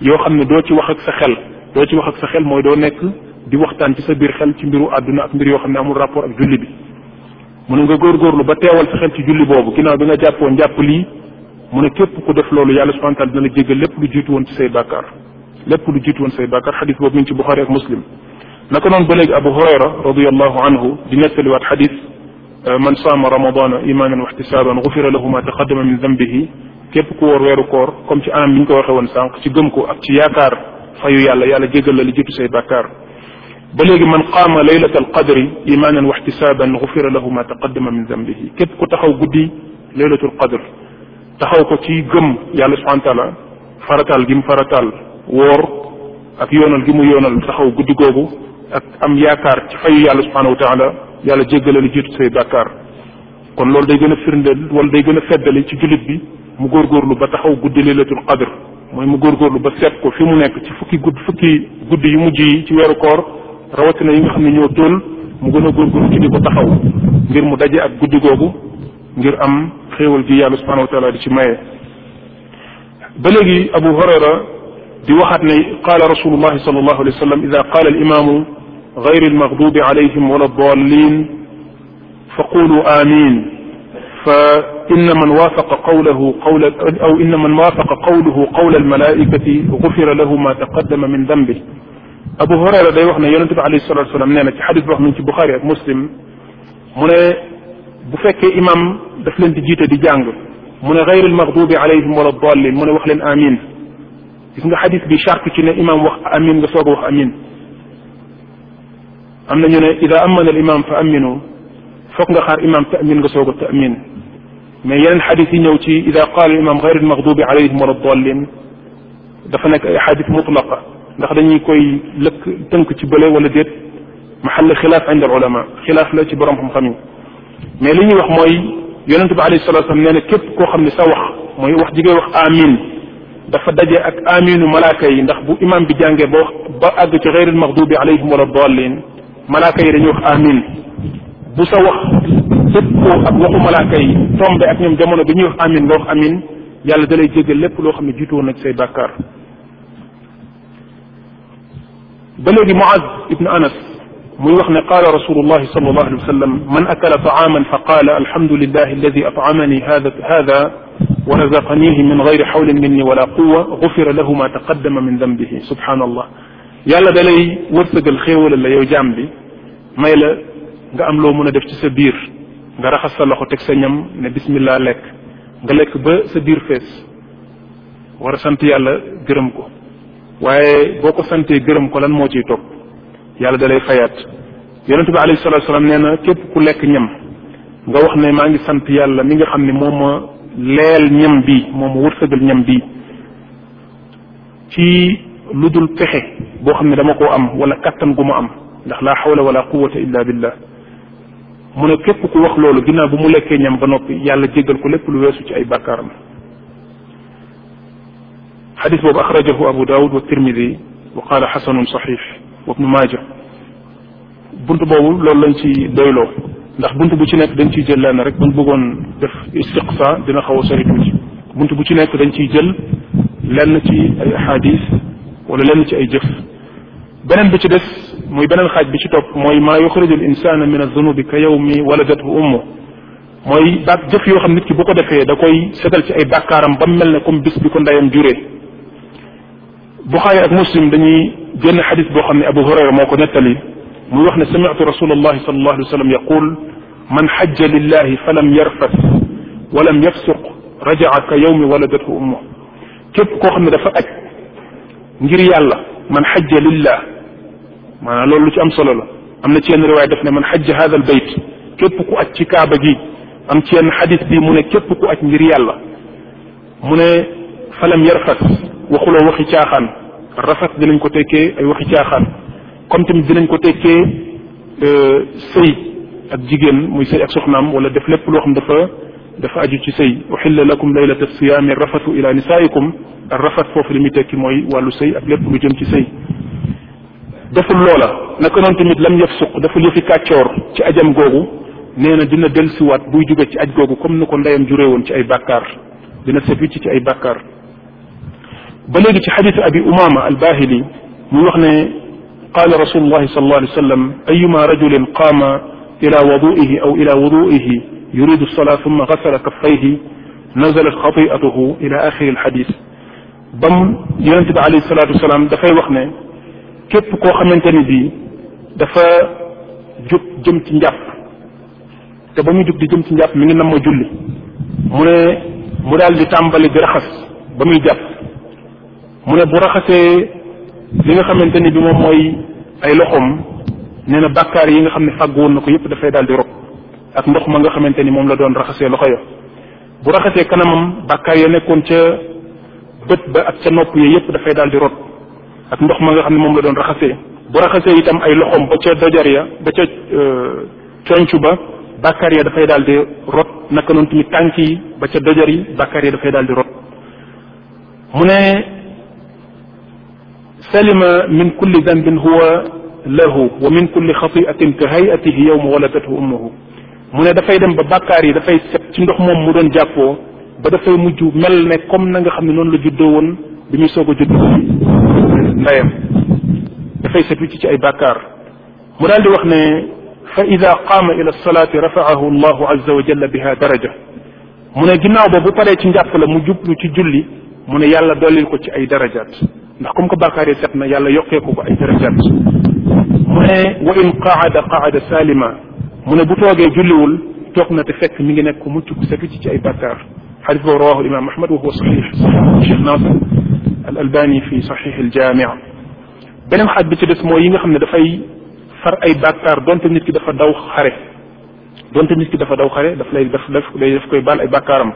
yoo xam ne doo ci wax ak sa xel doo ci wax ak sa xel mooy doo nekk di waxtaan ci sa biir xel ci mbiru àdduna ak mbir yoo xam ne amul rapport ak julli bi mu ne nga góorlu ba teewal sa xel ci julli boobu ginnaaw bi nga jàppoo njàpp lii mu ne képp ku def loolu yàlla subhanahu wa taala dina la jéggal lépp lu jiitu woon ci say bàkkaar lépp lu jiitu woon say bàkkaar xadis boobu mi ngi ci Buxaari ak Muslim naka noonu ba léegi Abu Hurayra radiallahu anhu di nettaliwaat xadis man saama ramadana imaanan wa ihtisaaban gufira lahu ma taqaddama min dambihi képp ku wóor weeru koor comme ci anam bi ñu ko waxee woon sànq ci gëm ko ak ci yaakaar fayu yàlla yàlla jégal la li jiitu say bàkkaar ba léegi man qaama laylata alqadri imaanan wa ihtisaaban gufira lahu ma taqaddama min dambihi képp ku taxaw guddi laylatul qadr taxaw ko ci gëm yàlla subhanahu wa taala farataal gi mu farataal woor ak yoonal gi mu yoonal taxaw guddi googu ak am yaakaar ci fayu yàlla subhanahu wa taala yàlla jéggale lu jiitu say bàkkaar kon loolu day gën a firndeel wala day gën a feddali ci jullit bi mu góorgóorlu ba taxaw guddi laylatul qadr mooy mu góorgóorlu ba seet ko fi mu nekk ci fukki gudd fukki guddi yu mujj yi ci weeru koor rawatina yi nga xam ne ñoo toll mu gën a góorgóorlu ci di taxaw ngir mu daje ak guddi googu ngir am xéewal gi yàlla subhanahu wa di ci maye. ba léegi Abu Hurayra di waxaat ne qaala rasulullahi sallallahu alayhi wa ida qaala غير المغضوب عليهم ولا الضالين فقولوا آمين فإن من وافق قوله قول أو إن من وافق قوله قول الملائكة غفر له ما تقدم من ذنبه Abu Hurayra day wax ne yonente bi alayhi salatu wasalam nee na ci xadis boo xam ne ci Buxaari ak Muslim mu ne bu fekkee imam daf leen di jiite di jàng mu ne gayril maxdubi alayhim wala dallin mu ne wax leen amin gis nga xadis bi charte ci ne imam wax amin nga soog a wax amin am na ñu ne ida amana al imam fa aminu foog nga xaar imam tamin nga soog a tamin mais yeneen xadis yi ñëw ci ida qaala al imam gayr al maxdubi alayhim wala dallin dafa nekk ay xadis mutlaqa ndax dañuy koy lëkk tënk ci bële wala déet maxalla xilaaf inda al ulama xilaaf la ci borom xam-xam yi mais li ñuy wax mooy yonente bi alayhi salatu wasalam nee na képp koo xam ne sa wax mooy wax ji ngay wax amin dafa daje ak aminu malaaka yi ndax bu imam bi jàngee ba wax ba àgg ci gayr al maxdubi alayhim wala dallin malaaka yi dañuy wax amin bu sa wax dëppoo ak waxu malaaka yi tombe ak ñoom jamono bi ñuy wax amin nga wax amin yàlla da lay jéggal lépp loo xam ne jiitu woon na ci say bàkkaar ba léegi Muaz ibn Anas muy wax ne qaala rasulullahi sallallahu alayhi wa sallam man akala taaman fa qaala alhamdulillahi alladi atamani hada hada wa razaqanihi min gayri xawlin minni wala quwa gufira lahu ma taqaddama min dambihi subhanallah yàlla da lay wërsëgal xéewalal la yow jaam bi may la nga am loo mën a def ci sa biir nga raxas sa loxo teg sa ñam ne bismillah lekk nga lekk ba sa biir fees war a sant yàlla gërëm ko waaye boo ko santee gërëm ko lan moo ciy toog yàlla dalay lay fayaat yonente bi alayhi salatu salaam nee na képp ku lekk ñam nga wax ne maa ngi sant yàlla mi nga xam ne moom ma leel ñam bi moom ma wërsëgal ñam bi ci lu dul pexe boo xam ne dama koo am wala kattan gu mu am ndax laa xawla wala quwata illa billah mu ne képp ku wax loolu ginnaaw bu mu lekkee ñam ba noppi yàlla jéggal ko lépp lu weesu ci ay a xadis boobu axrajahu abu daawud wa tirmidi wa qaala xasanun saxiix wa ibnu maaja bunt boobu loolu lañ ci doyloo ndax bunt bu ci nekk dañ ciy jël lenn rek buñ bëggoon def istiqsa dina xaw a sori bunt bu ci nekk dañ ciy jël lenn ci ay xadis wala lenn ci ay jëf beneen bi ci des muy beneen xaaj bi ci topp mooy maa yuxriju l insana min azunubi ka yawmi waladathu omo mooy baat jëf yoo xam nit ki bu ko defee da koy setal ci ay bàkkaaram ba mel ne comme bis bi ko ndeyam juree buxaari ak muslim dañuy génn xadis boo xam ne abu hurayra moo ko nettali muy wax ne samitu rasulallahi sallallahu alayhi wa sallam yaqul man xajja lillahi falam yarfas walam yafsuq rajaa ka yawmi waladathu ummu képp koo xam ne dafa aj ngir yàlla man xajja lillah maanaam loolu lu ci am solo la am na ci yenn riwaay def ne man xajja hada al bayt képp ku aj ci kaaba gi am ci yenn xadis bi mu ne képp ku aj ngir yàlla mu ne falam yarfas waxuloo waxi caaxaan rafas dinañ ko tekkee ay waxi caaxaan comme tamit dinañ ko tekkee euh, sëy ak jigéen muy sëy ak soxnaam wala def lépp loo xam dafa dafa aju ci sëy uxilla lakum laylata a rafatu ila nisaikum ar rafat foofu li muy tekki mooy wàllu sëy ak lépp lu jëm ci sëy deful loola naka noonu tamit lam yëf suq deful yëfi kàccoor ci ajam googu nee na dina dellusiwaat buy jóge ci aj googu comme ni ko ndeyam woon ci ay bàkkaar dina set wicc ci ay bàkkaar ba léegi ci xadisu abi umama albahili muy wax ne qaala rasulullahi sallallahu alayhi wa sallam ayuma ila waduihi aw ila wuduihi yuridu salaa summa xasala kaffayhi nazalat xatiatuhu ila axiri alxadis ba mu yonente bi alayhi salaatu wasalaam dafay wax ne képp koo xamante ni bii dafa jub jëm ci njàpp te ba muy jub di jëm ci njàpp mi ngi nam ma julli mu ne mu daal di tàmbali di raxas ba muy jàpp mu ne bu raxasee li nga xamante ni bi moom mooy ay loxoom nee na bàkkaar yi nga xam ne fàgg woon na ko yépp dafay daal di rob ak ndox ma nga xamante ni moom la doon raxasee loxo ya bu raxasee kanamam bàkkaar ya nekkoon ca bët ba ak ca nopp ya yépp dafay daal di rot ak ndox ma nga xam ne moom la doon raxasee bu raxasee itam ay loxoom ba ca dojar ya ba ca euh, concu ba bàkkaar ya dafay daal di rot naka noonu tamit tànk yi ba ca dojar yi bàkkaar ya dafay daal di rot mu ne salima min kulli dambin huwa lahu wa min kulli xatiatin ka hayatihi yowma waladathu ummuhu mu ne dafay dem ba bàkkaar yi dafay set ci ndox moom mu doon jàppoo ba dafay mujj mel ne comme na nga xam ne noonu la juddoo woon bi muy soog a judd ndeyam dafay set wicc ci ay bàkkaar mu daal di wax ne fa ida qaama ila salaati rafaahu allahu azza wa jalla biha daraja mu ne ginnaaw ba bu pare ci njàpp la mu jublu ci julli mu ne yàlla dollil ko ci ay darajaat ndax comme que bàkkaar yi set na yàlla yokkee ko ay darajaat mu ne wa in qaada qaada salima mu ne bu toogee julliwul toog na te fekk mi ngi nekk ku mucc ku setu ci ci ay bàkkaar xadis boobu rawahu imam ahmad wa huwa saxix cheikh nasir al albani fi saxix al jamia beneen xaaj bi ci des mooy yi nga xam ne dafay far ay bàkkaar donte nit ki dafa daw xare nit ki dafa daw xare daf lay daf daf lay daf koy baal ay bakkaaram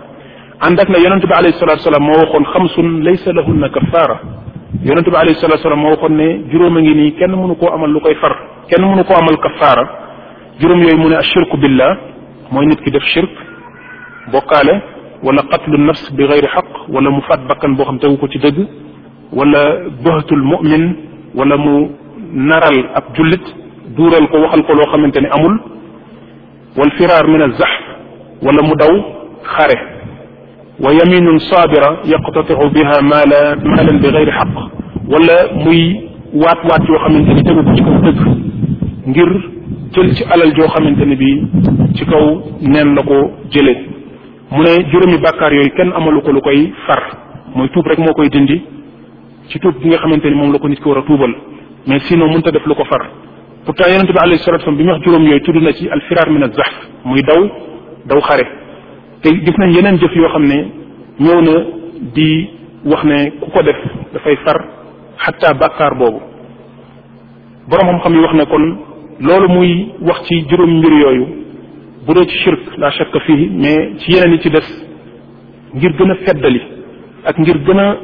ànd ak ne yonente bi alayhi salatu salaam moo waxoon xamsun laysa lahunna kafaara yonente bi alayhi salatu salaam moo waxoon ne juróom a ngi nii kenn mënu koo amal lu koy far kenn mënu koo amal kafaara juróom yooyu mu ne ashirku billah mooy nit ki def shirk bokkaale wala qatlu nafs bi gayri xaq wala mu faat bakkan boo xam tegu ko ci dëgg wala bëhatul mu'min wala mu naral ab jullit duural ko waxal ko loo xamante ne amul wal firaar min azahf wala mu daw xare wa yaminun saabira yaqtatixu biha maala maalan bi gayri xaq wala muy waat waat yoo xamante ne tegu ko ci kaw dëgg ngir jël ci alal joo xamante ne bii ci kaw neen la ko jëlee mu ne juróomi bàkkaar yooyu kenn amalu ko lu koy far mooy tuub rek moo koy dindi ci tuub bi nga xamante ni moom la ko nit ki war a tuubal mais sinon mun a def lu ko far pourtant yonente bi alayhi salatu wasallam bi mu wax juróom yooyu tudd na ci alfiraar min azahf muy daw daw xare te gis nañ yeneen jëf yoo xam ne ñëw na di wax ne ku ko def dafay far xatta bàkkaar boobu boroom xam-xam yi wax ne kon loolu muy wax ci juróom mbir yooyu bu dee ci shirk la shakka fii mais ci yeneen yi ci des ngir gën a feddali ak ngir gën a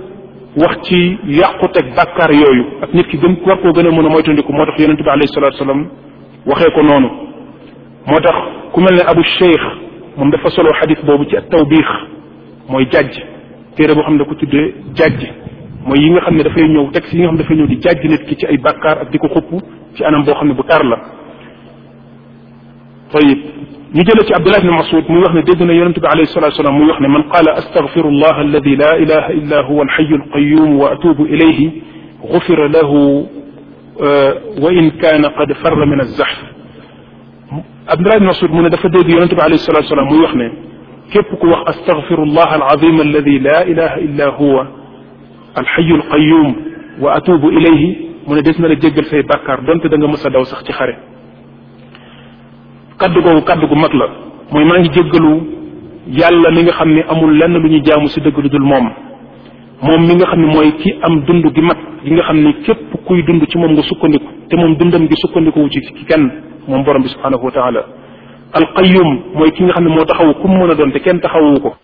wax ci yàquteg bàkkaar yooyu ak nit ki gën war koo gën a mën a moytandiku moo tax yonente bi alayhi salatu wasalam waxee ko noonu moo tax ku mel ni abu cheikh moom dafa solo xadis boobu ci at tawbiix mooy jajj téere boo xam ne ko tuddee jajj mooy yi nga xam ne dafay ñëw texte yi nga xam ne dafay ñëw di jàjj nit ki ci ay bàkkaar ak di ko xupp ci anam boo xam ne bu tar la tayib ñu jëlee ci abdullah ibne masud muy wax ne dégg na yonente bi alayhi salatu wasalam muy wax ne man qaala astaghfiru llah alladi la ilaha illa huwa alxayu alqayum wa atubu ilayhi gufira lahu uh, wa in kaana qad farra min alzaxf abdullah ibne masud mu ne dafa dégg yonente bi alayhi salatu wasalam muy wax ne képp ku wax astaghfiru llah alazim alladi la ilaha illa huwa alxayul qayuum wa atuubu ilayhi mu ne des na la jéggal say bàkkaar donte danga nga mës a daw sax ci xare kaddu googu kaddu gu mag la mooy maa ngi jéggalu yàlla mi nga xam ne amul lenn lu ñuy jaamu si dëgg lu moom moom mi nga xam ne mooy kii am dund gi mag gi nga xam ne képp kuy dund ci moom nga sukkandiku te moom dundam gi sukkandiku wu ci kenn moom borom bi subhaanahu wa taala alqayum mooy ki nga xam ne moo taxawu ku mu mën a doon te kenn taxawu ko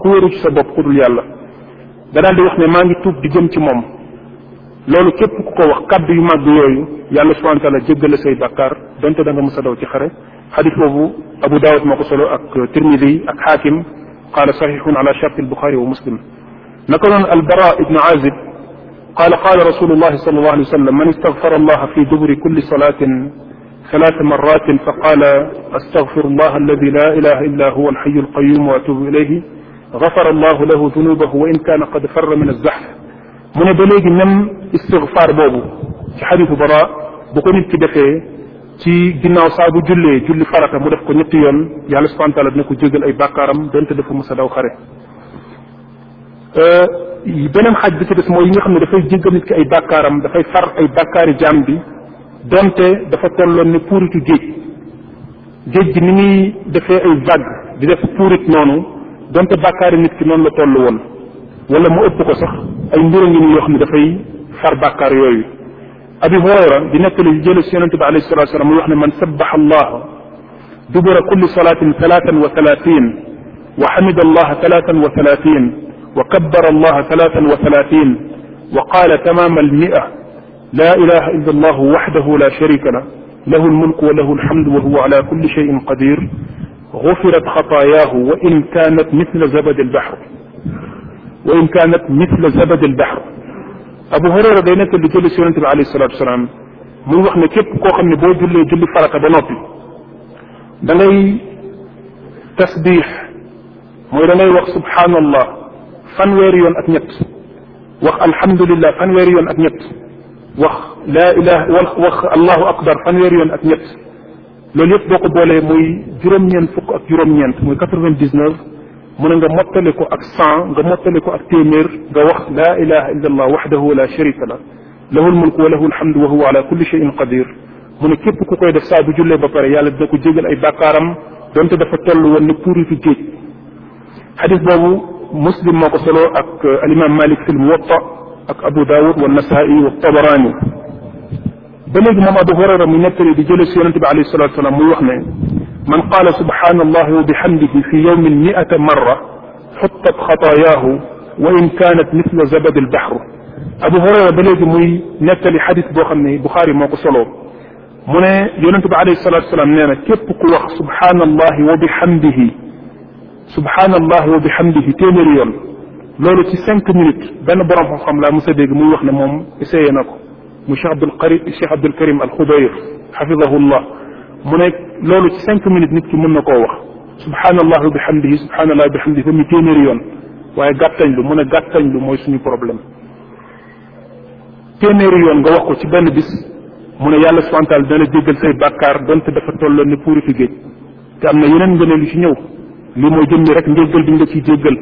ak wéeru ci sa bopp ku dul yàlla da daal di wax ne maa ngi tuub di jëm ci moom loolu képp ku ko wax kàddu yu màgg yooyu yàlla subhanahu wa taala jéggale say bàkkaar donte da nga mës a daw ci xare xadis boobu Abu Daawud moo ko solo ak Tirmidi ak Xaakim qaala saxiixun ala sharti albuxaari wa muslim naka noonu albara ibn azib qaala qaala rasulullahi sallallahu alayhi wa sallam man istagfara allaha fi duburi kulli salatin ثلاث مرات فقال استغفر الله الذي لا اله الا هو الحي القيوم واتوب اليه gafara allahu lahu dunubahu wa in kaana qad farra min azzaxf mu ne ba léegi même istigfaar boobu ci xadiisu bara bu ko nit ki defee ci ginnaaw saa bu jullee julli farata mu def ko ñetti yoon yàlla subhanahu wa taala dina ko jégal ay bàkkaaram donte dafa mës a daw xare euh, beneen xaaj bi ci des mooy yi nga xam ne dafay jéggal nit ki ay bàkkaaram dafay far ay bàkkaari jaam bi donte dafa tolloon ni puuritu géej géej gi ni muy defee ay vague di def puurit noonu donte bàkkaari nit ki noonu la toll woon wala mu ëpp ko sax ay mbir ngi ni yoo xam ne dafay far bàkkaar yooyu abi hurayra di nettali jële si yonente bi alayhi salatu wasalam muy wax ne man sabaxa allah dubura kulli salatin talatan wa talatin wa xamida allah talatan wa talatin wa kabbara allah talatan wa talatin wa qaala tamaam almia la ilaha illa allah waxdahu la sharika lah lahu almulku wa lahu alhamdu wa huwa ala kulli shayin qadir غفرت خطاياه وإن كانت مثل زبد البحر وإن كانت مثل زبد البحر Abu Hurayra day nekk di julli si yonent bi alayhi salaatu wasalaam muy wax ne képp koo xam ne boo jullee julli farata ba noppi da ngay tasbiix mooy da ngay wax subhaanallah fanweeri yoon ak ñett wax alhamdulillah fanweeri yoon ak ñett wax laa ilaha wax allahu akbar fanweeri yoon ak ñett loolu yëpp boo ko boolee muy juróom-ñeent fukk ak juróom-ñeent muy quatre-vingt-dix-neuf mu ne nga mottale ko ak san nga mottale ko ak téeméer nga wax laa ilaha illa allah waxdahu la sharika la lahul mulku wa lahul hamdu wa huwa ala kulli shay'in qadir mu ne képp ku koy def saa bu jullee ba pare yàlla dina ko jégal ay bàkkaaram donte dafa toll woon ni puuritu géej xadis boobu muslim moo ko solo ak alimam malik fi lmuwatta ak abu dawud wa nasaa'i wa tabarani ba léegi moom Abu Hurayra mi nettali di jële si yonente bi alayhi salatu wasalam muy wax ne man qaala subhanallahi wa bihamdihi fi yawmin miata marra xuttat xataayaahu wa in kaanat misla zabad albaxru Abu Hurayra ba léegi muy nettali xadis boo xam ne Buxaari moo ko soloo mu ne yonente bi alayhi salatu wasalam nee na képp ku wax subhanallahi wa bihamdihi subhanallahi wa bihamdihi téeméeri yoon loolu ci cinq minutes benn borom xam-xam laa mos a dégg muy wax ne moom essayé na ko mu Cheikh Abdul Qarib Cheikh Abdul Karim al Khudayr xafidahullah mu ne loolu ci cinq minutes nit ki mën na koo wax subhanallah wa bihamdihi subhanallah wa bihamdihi ba mu téeméeri yoon waaye gàttañ lu mu ne gàttañ lu mooy suñu problème téeméeri yoon ga wax ko ci benn bis mu ne yàlla subhanahu taala dana jéggal say bàkkaar donte dafa tolloon ne puuri fi géej te am na yeneen ngëneel yu ci ñëw li mooy jëmmi rek njéggal bi ñu la ciy jéggal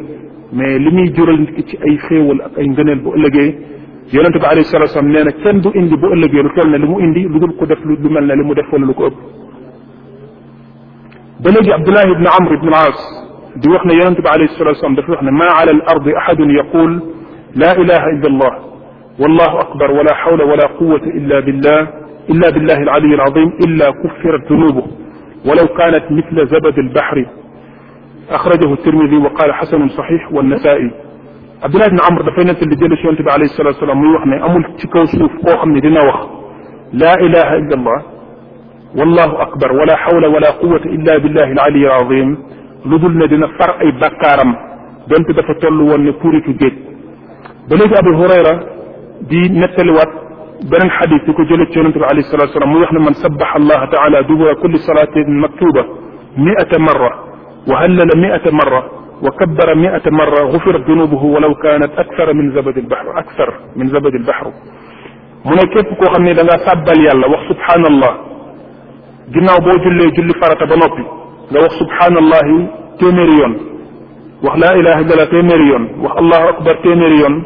mais li muy jural nit ki ci ay xéewal ak ay ngëneel bu ëllëgee yonente bi alayhi salatu wasalam nee na kenn du indi bu ëllëgee lu toll ne li mu indi lu dul ko def lu mel ne li mu def wala lu ko ëpp ba léegi abdulahi ibne amr ibne al-aas di wax ne yonente bi alayhi salatu wasalam dafa wax ne maa ala al ardi ahadun yaqul la ilaha illa allah wallahu akbar wala hawla wala quwata illa billah illa billahi alaliy alazim illa kuffirat dunubu walaw kanat mithla zabad albahri axrajahu tirmidi wa qala xasanun saxix wannasai Abdullah ibn Amr dafay nettali jële ci yonte bi alayhi salatu salaam muy wax ne amul ci kaw suuf koo xam ne dina wax laa ilaha illa allah wallahu akbar wala hawla wala quwata illa billahi al aliy al azim lu dul ne dina far ay bakkaaram donte dafa toll woon ne puuritu géej ba léegi Abu Hurayra di nettaliwaat beneen xadis di ko jële ci yonente bi alayhi salatu salaam muy wax ne man sabaxa allaha taala dubura kulli salatin maktuba miata marra wa hallala miata marra wa kabbara miata marra gufirat dunubuhu walaw kaanat akthara min zabadi lbahr akthar min zabadi lbahr mu ne képp koo xam ne da nga sàbbal yàlla wax subhanallah ginnaaw boo jullee julli ba noppi nga wax subhanallahi téeméeri yoon wax laa ilaha illa allah yoon wax allahu akbar téeméeri yoon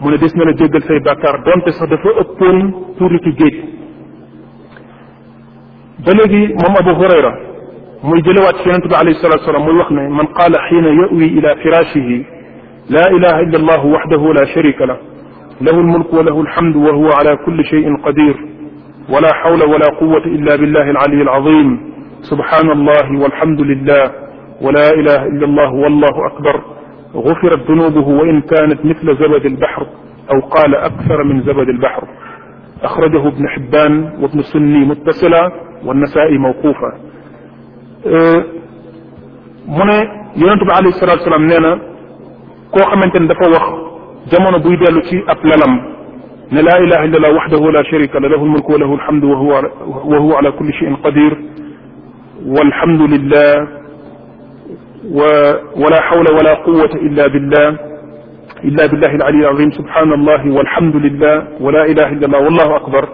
mu ne des na la jéggal say bàkkaar donte sax dafa ëppoon tuuti ci géej Abu Hurayra muy jëlewaat ci yonente bi alayhi salatu salaam muy wax ne man qaala xiina yawi ila firashihi laa ilaha illa allahu waxdahu la sharika lah lahu almulku wa lahu alhamdu wa huwa ala kulli shayin qadir wala xawla wala quwata illa billahi alali alazim subhana allah walhamdu lilah wala ilaha illa allah wallahu akbar gufirat dunubuhu wa in kanat mithla zabadi albahr aw qaala akthara min zabadi albahr axrajahu ibnu xibban wa ibnu sunni muttasila wa annasai mawqufa Euh, mu ne yonentu bi alayhi salatu salaam nee na koo xamante ni dafa wax jamono buy dellu ci ab lalam ne laa ilaha illa allah waxdahu la sharika la lahu lmulku wa lahu alhamdu wa huwa ala kulli cheyin qadir walhamdulillah wa wala hawla wala quwata illa billah illa billahi alali alazim subhanallah walhamdulillah wa la ilaha illa allah wallahu akbar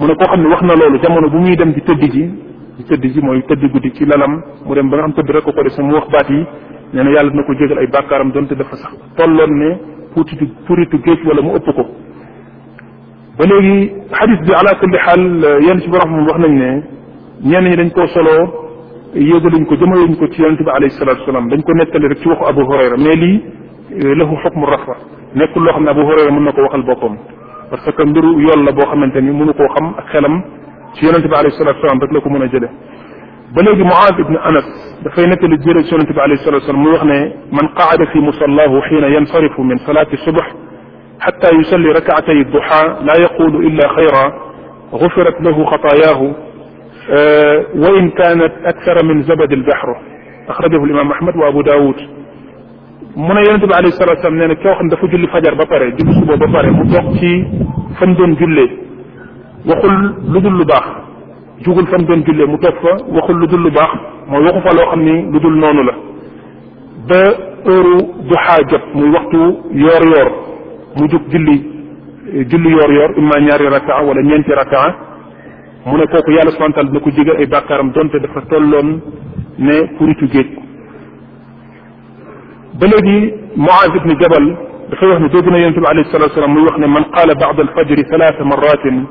mu ne koo xam ne wax na loolu jamono bu muy dem di tëdd ji ci tëdd ji mooy tëdd guddi ci lalam mu dem ba nga am tëdd rek ko def mu wax baat yi nee yàlla dina ko jégal ay bàkkaaram donte dafa sax tolloon ne puutitu puritu géej wala mu ëpp ko ba léegi xadis bi ala kulli xaal yenn ci borom wax nañ ne ñenn ñi dañ koo soloo yéegaluñ ko jëmaleñ ko ci yonente bi alayhi salatu wasalaam dañ ko nettali rek ci waxu abu hurayra mais lii eh, lahu xukmu rafa nekkul loo xam ne abu hurayra mën na ko waxal boppam parce que mbiru yoon la boo xamante ni mënu koo xam ak xelam ci yonente bi alayhi salatu salaam rek la ko mën a jële ba léegi Muaaz ibn Anas dafay nettali jële ci yonente bi alayhi salatu salaam muy wax ne man qaada fi musallahu xiina yansarifu min salaati subh xata yusalli rakaatay duha laa yaqulu illa xayra gufirat lahu xataayaahu wa in kaanat akthara min zabadil baxru axrajahu limaam Ahmad wa Abu Daawud mu ne yonente bi alayhi salatu salaam nee na koo xam dafa julli fajar ba pare julli suba ba pare mu toog ci fan doon jullee waxul lu lu baax jugul fan doon jule mu toog fa waxul lu dul lu baax mooy waxu fa loo ni lu noonu la ba heure duxaa jot muy waxtu yoor yoor mu jug julli julli yoor yoor imma ñaari rakaa wala ñeenti rakaa mu ne kooku yàlla subhanahu wa taala dina ko jégal ay bàkkaaram donte dafa tolloon ne puritu géej ba léegi Muaz ibn Jabal dafay wax ne dégg na yonente bi muy wax ne man qaala ba'da al fajri thalatha marratin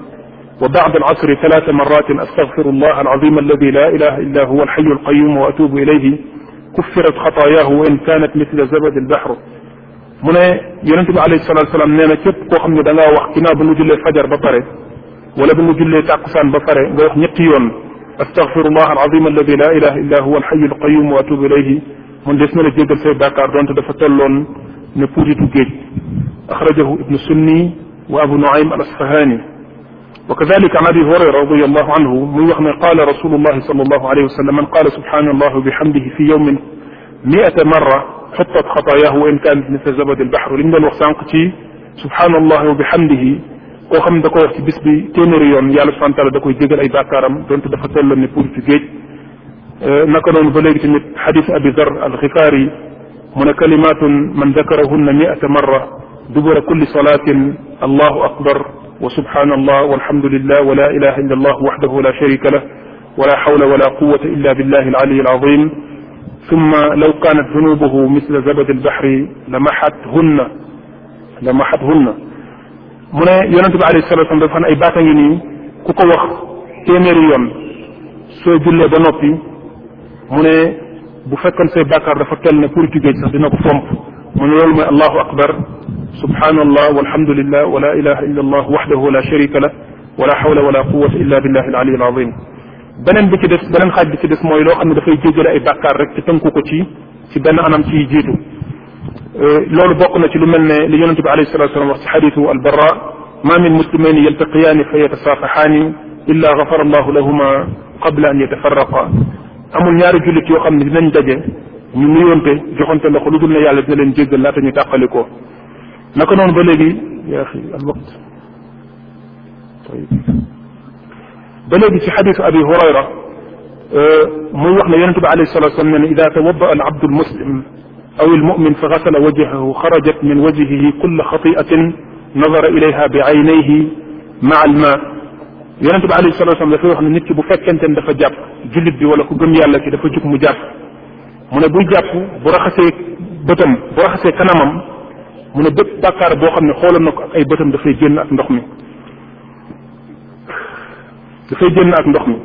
وبعد العصر ثلاث مرات أستغفر الله العظيم الذي لا إله إلا هو الحي القيوم وأتوب إليه كفرت خطاياه وإن كانت مثل زبد البحر mu ne yonent bi alayhi salaatu salaam nee na képp koo xam ne da ngaa wax ginnaaw ba nga jullee fajar ba pare wala ba nga jullee tàkkusaan ba pare nga wax ñetti yoon astaghfirullah alazim alladi la ilaha illa huwa alxayu alqayum wa atubu ilayhi mun des na la jéggal say bàkkaar donte dafa tolloon ne puutitu géej axrajahu ibnu sunni wa abu nuaym al asfahani wa kadalika an abi hurayra radi allahu anhu muy wax ne qaala rasulullahi sallallahu alayhi wa sallam man qaala subhanallahi wa bihamdihi fi yawmin miata marra xuttat xataayaahu wa in kaanat misla zabad albahr li mu doon wax sànq ci subhanallahi wa bihamdihi koo xam ne da koy wax ci bis bi téeméeri yoon yàlla subhanahu taala da koy jégal ay bàkkaaram donte dafa tolloon ne pour ci géej naka noonu ba léegi tamit xadis abi dar alxifaari mu ne kalimatun man dakarahunna miata marra dubura kulli salatin allahu akbar wa subhaanallah walhamdulillah wa la ilaha illa allah wahdahu la sharika lah wala hawla wala quwwata illa billahi al-ali al-azim summa law kanat dunubuhu misla zabad al-bahri la maxathunna la maxathunna mu ne yonente bi alayhi salatu wasalam dafa xam ne ay baata ngi nii ku ko wax téeméeri yoon soo jullee ba noppi mu ne bu fekkoon say bàkkaar dafa tel ne pour ci géej sax dina ko fomp mu ne loolu mooy allahu akbar subhanallah walhamdulillah wa la ilaha illa allah waxdahu la sharika la wala hawla wala quwata illa billahi al ali al azim beneen bi ci des beneen xaaj bi ci des mooy loo xam ne dafay jéggale ay bàkkaar rek te tënku ko ci ci benn anam ciy jiitu euh, loolu bokk na ci lu mel ne li yonente bi alayhi salatu wasalam wax ci xadisu albarra ma min muslimaini yaltaqiyaani fa yatasafaxaani illa gafara allahu lahuma qabla an yatafarraqa amul ñaari jullit yoo xam ne dinañ daje ñu nuyoonte joxante loxo lu dul ne yàlla dina leen jéggal laata ñu tàqali ko naka noonu ba léegi yaa axi al waqt ba léegi ci xadisu abi hurayra euh, muy wax ne yonente bi alayhi salatu wasalam ne ida tawadda al abdu al muslim aw al mumin fa gasala wajhahu xarajat min wajhihi kulla xatiatin nazara ilayha bi aynayhi maa al ma yonente bi alayhi salatu wasalam dafay wax ne nit ki bu fekkente ne dafa jàpp jullit bi wala ku gëm yàlla ki dafa jug mu jàpp mune ne buy jàpp bu raxasee bëtam bu kanamam mu ne bépp bàkkaar boo xam ne xooloon na ko ak ay bëtam dafay génn ak ndox mi dafay génn ak ndox mi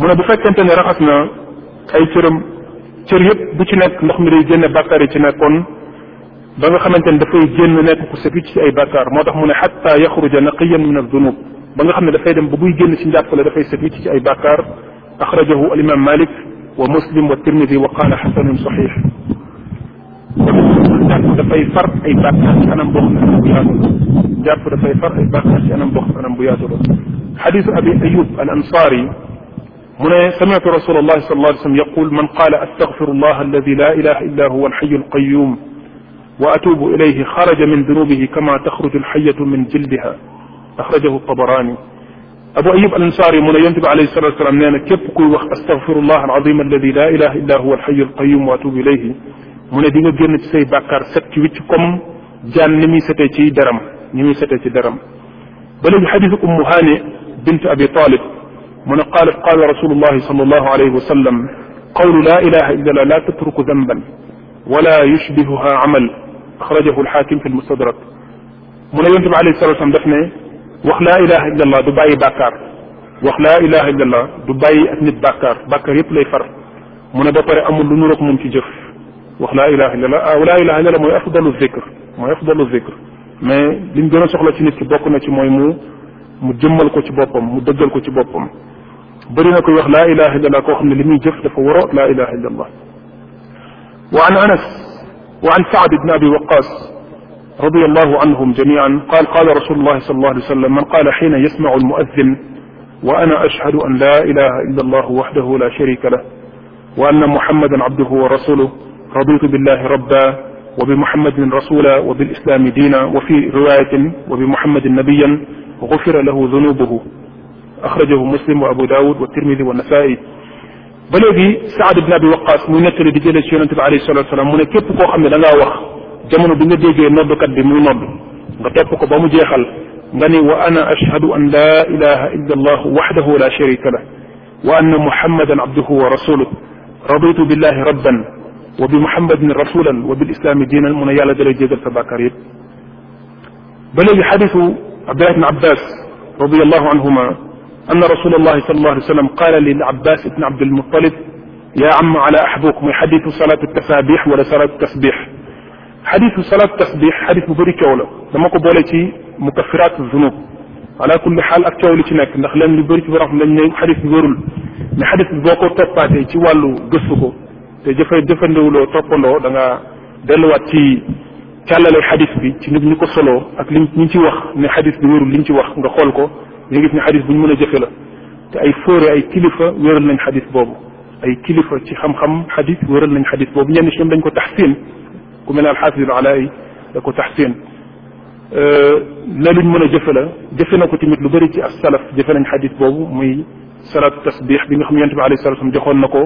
mu bu fekkente ne raxas na ay cëram cër bu ci nekk ndox mi day génne bàkkaar yi ci nekkoon ba nga xamante ne dafay génn nekk ku set ci ay bàkkaar moo tax mu ne xatta yaxruja naqiyan min aldunub ba nga xam ne dafay dem ba buy génn ci njàppale dafay set ci ay bàkkaar axrajahu al imam malik wa muslim wa tirmidi wa qaala xasanun saxiix dafay far ay bàkkaar ci anam boo xam ne anam bu yaatu la jàpp dafay far ay bàkkaar ci anam boo xam ne anam bu yaatu la xadisu abi ayub al ansaari mu ne samitu rasulallahi sallallahu alayhi wa sallam yaqul man qaala astagfirullah alladi la ilaha illa huwa alxayu alqayum wa atubu ilayhi xaraja min dunubihi kama taxruju alxayatu min jildiha axrajahu tabarani abu ayub al ansaari mu ne yonent bi alayhi salatu wasalaam nee na képp kuy wax astaghfirullah al azim alladi la ilaha illa huwa al hayyu al qayyum wa atubu ilayhi mu ne di nga génn ci say bàkkaar set ci wicc comme jaan ni muy setee ci deram ni muy setee ci deram ba léegi xadisu ummu haani bint abi talib mu ne qaalat qaala rasulullahi sallallahu alayhi wa sallam qawlu la ilaha illa allah la tatruku damban wala yushbihuha amal axrajahu alxaakim fi almustadrak mu ne yonent bi alayhi salatu wasalaam daf ne wax laa ilaha illallah du bàyyi bàkkaar wax laa ilaha illallah du bàyyi ak nit bàkkaar bàkkaar yépp lay far mu ne ba pare amul lu nuroog moom ci jëf wax laa ilaha illallah ah laa ilaha illallah mooy afdalu zikr mooy afdalu zikr mais liñ gën a soxla ci nit ki bokk na ci mooy mu mu jëmmal ko ci boppam mu dëggal ko ci boppam bëri na koy wax laa ilaha illallah koo xam ne li muy jëf dafa waroo laa ilaha illallah wa an anas wa an saad ibn waqas رضي الله عنهم جميعا قال قال رسول الله صلى الله عليه وسلم من قال حين يسمع المؤذن وأنا أشهد أن لا إله إلا الله وحده لا شريك له وأن محمدا عبده ورسوله رضيت بالله ربا وبمحمد رسولا وبالإسلام دينا وفي رواية وبمحمد نبيا غفر له ذنوبه أخرجه مسلم وأبو داود والترمذي والنسائي ba léegi Saad ibn Abi Waqaas muy nettali di jëlee ci yonente bi alayhi salatu wasalam mu ne képp koo xam ne da ngaa wax jamono bi nga déggee noddukat bi muy nodd nga topp ko ba mu jeexal nga ni wa ana ashhadu an laa ilaha illa allah waxdahu la sharika lah wa anna muhammadan abduhu wa rasuluh raditu billahi rabban wa bi muhammadin rasulan wa bil islaami diinan mu ne yàlla dalay jégal sa bàkkaar yëpp ba léegi xadisu abdullah ibn abbas radiallahu anhuma anna rasul allahi sal allahu alih sallam qaala lil abbas ibn abdulmutalib yaa amma ala ahbuk muy xadisu salaatu tasabix wala salaatu tasbix xadisu salaat tasbix xadis bu bari coow la dama ko boole ci mukaffiraatu zunub ala kulli xaal ak coow li ci nekk ndax leen lu bëri ci borom xam dañ ne xadis bi wérul mais xadis bi boo ko ci wàllu gëstu ko te jëfe toppandoo da nga ci càllale xadis bi ci nit ñu ko soloo ak li ñu ci wax ne xadis bi wérul liñ ci wax nga xool ko nga gis ne xadis bu ñu mën a jëfe la te ay fóore ay kilifa wéral nañ xadis boobu ay kilifa ci xam-xam xadis wéral nañ xadis boobu ñenn si ñoom dañ ko taxsin ku mel ne alxaafis ibn alaay da ko taxsin la luñ mën a jëfe jëfe na ko tamit lu bëri ci as-salaf jëfe nañ xadis boobu muy salaatu tasbix bi nga xam yonent bi alayhi salaam joxoon na ko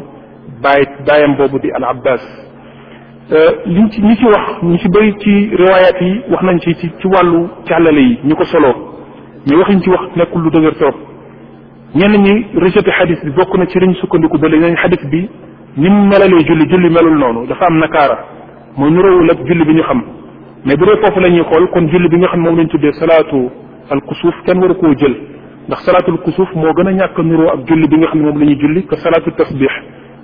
bàyyi bàyyam boobu di al abbas liñ ci ñi ci wax ñi ci bari ci riwaayaat yi wax nañ ci ci ci wàllu càllale yi ñu ko soloo mais wax ñu ci wax nekkul lu dëgër trop ñenn ñi rejeté xadis bi bokk na ci liñ sukkandiku ba léegi xadis bi ni mu melalee julli julli melul noonu dafa am nakaara mooy nuroowul ak julli bi ñu xam mais bu dee foofu la xool kon julli bi nga xam moom lañ tuddee salaatu al kusuuf kenn waru koo jël ndax salaatul kusuuf moo gën a ñàkk nuroo ak julli bi nga xam ne moom la ñuy julli que salaatu tasbix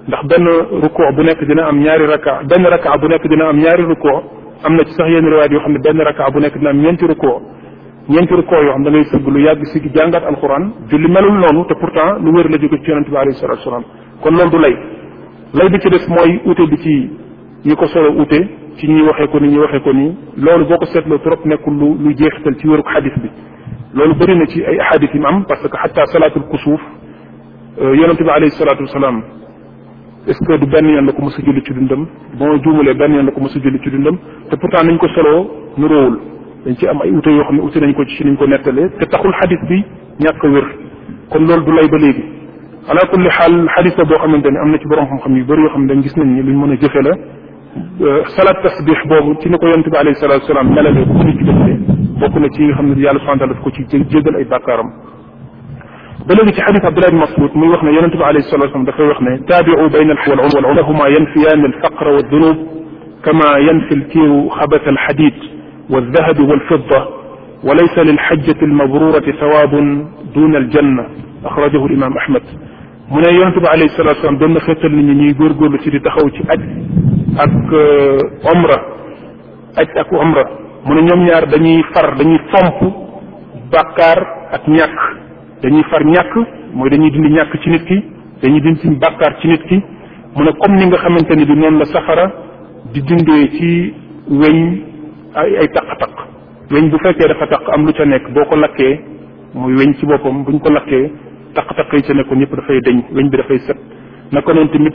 ndax benn rukoo bu nekk dina am ñaari raka benn raka bu nekk dina am ñaari rukoo am na ci sax yenn riwaayat xam ne benn raka bu nekk dina am ñeenti rukoo ñeenti rukoo yoo xam da ngay sëgg lu yàgg si jàngaat alquran julli melul noonu te pourtant lu wér la jóge ci yonente bi alayhi salatu wasalaam kon loolu du lay lay bi ci des mooy ute bi ci yi ko solo ute ci ñi waxee ko ni ñi waxee ko nii loolu boo ko seetloo trop nekkul lu jeex jeexital ci wérug xadis bi loolu bëri na ci ay ahadis yi mu am parce que xataa salaatul kusuuf euh, yonente bi alayhi salaatu wasalaam est ce que du benn yoon la ko mos a julli ci dundam ba ma juumalee benn yoon la ko mos a julli ci dundam te pourtant nañ ko soloo nu róowul dañ ci am ay ute yoo xam ne ute nañ ko ci nañ ko nettalee te taxul xadis bi ñàkk a wér kon loolu du lay ba léegi ala kulli xaal xadis la boo xamante ne am na ci borom xam-xam yu bëri yoo xam ne gis nañ ni luñ mën a jëfe la Euh, salaat tasbix boobu ci ni ko yonent bi alayhi salaatu salaam melalee bu ci diggante bokk na ci nga xam ne yàlla subhanahu taala daf ko ci jégal ay bàkkaaram ba léegi ci xadis Abdullah ibn Mas'ud muy wax ne yonent bi alayhi salaatu salaam dafay wax ne taabiu bayna al wal ula huma yanfiyaani alfaqra wa dunub kama yanfi lkiiru xabas alxadid waldahabi walfidda wa laysa lilxajjati almabrurati sawaabun duna aljanna axrajahu alimam Ahmad mu ne yonent bi alayhi salaatu salaam doon na fettal nit ñi ñuy góorgóorlu ci di taxaw ci aj ak euh, omra ak omra mu ne ñoom ñaar dañuy far dañuy fomp bàkkaar ak ñàkk dañuy far ñàkk mooy dañuy dindi ñàkk ci nit ki dañuy dindi bàkkaar ci nit ki mu ne comme ni nga xamante ni bi noonu la safara di dindee ci weñ ay ay taq weñ bu fekkee dafa taq am lu ca nekk boo ko lakkee muy weñ ci boppam buñ ko lakkee taq-taq yi ca nekkoon yëpp dafay deñ weñ bi dafay set naka noonu tamit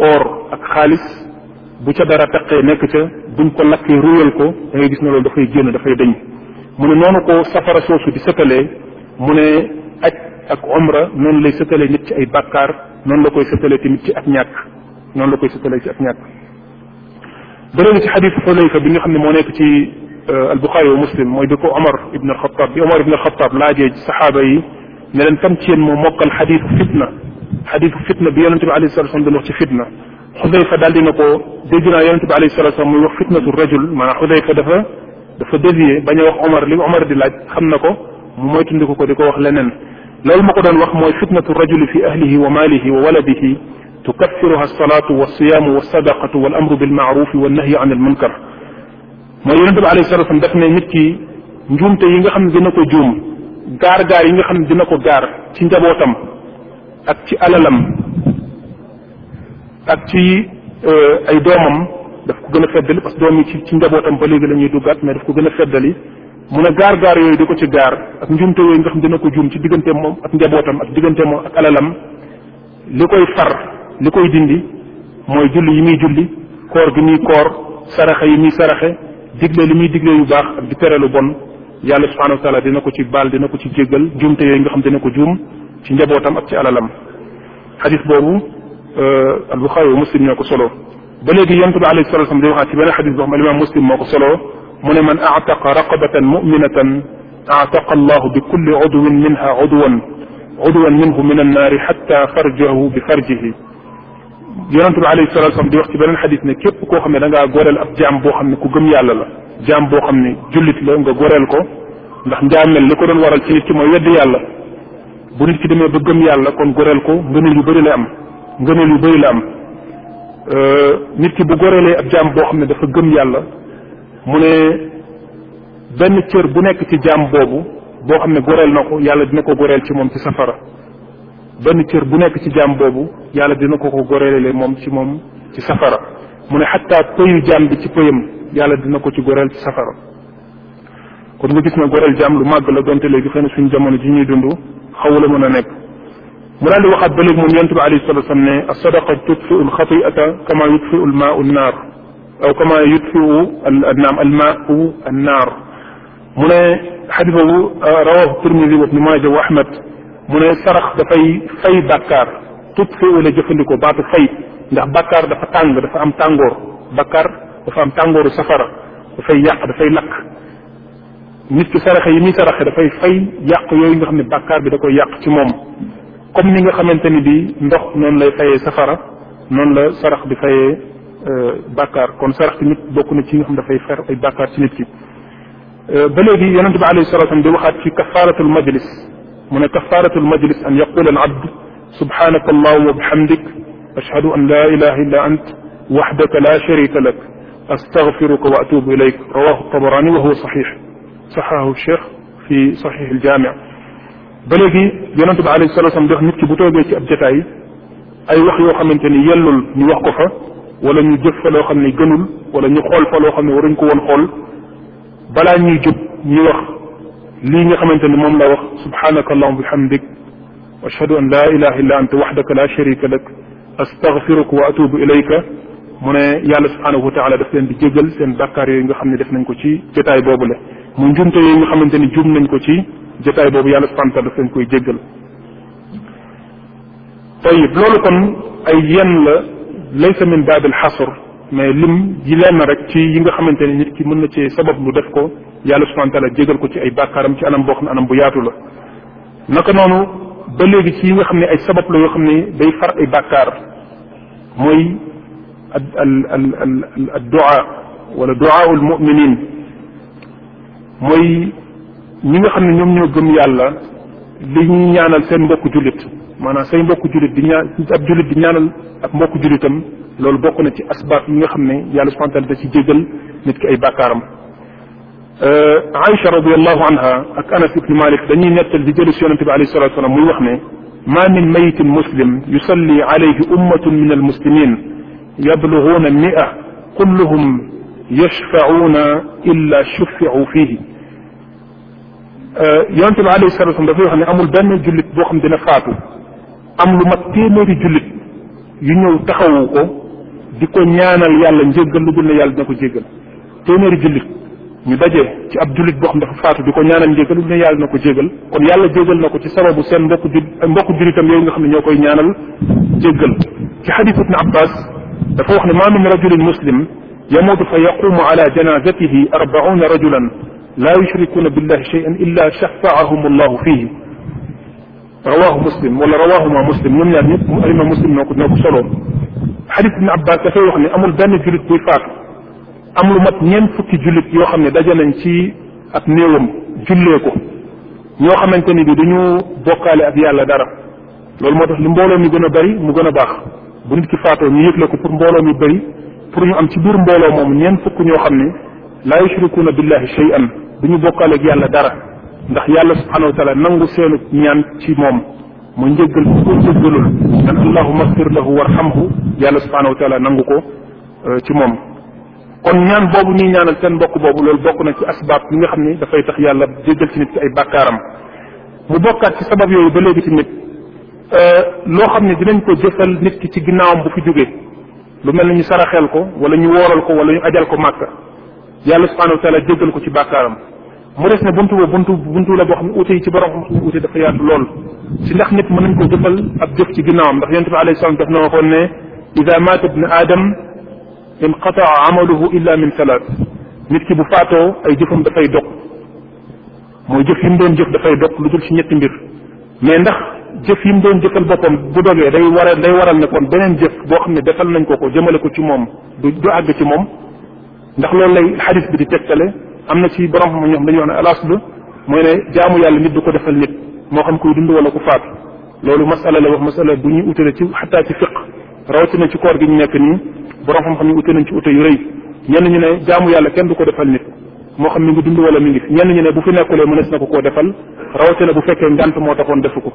or ak xaalis bu ca dara taqee nekk ca buñ ko lakkee ruwal ko da ngay gis ne loolu dafay génn dafay dañ mu ne noonu ko safara soosu di sëtalee mu ne aj ak omra noonu lay sëtalee nit ci ay bàkkaar noonu la koy sëtalee tamit ci ak ñàkk noonu la koy sëtalee ci ak ñàkk daloolu ci xadis xudayfa bi nga xam ne moo nekk ci euh, albuxaari wa muslim mooy bi ko omar ibn alxataab bi omar ibn alxataab laajee saxaaba yi ne leen kan ci yéen moo mokkal xadisu fitna xadisu fitna bi yonente bi alayhi salatu wasallam doon wax ci fitna xudayfa daal dina ko dégg naa yonente bi alayhi salatu salaam muy wax fitnatu rajul maanaam xudayfa dafa dafa dévié bañ a wax omar li omar di laaj xam na ko mu moytundiku ko di ko wax leneen loolu ma ko doon wax mooy fitnatu rajuli fi ahlihi wa maalihi wa waladihi tukaffiruha alsalatu walsiyaamu walsadaqatu wal amru bilmaarufi wannahyu an almunkar mooy yonente bi alayhi salatu salaam daf ne nit ki njuumte yi nga xam ne dina ko juum gaar gaar yi nga xam ne dina ko gaar ci njabootam ak ci alalam ak ci euh, ay doomam daf ko gën a feddali parce que doom yi ci ci njabootam ba léegi la ñuy duggaat mais daf ko gën a feddali mun ne gaar gaar yooyu di ko ci gaar ak njumte yooyu nga xam dina ko juum ci diggante moom ak njabootam ak diggante moom ak alalam li koy far li koy dindi mooy julli yi muy julli koor gi muy koor saraxe yi muy saraxe li muy digle yu baax di tere bon yàlla subhanahu wa dina ko ci baal dina ko ci jéggal juumte nga xam dina ko juum ci njabootam ak ci alalam xadis boobu Euh, albuxaari muslim ñoo ko solo ba léegi yonent bi alayhi salatu wasallam di waxaat ci benn xadis boo xam ne imaam muslim moo ko solo mu ne man aataqa raqabatan muminatan aataqa allahu bi kulli udwin minha udwan udwan minhu min annaari xatta farjahu bi farjihi yonent bi alayhi salatu wasallam di wax ci beneen xadis ne képp koo xam ne da ngaa goreel ab jaam boo xam ne ku gëm yàlla la jaam boo xam ne jullit la nga goreel ko ndax njaamel li ko doon waral ci nit ki mooy weddi yàlla bu nit ki demee ba gëm yàlla kon goreel ko ngëneel yu bëri lay am ngëneel yu bëri laam am euh, nit ki bu goreelee ab jaam boo xam ne dafa gëm yàlla mu ne benn cër bu nekk ci jaam boobu boo xam ne goreel na ko yàlla dina ko goreel ci moom ci safara benn cër bu nekk ci jaam boobu yàlla dina ko ko goreele moom ci moom ci safara mu ne xataa pëyu jaam bi ci pëyam yàlla dina ko ci goreel ci safara kon nga gis ne goreel jaam lu màgg la donte léegi xëy na suñu jamono ji ñuy dund la mën a nekk mu daal di waxaat ba léegi moom yonent bi alayhi salatu wasallam ne as-sadaqa tudfi'u al-khati'ata kama yudfi'u al-ma'u an-nar aw kama yudfi'u naam al-ma'u an-nar mu ne xadis boobu euh, rawahu Tirmidi wa Ibnu Maaja wa Ahmad mu ne sarax dafay fay bàkkaar tudfi'u la jëfandikoo baatu fay ndax bàkkaar dafa tàng dafa am tàngoor bàkkaar dafa am tàngooru safara dafay yàq dafay lakk nit ki saraxe yi muy saraxe dafay fay yàq yooyu nga xam ne bàkkaar bi da koy yàq ci moom comme ni nga xamante ni bii ndox noonu lay fayee safara noonu la sarax di fayee euh, bàkkaar kon sarax tamit bokk na ci nga xam dafay fer ay bàkkaar ci nit ki euh, ba léegi yonente bi alayhi salatu wasallam di waxaat ci kafaaratul majlis mu ne kafaaratul majlis an yaqula al abd subhanaka allahuma wa bihamdik ashhadu an la ilaha illa ant wahdaka la sharika lak astaghfiruka wa atubu ilayk rawahu tabarani wa huwa sahih sahahu cheikh fi sahih al jami' ba gi yonente bi alayhi salatu wasallam def nit bu toogee ci ab jataay ay wax yoo xamante ni yellul ñu wax ko fa wala ñu jëf fa loo xam ne gënul wala ñu xool fa loo xam ne waruñ ko woon xool balaa ñuy jub ñu wax lii nga xamante ni moom la wax subhanaka allahuma bihamdik wa ashhadu an la ilaha illa anta wahdaka la sharika lak astaghfiruka wa atubu ilayka mu ne yàlla subhanahu wa taala daf leen di jégal seen bàkkaar yooyu nga xam ne def nañ ko ci jotaay boobu la muy njumte yooyu nga xamante ni jum nañ ko ci jotaay boobu yàlla subhanahu wa taala daf leen koy jéggal tayib loolu kon ay yenn la laysa min baabil xasr mais lim ji leen na rek ci yi nga xamante ne nit ki mën ci sabab lu def ko yàlla subhanahu wa taala jégal ko ci ay bàkkaaram ci anam boo xam ne anam bu yaatu la naka noonu ba léegi ci yi nga xam ne ay sabab la yoo xam ne day far ay bàkkaar mooy al al al du'a wala du'aul mu'minin mooy ñi nga xam ne ñoom ñoo gëm yàlla li ñuy ñaanal seen mbokk jullit maanaam say mbokk jullit di ñaan ab jullit di ñaanal ab mbokk jullitam loolu bokk na ci asbaab yi nga xam ne yàlla subhanahu wa taala da ci jégal nit ki ay bàkkaaram euh, Aïcha radiallahu anha ak Anas ibnu Malik dañuy nettal di jëli si yonente bi alayhi salatu wasalam muy wax ne ma min mayitin muslim yusalli alayhi ummatun min almuslimin yabluguuna mia kulluhum yashfacuuna illa shuficu fihi Euh, yonent bi alayhi salatu wasallam dafay wax ne amul benn jullit boo xam dina faatu am lu mat téeméeri jullit yu ñëw taxawu ko di ko ñaanal yàlla njéggal lu dul ne yàlla dina ko jéggal téeméeri jullit ñu daje ci ab jullit boo xam dafa faatu di ko ñaanal njéggal lu dul yàlla na ko jéggal kon yàlla jéggal na ko ci sababu seen mbokku ju mbokku jullitam yooyu nga xam ne ñoo koy ñaanal jéggal ci xadis ibne abbas dafa wax ne ma min rajulin muslim yamuutu fa yaqumu ala janazatihi arbauna rajulan laa yushrikuuna billahi shay'an illa shafaahum allahu fihim rawaahu muslim wala rawaahuma muslim ñoom ñaar ñëpp mu alima muslim noo ko noo ko soloo xadis ibne abbas dafay wax ne amul benn jullit buy faatu am lu mat ñeent fukki jullit yoo xam ne daje nañ ci ab néewam jullee ko ñoo xamante ni bi dañu bokkaale ak yàlla dara loolu moo tax li mbooloo mi gën a bari mu gën a baax bu nit ki faatoo ñu yëgle ko pour mbooloo mi bari pour ñu am ci biir mbooloo moomu ñeent fukk ñoo xam ne laa yushrikuuna billahi shay'an du ñu ak yàlla dara ndax yàlla subhanahu wa taala nangu seenu ñaan ci moom mu njëggal ku ko njëggalul an allahuma agfir lahu warhamhu yàlla subhanahu wa taala nangu ko euh, ci moom kon ñaan boobu ñuy ñaanal seen mbokk boobu loolu bokk na ci asbaab yi nga xam ni dafay tax yàlla jéggal ci nit ki ay bàkkaaram mu bokkaat ci sabab yooyu ba léegi tamit euh, loo xam ne dinañ ko jëfal nit ki ci ginnaawam bu fi jógee lu mel ni ñu saraxeel ko wala ñu wooral ko wala ñu ajal ko màkka yàlla subhanahu wa taala jéggal ko ci bàkkaaram mu des ne buntu boobu buntu buntu la boo xam ne uute yi ci borom xam ne uute dafa yaatu lool si ndax mën nañ ko jëfal ab jëf ci ginnaawam ndax yonent bi alayhi salaam daf na waxoon ne ida maata ibnu aadam inqataa amaluhu illa min salaat nit ki bu faatoo ay jëfam dafay dog mooy jëf yi doon jëf dafay dog lu dul ci ñetti mbir mais ndax jëf yi mu doon jëfal boppam bu dogee day waral day waral ne kon beneen jëf boo xam ne defal nañ ko ko jëmale ko ci moom du du àgg ci moom ndax loolu lay xadis bi di tegtale am na ci borom xam ñoom dañuy wax ne alaas ba mooy ne jaamu yàlla nit du ko defal nit moo xam kuy dund wala ku faatu loolu masala la wax masala bu ñuy utale ci xataa ci fiq ci koor gi ñu nekk nii borom xam-xam ñu ute nañ ci ute yu ñenn ñu ne jaamu yàlla kenn du ko defal nit moo xam mi ngi dund wala mi ngi ñenn ñu ne bu fi nekkulee mënees na ko koo defal rawatina bu fekkee moo taxoon defu ko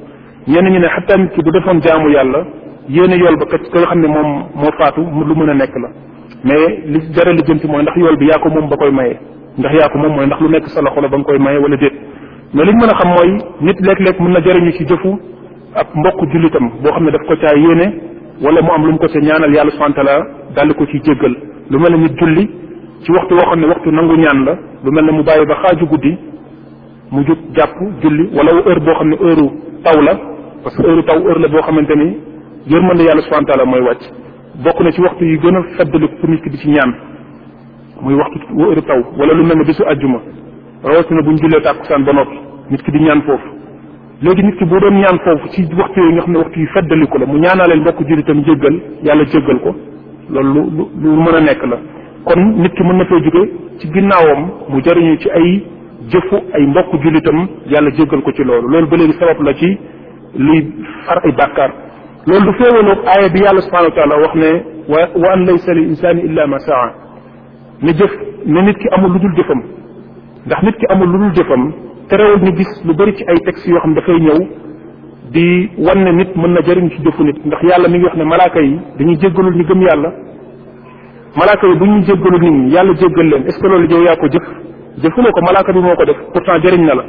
ñenn ñu ne xataa nit ki bu defoon jaamu yàlla yéene yool ba kat ka nga xam ne moom moo faatu lu mën a nekk la mais li jaral lijjanti mooy ndax yool bi yaa ko moom ba koy maye ndax yaa ko moom mooy ndax lu nekk sa loxo la ba nga koy maye wala déet mais li ñu mën a xam mooy nit léeg-léeg mën na jariñu ci jëfu ab mbokk jullitam boo xam ne daf ko caa yéene wala mu am lu mu ko ca ñaanal yàlla subhanahu la taala di ko ciy jéggal lu mel ne nit julli ci waxtu woo xam ne waxtu nangu ñaan la lu mel ne mu bàyyi ba xaaju guddi mu jug jàpp julli wala heure boo xam ne heure taw la parce que taw la boo xamante ni yërmande yàlla subhanahu wa mooy wàcc bokk na ci waxtu yi gën a fàttaliku pour nit ki di ci ñaan muy waxtu taw wala lu mel ne bésu àjjuma rawatina bu ñu jullee tàkkusaan ba noppi nit ki di ñaan foofu. léegi nit ki bu doon ñaan foofu ci waxtu yooyu nga xam ne waxtu yu fàttaliku la mu ñaanaleel mbokk jullitam jéggal yàlla jéggal ko loolu lu mën a nekk la kon nit ki mën na fee jóge ci ginnaawam mu jariñu ci ay jëfu ay mbokk jullitam yàlla jéggal ko ci loolu loolu ba léegi sabab la ci luy far ay bàkkaar. loolu du féewaloog aaya bi yàlla subhanahu wa taala wax ne wa an laysa lil insaani illa ma saa ne jëf ne nit ki amul lu dul jëfam ndax nit ki amul lu dul jëfam terewul ñu gis lu bëri ci ay textes yoo xam dafay ñëw di wan ne nit mën na jëriñ ci jëfu nit ndax yàlla mi ngi wax ne malaaka yi dañuy jéggalul ñu gëm yàlla malaaka yi bu ñuy jéggalul nit ñi yàlla jéggal leen est ce que loolu yow yaa ko jëf jëfuloo ko malaaka bi moo ko def pourtant jëriñ na la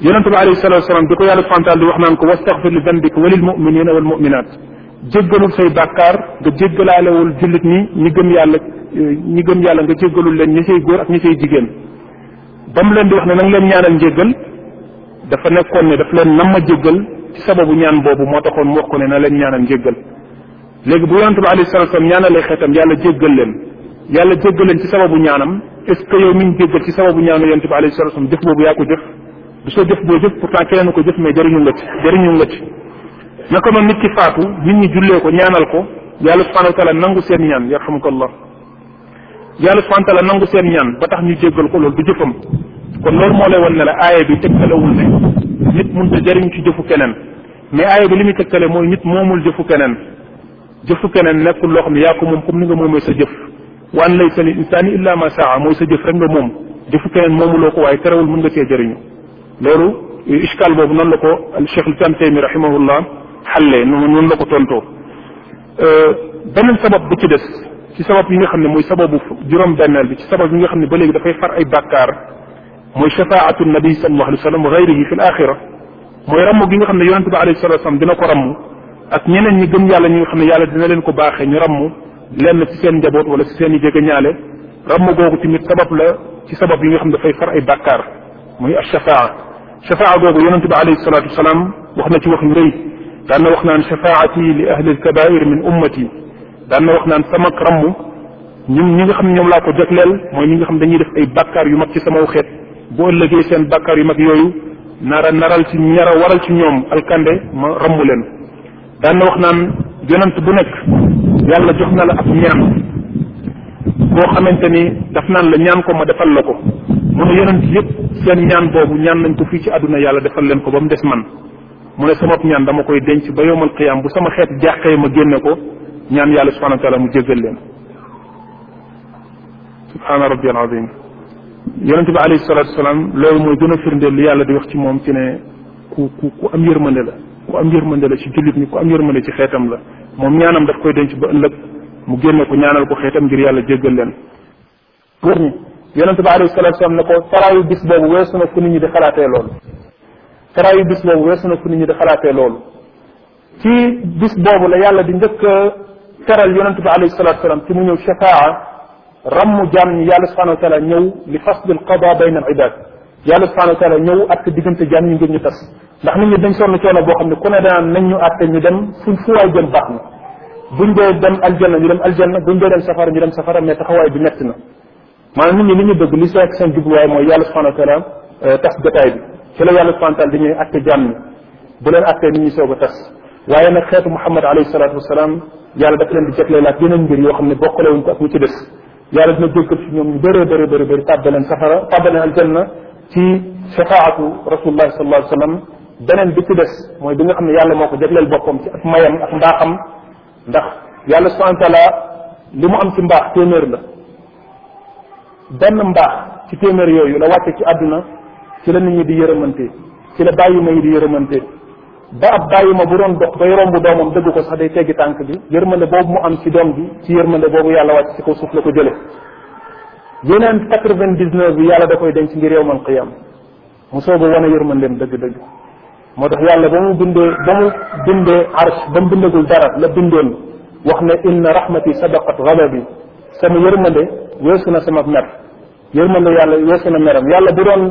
yonente bi alayhi salatu wasalaam bi ko yàlla subhana taala di wax naan ko wastaxfir li dambika walil muminina wal muminat jéggalul say bàkkaar nga jéggalaalewul jullit ñi ñi gëm yàlla ñi gën yàlla nga jéggalul leen ñi say góor ak ñi say jigéen ba mu leen di wax ne nanga leen ñaanal njéggal dafa nekkoon ne daf leen nam ma jéggal ci sababu ñaan boobu moo taxoon mu wax ko ne na leen ñaanal njéggal léegi bu yonente bi alayhi salatu wasalaam ñaanalee xeetam yàlla jéggal leen yàlla jéggal leen ci sababu ñaanam est yow mi ñu jéggal ci sababu ñaanu yonente bi alayhi salatu wasalaam jëf boobu du sa jëf boo jëf pourtant keneen ko jëf mais jëriñu nga ci jëriñu nga ci naka noonu nit ki faatu nit ñi jullee ko ñaanal ko yàlla subhanahu wa taala nangu seen ñaan yarhamukallah yàlla subhanahu wa taala nangu seen ñaan ba tax ñu jéggal ko loolu du jëfam kon loolu moo lay wan ne la aaya bi tegtalewul ne nit mun ta jëriñ ci jëfu keneen mais aaya bi li muy tegtale mooy nit moomul jëfu keneen jëfu keneen nekkul loo xam ne yaa ko moom comme ni nga moomee sa jëf waan laysa lil insaani illa ma saa mooy sa jëf rek nga moom jëfu keneen moomuloo ko waaye terewul mën nga cee jëriñu loolu iskal boobu noonu la ko Cheikh lislam taymi rahimahullah xalle noonu la ko tontoo euh, beneen sabab bu ci des ci sabab yi nga xam ne mooy sababu juróom-benneel bi ci sabab yi nga xam ne ba léegi dafay far ay bàkkaar mooy shafaatu nabi sallallahu alayhi wa sallam wa gayrihi fi l axira mooy ramm gi nga xam ne yonente bi alayhi salatu dina ko ramm ñeneen ñi gëm yàlla ñi nga xam ne yàlla dina leen ko baaxee ñu ramm lenn ci seen njaboot wala ci seen i jege ñaale ramm googu tamit sabab la ci sabab yi nga xam ne dafay far ay bàkkaar muy ak shafaa shafaa boobu yonente bi alayhi salaatu wasalaam wax na ci wax yu rëy daan na wax naan shafaati li ahli alkabair min ummati daan na wax naan sama ramm ñun ñi nga xam ñoom laa ko jagleel mooy ñi nga xam dañuy def ay bàkkaar yu mag ci sama xeet bu ëllëgee seen bàkkaar yu mag yooyu nara naral ci ñara waral ci ñoom alkande ma ramm leen daan wax naan yonent bu nekk yàlla jox na la ab ñaan boo xamante ni daf naan la ñaan ko ma defal la ko mu ne yonent yëpp seen ñaan boobu ñaan nañ ko fii ci àdduna yàlla defal leen ko ba mu des man mu ne sama ñaan dama koy denc ba yowmal qiyaam bu sama xeet jàqee ma génne ko ñaan yàlla subhanahu wa taala mu jéggal leen subhaana rabbi al azim yonente bi alayhi salatu wasalaam loolu mooy gën a firndeel li yàlla di wax ci moom ci ne ku ku ku am yërmande la ku am yërmande la ci jullit ñi ku am yërmande ci xeetam la moom ñaanam daf koy denc ba ëllëg mu génne ko ñaanal ko xeetam ngir yàlla jéggal leen góor ñi yonente bi alayhi salatu salaam ne ko taraayu bis boobu weesu na fu nit ñi di xalaatee loolu taraayu bis boobu weesu na fu nit ñi di loolu ci bis boobu la yàlla di njëkk a teral yonente bi alayhi salatu salaam ci mu ñëw shafaa rammu jaam ñi yàlla subhanahu wa taala ñëw li fasl al qada bayna al ibad yàlla subhanahu wa taala ñëw atte diggante jaam ñu ngir ñu tas ndax nit ñi dañ sonn coono boo xam ne ku ne daan nañ ñu atte ñu dem fu fu waay jëm baax na buñ dee dem aljanna ñu dem aljanna buñ dee safara ñu dem safara bi metti na maanaam nit ñi li ñu bëgg li seek seen jubluwaay mooy yàlla subhanahu wa taala euh, tas jotaay bi ci la yàlla subhanahu wa taala atte jàmm bu leen attee nit ñi soog a tas waaye nag xeetu Muhammad alayhi salaatu wasalaam yàlla dafa leen di jagleel ak yeneen mbir yoo xam ne bokkale wuñ ko ak ñu ci des yàlla dina jéggal ci leen ñu bëree bëri bëri bëri tàbbaleen safara tàbbaleen aljanna ci shafaatu rasulullahi sallallahu alayhi wa sallam bi ci des mooy bi nga xam ne yàlla moo ko jagleel boppam ci ak mayam ak mbaaxam ndax yàlla subhanahu wa taala li mu am ci mbaax téeméer la benn mbaax ci téeméer yooyu la wàcce ci àdduna ci la nit ñi di yërëmante ci la bàyyi ma yi di yërëmante ba ab bàyyi ma bu doon dox bay romb doomam dëgg ko sax day teggi tànk bi yërmande boobu mu am ci doom bi ci yërmande boobu yàlla wàcc ci ko suuf la ko jële yeneen quatre-vingt-dix-neuf bi yàlla da koy denc ngir yowmal qiyam mu soog a wane yërmandeem dëgg-dëgg moo tax yàlla ba mu bindee ba mu bindee arsh ba mu bindagul dara la bindoon wax ne inna rahmati sabaqat ghadabi sama yërmande weesu na sama mer yërmande yàlla weesu na meram yàlla bu doon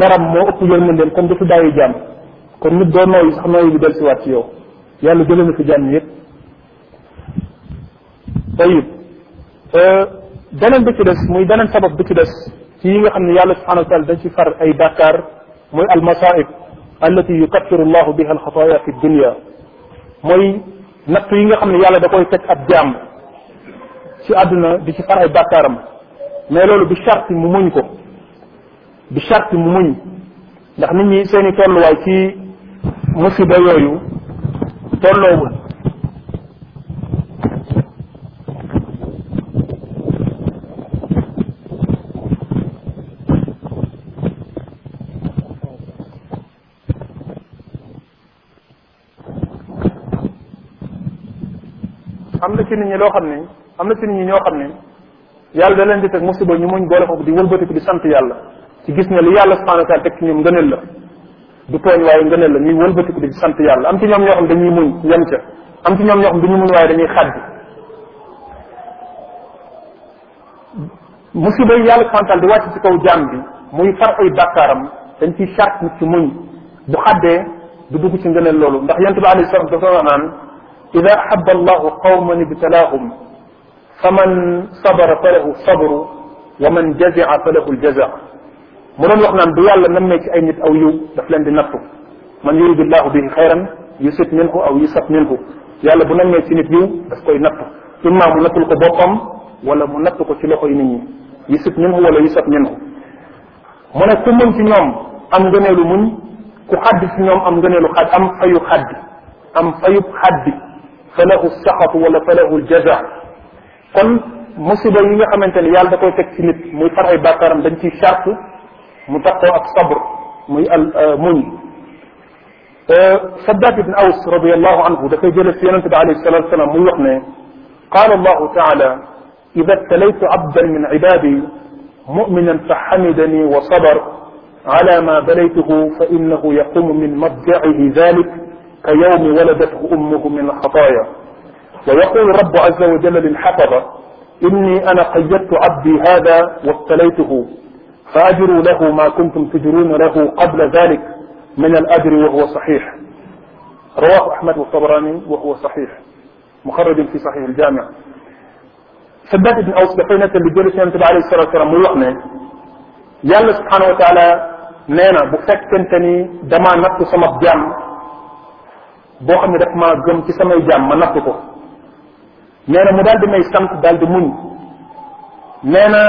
meram moo ëpp yërmandeem kon du fi bàyyi jàmm kon nit doo nooyi sax nooyi bi del siwaat yow yàlla jëlee na fi jàmm yëpp tayib euh, beneen bi ci des muy beneen sabab bi ci des ci yi nga xam ne yàlla subhanahu wa taala dañ ci far ay bàkkaar muy almasaib allati yukaffiru llahu biha alxataaya fi dunia mooy natt yi nga xam ne yàlla da koy teg ab jaam ci àdduna di ci far ay bàkkaaram mais loolu bi charte mu muñ ko bi charte mu muñ ndax nit ñi seen i tolluwaay ci musiba yooyu tolloowul am na ci nit ñi loo xam ne am na ci nit ñoo xam ne yàlla da leen di teg musiba ñu muñ boole ko di wëlbatiku di sant yàlla ci gis ne li yàlla subhanahu wa taala teg ci ñoom ngëneel la du tooñ waaye ngëneel la ñuy sant yàlla am ci ñoom ñoo xam dañuy muñ yem ca am ci ñoom ñoo xam duñu muñ waaye dañuy xàddi musiba yi yàlla subhanahu wa taala di wàcc ci kaw jaam bi muy far ay bàkkaaram dañ ciy charte nit ci muñ bu xaddee du dugg ci ngëneel loolu ndax yent bi alayhi salaam dafa wax naan ida ahaba allahu qawman ibtalaahum faman sabara falahu sabru wa man jazia falahu aljaza mu doon wax naan bu yàlla nammee ci ay nit aw yiw daf leen di nattu man yuridu llahu bihi xayran yusib minhu aw yusab minhu yàlla bu nammee ci nit yiw daf koy nattu imma mu nattul ko boppam wala mu nattu ko ci loxoy nit ñi yusib minhu wala yusab minhu mu ne ku muñ ci ñoom am ngëneelu muñ ku xaddi ci ñoom am ngëneelu xadd am fayu xaddi am fayub xaddi fa lahu saxatu wala fa lahu jaza kon musiba yi nga xamante ne yàlla da koy teg ci nit muy far ay bàkkaaram dañ ciy charte mu taxoo ak sabr muy al euh, muñ euh, Saddaad ibn Aws radiallahu anhu dafay jële si yonente bi alayhi salatu wasalam muy wax ne qaala allahu taala ida btalaytu abdan min ibadi muminan fa xamidani wa sabar ala ma balaytuhu fa innahu yaqumu min madjaihi dalik كيوم ولدته أمه من الخطايا ويقول رب عز وجل للحفظة إني أنا قيدت عبدي هذا وابتليته فأجروا له ما كنتم تجرون له قبل ذلك من الأجر وهو صحيح رواه أحمد والطبراني وهو صحيح مخرج في صحيح الجامع sabbat ibn aws dafay nettal li jëli yonente bi alayhi salatu wasalam muy wax ne yàlla subhanahu wa taala nee na bu fekkente ni damaa nattu sama jàmm boo xam ne daf maa gëm ci samay jaam ma natt ko nee na mu daal di may sant daal di muñ nee na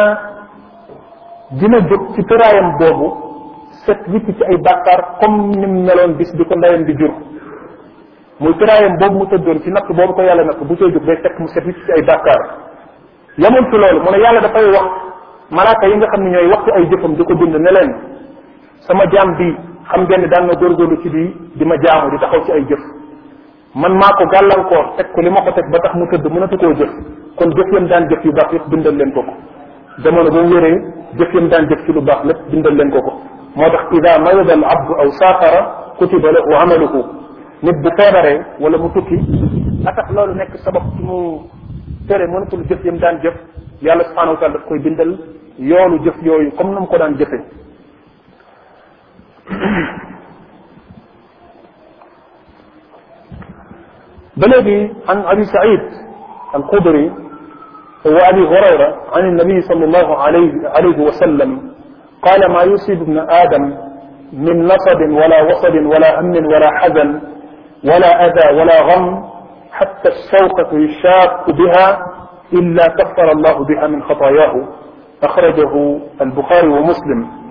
dina jóg ci tëraayam boobu set wicc ci ay bàkkaar comme ni mu meloon bis bi ko ndeyam di jur muy tëraayam boobu mu tëddoon ci natt boobu ko yàlla natt bu cee jóg day fekk mu set wicc ci ay bàkkaar yamul ci loolu mu ne yàlla dafay wax malaaka yi nga xam ne ñooy waxtu ay jëfam di ko bind ne sama jaam bi xam ngeen ne daan na góorgóorlu ci di di ma jaamu di taxaw ci ay jëf man maa ko gàllankoor teg ko li ma ko teg ba tax mu tëdd mënatu koo jëf kon jëf yam daan jëf yu baax yëpp bindal leen ko ko jamono ba mu wéree jëf yam daan jëf ci lu baax lépp bindal leen ko ko moo tax ida marida al abdu aw saafara kutiba lahu amaluhu nit bu feebaree wala mu tukki a tax loolu nekk sabab ci mu tere mënatul jëf yam daan jëf yàlla subhanahu wa taala daf koy bindal yoonu jëf yooyu comme na mu ko daan jëfe بلغي عن أبي سعيد الخدري وأبي هريرة عن النبي صلى الله عليه, عليه وسلم قال ما يصيب ابن آدم من نصب ولا وصب ولا هم ولا حزن ولا أذى ولا غم حتى الشوكة يشاق بها إلا كفر الله بها من خطاياه أخرجه البخاري ومسلم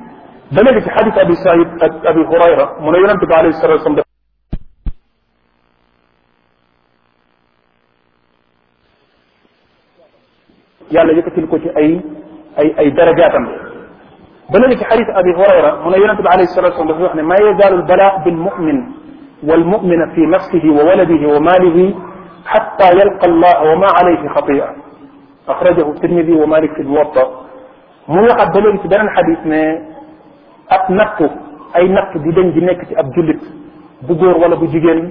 ba léegi ci xadis abi saïd ak abi hurayra mu ne yonente bi alayhi salatu wasalam yàlla yëkkatil ko ci ay ay ay darajaatam ba léegi ci xadis abi hurayra mu ne yonente bi alayhi salatu wasalam dafa wax ne ma yazaalu albala bilmumin walmumina fi nafsihi wa waladihi wa maalihi xatta yalqa allah wa ma alayhi xatia axrajahu tirmidi wa malik fi lmuwatta mu waxaat ba léegi ci beneen xadis ne ak nattu ay natt du deñ di nekk ci ab jullit bu góor wala bu jigéen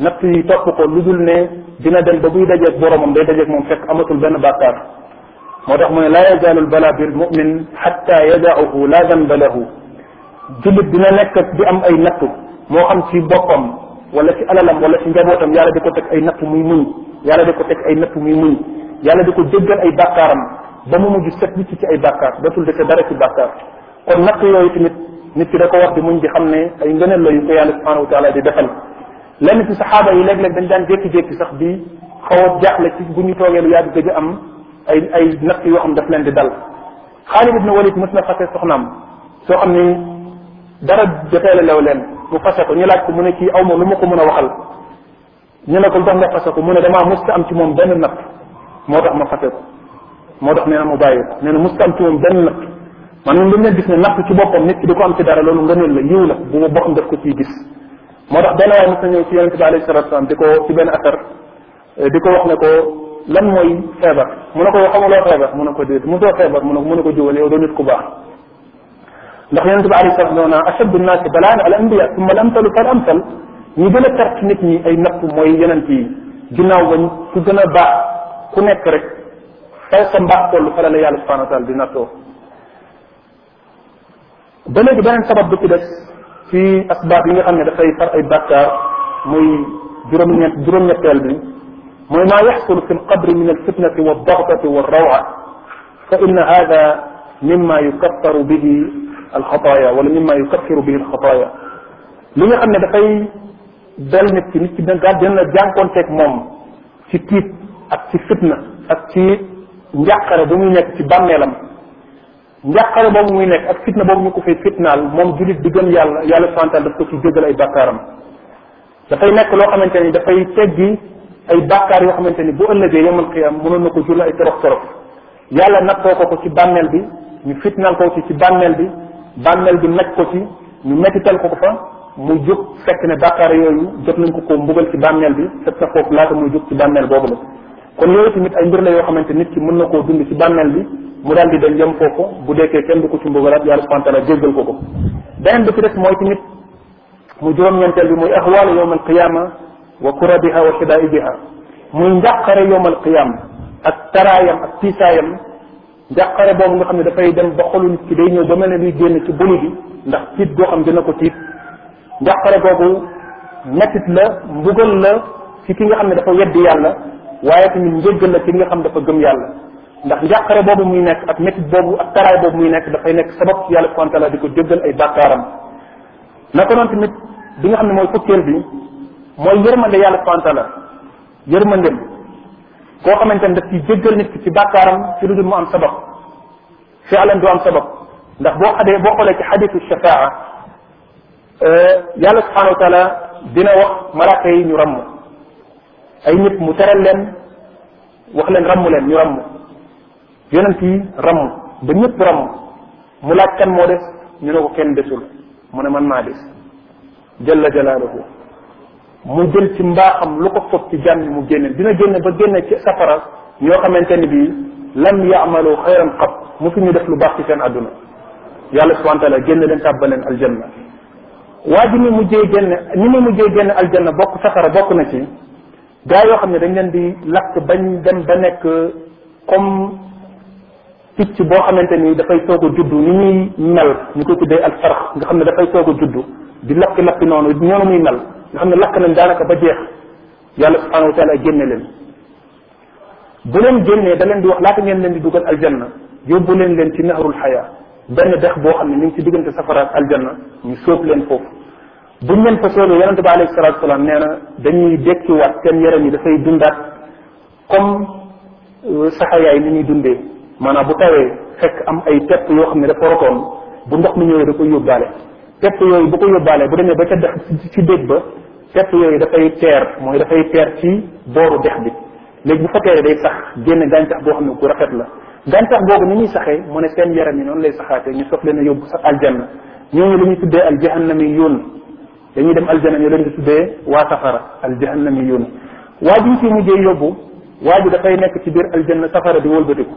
natt yi topp ko lu dul ne dina dem ba buy dajeeg boromam day dajeeg moom fekk amatul benn bàkkaar moo tax moo ne laa yazaalu lbalaa bil mumin xatta yadaahu laa danba lahu jullit dina nekk di am ay nattu moo xam ci boppam wala ci alalam wala ci njabootam yàlla di ko teg ay nattu muy muñ yàlla di ko teg ay nattu muy muñ yàlla di ko jéggal ay bàkkaaram ba mu mujj set wicc ci ay bàkkaar dootul dese dara ci kon natt yooyu tamit nit ki da ko war di muñ di xam ne ay ngëneel la yu ko yàlla subhanahu wa taala di defal lenn ci saxaaba yi léeg dañ daan jékki-jékki sax bi xaw a jaaxle ci bu ñu toogee lu yàgg gëj am ay ay natt yoo xam daf leen di dal Xaalid ibn Walid mës na fase soxnaam soo am ni dara joteele lew leen mu fase ko ñu laaj ko mu ne kii aw ma lu ma ko mën a waxal ñu ne ko dox nga fase ko mu ne damaa musta am ci moom benn natt moo am ma fase ko moo tax nee na mu bàyyi ko nee na musta am ci moom benn natt man maanaam lu ñu gis ne natt ci boppam nit ki di ko am ci dara loolu ngëneel la yiw la bu mu boppam ko ciy gis moo tax benn waay mos na ñëw ci yonente bi ko benn affaire eh, di ko wax ne lan mooy feebar mu ne ko yow xamuloo feebar mu ko déet mosoo feebar mu ne ko mu ne ko jiwal yow doo nit ku baax ndax yonente bi alayhi salatu wasalam ashaddu nnaasi balaan al anbiya summa al amsalu fal a tar nit ñi ay natt mooy yonent yi ginnaaw bañ ku gën ku nekk rek fa sa mbaax toll fa la yàlla subhanahu wa taala di nattoo ba léegi beneen sabab bu ci des ci asbaab yi nga xam ne dafay far ay bàkkaar muy juróom-ñett juróom-ñetteel bi mooy maa yaxsul fi lqabri min alfitnati wa aldagtati wa alrawa fa inna hada mimma yukaffaru bihi alxataaya wala mimma yukaffiru bihi alxataaya li nga xam ne dafay dal nit ci nit ci daal dina jànkoonteeg moom ci tiit ak ci fitna ak ci njàqare bu muy nekk ci bàmmeelam njàqare boobu muy nekk ak fitna boobu ñu ko fay fitnaal moom jullit bi gëm yàlla yàlla santal daf ko ci jéggal ay bàkkaaram dafay nekk loo xamante ni dafay teggi ay bàkkaar yoo xamante ni bu ëllëgee yomal xiyam mënoon na ko jural ay torof torof yàlla nattoo ko ko ci bàmmeel bi ñu fitnaal ko ci ci bàmmeel bi bàmmeel bi naj ko ci ñu mettital ko ko fa mu jóg fekk ne bàkkaar yooyu jot nañ ko ko mbugal ci bàmmeel bi fekk na foofu laata muy jóg ci boobu la kon yooyu tamit ay mbir la yoo xamante nit ki mën na koo dund ci bàmmeel bi mu daal di dem jëm foofu bu dekkee kenn du ko ci mbugalaat yàlla subhanahu taala jéggal ko ko beneen bi ci des mooy tamit mu juróom-ñeenteel bi muy axwaalu yowm alqiyama wa kurabiha wa xidaibiha muy njàqare yowm alqiyama ak taraayam ak tiisaayam njàqare boobu nga xam ne dafay dem ba xolu nit ki day ñëw ba mel ne luy génn ci bulu bi ndax tiit goo xam dina ko tiit njàqare boobu mettit la mbugal la ci xam ne dafa weddi waaye tamit njëggal la ci nga xam dafa gëm yàlla ndax njàqare boobu muy nekk ak métti boobu ak boobu muy nekk dafay nekk sabab ci yàlla subhanahu di ko jéggal ay bàkkaaram naka noonu tamit bi nga xam ne mooy fukkeel bi mooy yërmande yàlla subhanahu taala yërmandeem koo xamante ne daf ciy jéggal nit ki ci bàkkaaram ci lu dul mu am sabab fi'lan du am sabab ndax boo xadee boo xoolee ci xadisu shafaa yàlla subhanahu wa taala dina wax malaaka yi ñu ramm ay nit mu teral leen wax leen rammu leen ñu ramm yonent yi ramm ba ñëpp ramm mu laaj kan moo des ñu ne ko kenn desul mu ne man maa des jalla jalaaluhu mu jël ci mbaaxam lu ko fob ci jàmm mu génne dina génne ba génne ci safara ñoo xamante ni bii lam yaamalu xayran qat mu fi ñu def lu baax ci seen àdduna yàlla subhanahu wa taala génne leen tàbbaleen aljanna waa ji ni mujjee génne ni mu mujjee génne aljanna bokk safara bokk na ci gaa yoo xam ne dañ leen di lakk bañ dem ba nekk comme picc boo xamante ni dafay soog a juddu ni ñuy mel ñu koy tuddee al nga xam ne dafay soog a juddu di lakk lakk noonu ñoonu muy mel nga xam ne lakk nañ daanaka ba jeex yàlla subhanahu wa taala génne leen bu leen génnee da leen di wax laata ngeen leen di dugal aljanna yóbbu leen leen ci nahrul xayaa benn dex boo xam ne mi ngi ci diggante safara ak aljanna ñu sóob leen foofu bu leen fa soobee yonente bi alayhi salatu salaam nee na dañuy dekkiwaat seen yaram yi dafay dundaat comme euh, saxayaay ni ñuy dundee maanaam bu tawee fekk am ay pepp yoo xam ne dafa rotoon bu ndox mi ñëwee da koy yóbbaale pepp yooyu bu ko yóbbaalee bu demee ba ca dex ci déeg ba pepp yooyu dafay teer mooy dafay teer ci booru dex bi léegi bu fa teeree day sax génn gàncax boo xam ne ku rafet la gàncax googu ni muy saxee mu ne seen yaram yi noonu lay saxaatee ñu leen yóbbu sax aljanna ñooñu la ñuy tuddee aljahannami yoon dañuy dem aljana ñu leen di tuddee waa safara aljahannamiyuuna waa mujjee yóbbu waa ji dafay nekk ci biir aljanna safara di wëlbatiku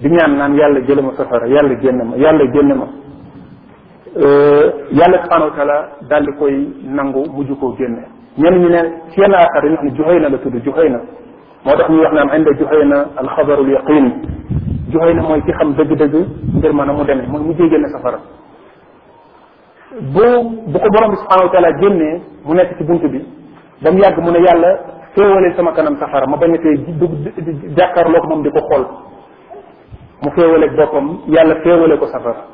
di ñaan naan yàlla jële safara yàlla génn ma yàlla génn ma yàlla subhanahu wa taala daal di koy nangu mujj koo génne ñenn ñu ne ci yenn aaxar yi ne Juhayna la tudd Juhayna moo tax ñuy wax naan inda Juhayna alxabarul yaqin Juhayna mooy ki xam dëgg-dëgg mbir ma na mu demee mooy mujjee génn safara boo bu ko borom bi subhanahu wa génnee mu nekk ci bunt bi ba mu yàgg mu a yàlla féewalee sama kanam safara ma bañ a tey dugg jàkkaarloo ko moom di ko xool mu féewaleeg boppam yàlla féewale ko safara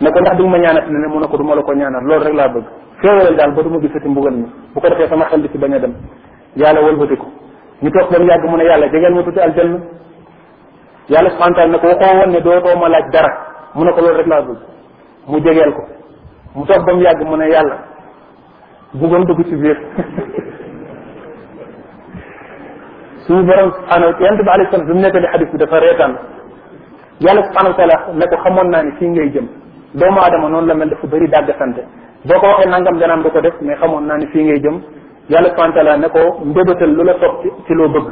ne ko ndax du ma ñaanal ne mu ne ko duma ma la ko ñaanal loolu rek laa bëgg féewaleel daal ba du ma gisati mbugal mi bu ko defee sama xel di ci bañ a dem yàlla wëlbati ko ñu toog ba mu yàgg mu ne yàlla jegeel ma tuuti aljanna yàlla subhanahu wa taala ne ma laaj dara mu ko loolu rek mu jegeel ko mu toog ba mu yàgg mu ne yàlla bëggoon dugg ci biir su borom subhanahu yonent bi alayhi salaam bi mu nettali xadis bi dafa reetaan yàlla subhanahu wa taala ne ko xamoon naa ni fii ngay jëm doomu aadama noonu la mel dafa bëri dàggasante boo ko waxee nangam danaan du ko def mais xamoon naa ni fii ngay jëm yàlla subhanahu wa ne ko mbébétal lu la sopp ci loo bëgg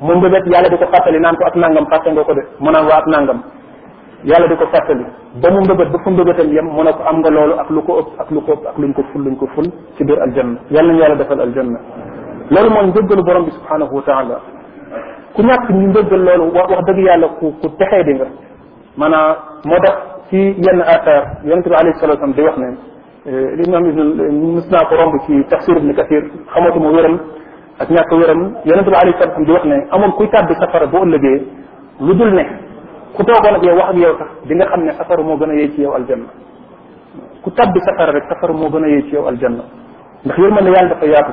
mu mbébét yàlla di ko fàttali naan ko ak nangam fàtte nga ko def mu naan waa ak nangam yàlla di ko fàttali ba mu mbëbët ba fu mbëbëtam yem mu ne ko am nga loolu ak lu ko ëpp ak lu ko ëpp ak luñ ko ful luñ ko ful ci biir aljanna yàlla nañu yàlla defal aljanna loolu mooy njëggalu borom bi subhanahu wa taala ku ñàkk ñu njëggal loolu wax wax dëgg yàlla ku ku texee di nga maanaam moo tax ci yenn athar yonente bi alayhi salatu wasallam di wax ne eh, l'imam ibn mës naa ko romb ci tafsir ibn kathir xamatuma wéram ak ñàkk wéram yonente bi alayhi salatu wasallam di wax ne amul kuy tàbbi safara bu ëllëgee lu dul ne ku toogoon ak yow wax ak nga xam ne safara moo gën a yëy ci yow aljanna ku tabbi safara rek safara moo gën a yëy ci yow aljanna ndax yërmande yàlla dafa yaatu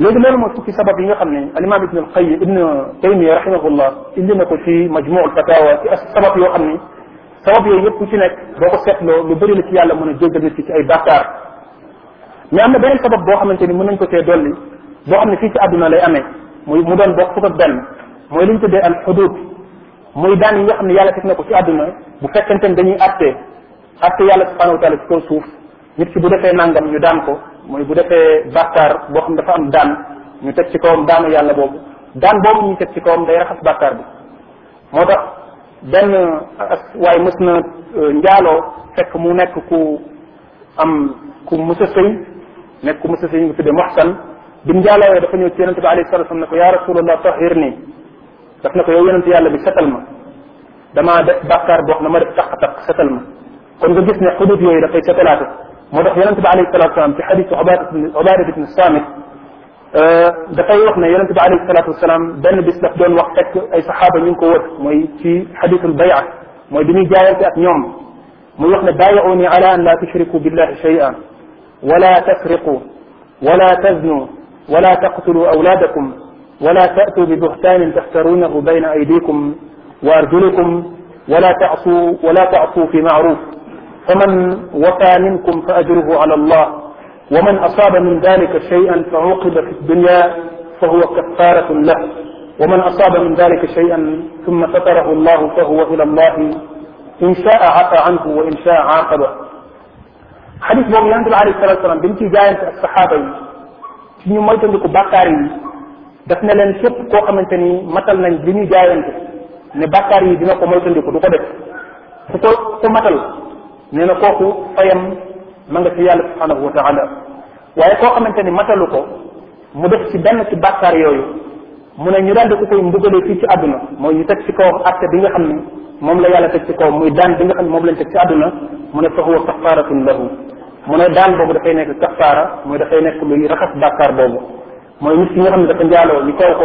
léegi loolu mooy fukki sabab yi nga xam ne alimam ibn alqayim ibn taymiya rahimahullah indi na ko ci majmuul fatawa ci as sabab yoo xam ni sabab yooyu yëpp ku ci nekk boo ko seetloo lu bëri la ci yàlla mën a jéggal nit ki ci ay bàkkaar mais am na beneen sabab boo xamante ni mën nañ ko cee dolli boo xam ne fii ci àdduna lay amee muy mu doon bokk fukk ak benn mooy li ñu tuddee al xudud mooy daan yi nga xam ne yàlla teg na ko ci àdduna bu fekkente ne dañuy atte atte yàlla subhanahu wa taala ci kaw suuf nit ki bu defee nàngam ñu daan ko mooy bu defee bàkkaar boo xam dafa am daan ñu teg ci kawam daanu yàlla boobu daan boobu ñu teg ci kawam day raxas bàkkaar bi moo tax benn waaye mës na euh, njaaloo fekk mu nekk ku am ku mës a sëy nekk ku mës a sëy ñu ngi tuddee moxsan bi mu njaaloo dafa ñëw ci yonente bi alayhi salatu wasallam ne ko yaa rasulallah nii daf na ko yow yonent yàlla bi setal ma damaa def bàkkaar boo xam ne ma def taq taq setal ma kon nga gis ne xudut yooyu dafay setalaate moo tax yonent bi alayhi salatu wasalaam ci xadisu Ubaada ibn Saamit euh, dafay wax ne yonent bi alayhi salatu wasalaam benn bis daf doon wax fekk ay saxaaba ñu ngi ko wër mooy ci xadisul bay'a mooy bi muy jaayante ak ñoom muy wax ne baayauni ala an laa tushriku billahi shay'an wala tasriqu wala taznu wala taqtulu awlaadakum ولا تأتوا ببهتان تفترونه بين أيديكم وأرجلكم ولا تعصوا ولا تعصوا في معروف فمن وفى منكم فأجره على الله ومن أصاب من ذلك شيئا فعوقب في الدنيا فهو كفارة له ومن أصاب من ذلك شيئا ثم ستره الله فهو إلى الله إن شاء عفى عنه وإن شاء عاقبه xadis boobu yonente bi alayhi salatu salaam bi mu ci jaayante ak saxaaba yi ci ñu moytandiku bàkkaar yi daf ne leen képp koo xamante ni matal nañ bi ñu jaayante ne bàkkaar yi dina ko moytandiku du ko def ku ko ku matal nee na kooku fayam ma nga ci yàlla subhanahu wa taala waaye koo xamante ni matalu ko mu def ci benn ci bàkkaar yooyu mu ne ñu daan di ko koy mbugalee fii ci àdduna mooy ñu teg ci kawam acte bi nga xam ne moom la yàlla teg ci kawam muy daan bi nga xam ne moom lañ teg ci àdduna mu ne fa huwa kafaratun lahu mu ne daan boobu dafay nekk kafaara muy dafay nekk luy raxas bàkkaar boobu mooy nit ki nga xam ne dafa njaaloo ñu teew ko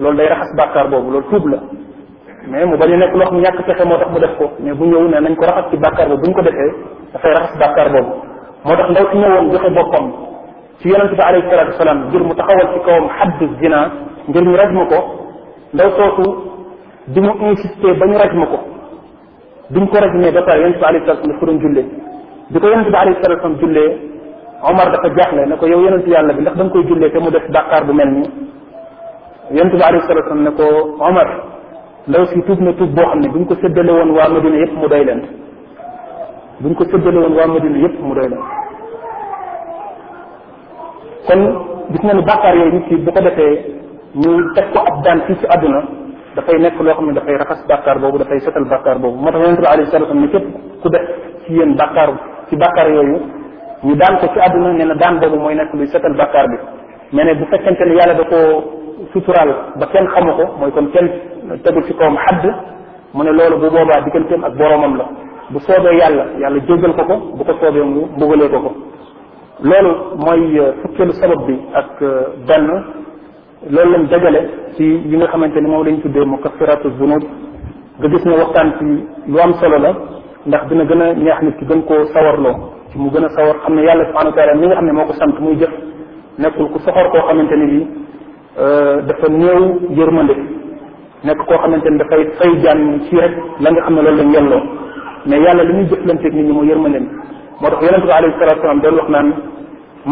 loolu day raxas bàkkaar boobu loolu tuub la mais mu bañ a nekk loo xam ñàkk pexe moo tax mu def ko mais bu ñëw ne nañ ko raxas ci bàkkaar boobu bu ñu ko defee dafay raxas bàkkaar boobu moo tax ndaw si ñëwoon joxe boppam ci yonente bi alayhi salatu wasalaam ngir mu taxawal ci kawam xaddu zina ngir ñu rajma ko ndaw soosu di mu insister ba ñu rajma ko duñ ko rajmee ba pare yonente bi alayhi salatu wasalaam daf ko doon jullee di ko yonente bi alayhi salatu wasalaam Omar dafa jaaxle ne ko yow yonentu yàlla bi ndax da koy jullee te mu def bàkkaar bu mel nii yonentu bi alayhi salatu ne ko Omar ndaw si tuub na tuub boo xam ne bu ñu ko séddale woon waa Madina yëpp mu doy leen ko séddale woon waa Madina yëpp mu doy leen kon gis na ni bàkkaar yooyu nit ki bu ko defee ñu teg ko ab daan fii ci àdduna dafay nekk loo xam ne dafay raxas bàkkaar boobu dafay setal bàkkaar boobu moo tax yonentu bi alayhi salatu ne képp ku def ci yéen bàkkaar ci bàkkaar yooyu ñu daan ko ci àdduna ne na daan boobu mooy nekk luy setal bakkaar bi mais ne bu fekkente ne yàlla da koo suturaal ba kenn xamu ko mooy kon kenn tegul ci kawam xadd mu ne loolu bu boobaa digganteem ak boromam la bu soobee yàlla yàlla jéggal ko ko bu ko soobee mu mbugalee ko ko loolu mooy euh, fukkeelu sabab bi ak euh, benn loolu lañ dajale ci yi nga xamante ni moom lañ tuddee mukaffiratu zunub nga gis ne waxtaan ci lu am solo la ndax dina gën a ñaax nit ki koo sawarloo ci mu gën a sawar xam ne yàlla subhanahu wa taala mi nga xam ne moo ko sant muy jëf nekkul ku soxor koo xamante ne bi euh, dafa néew yërmande nekk koo xamante ne dafay fay jaan ci rek la nga xam ne loolu lañ yelloo mais yàlla li muy jëflanteeg nit ñi moo yërmandeem moo tax yonente bi alayhi salatu salaam doon wax naan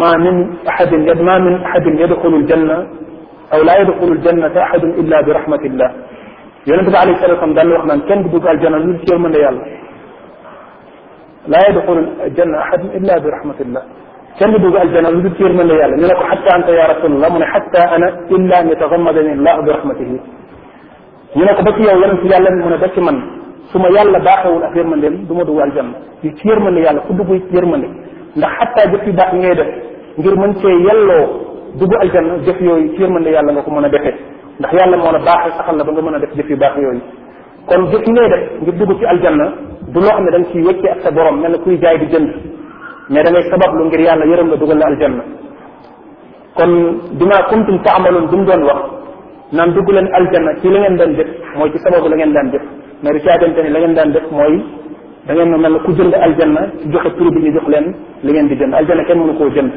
ma min ahadin yad ma min ahadin yadxulu aljanna aw laa yadxulu aljannata ahadun illa bi rahmatillah yonente bi alayhi salatu salaam daan wax naan kenn du dugg aljanna lu ci yërmande yàlla laa yadxulu aljanna ahadun illa bi rahmatillah kenn du dugg aljanna lu dul ci yërmande yàlla ñu ne ko xatta anta ya rasulallah mu ne xatta ana illa an yatagammadani allah bi rahmatihi ñu ne ko ba ci yow yonent yàlla mu ne ba ci man su ma yàlla baaxewul ak yërmandeem du ma dugg aljanna yi ci yërmande yàlla ku dugg ci yërmande ndax xatta jëf yu baax ngay def ngir mën cee yelloo dugg aljanna jëf yooyu ci yërmande yàlla nga ko mën a defee ndax yàlla moo la baaxee saxal la ba nga mën a def jëf yu baax yooyu kon jëf yi ngay def ngir dugg ci aljanna du loo xam ne da si ciy wécce ak sa borom mel na kuy jaay di jënd mais da ngay sabab lu ngir yàlla yërëm la dugal na aljanna kon bima kuntum taamaloon bi mu doon wax naan dugg leen aljanna ci la ngeen daan def mooy ci sababu la ngeen daan def mais du caagante ni ngeen daan def mooy da ngeen mel na ku jënd aljanna ci joxe prix bi ñu jox leen li ngeen di jënd aljanna kenn mënu koo jënd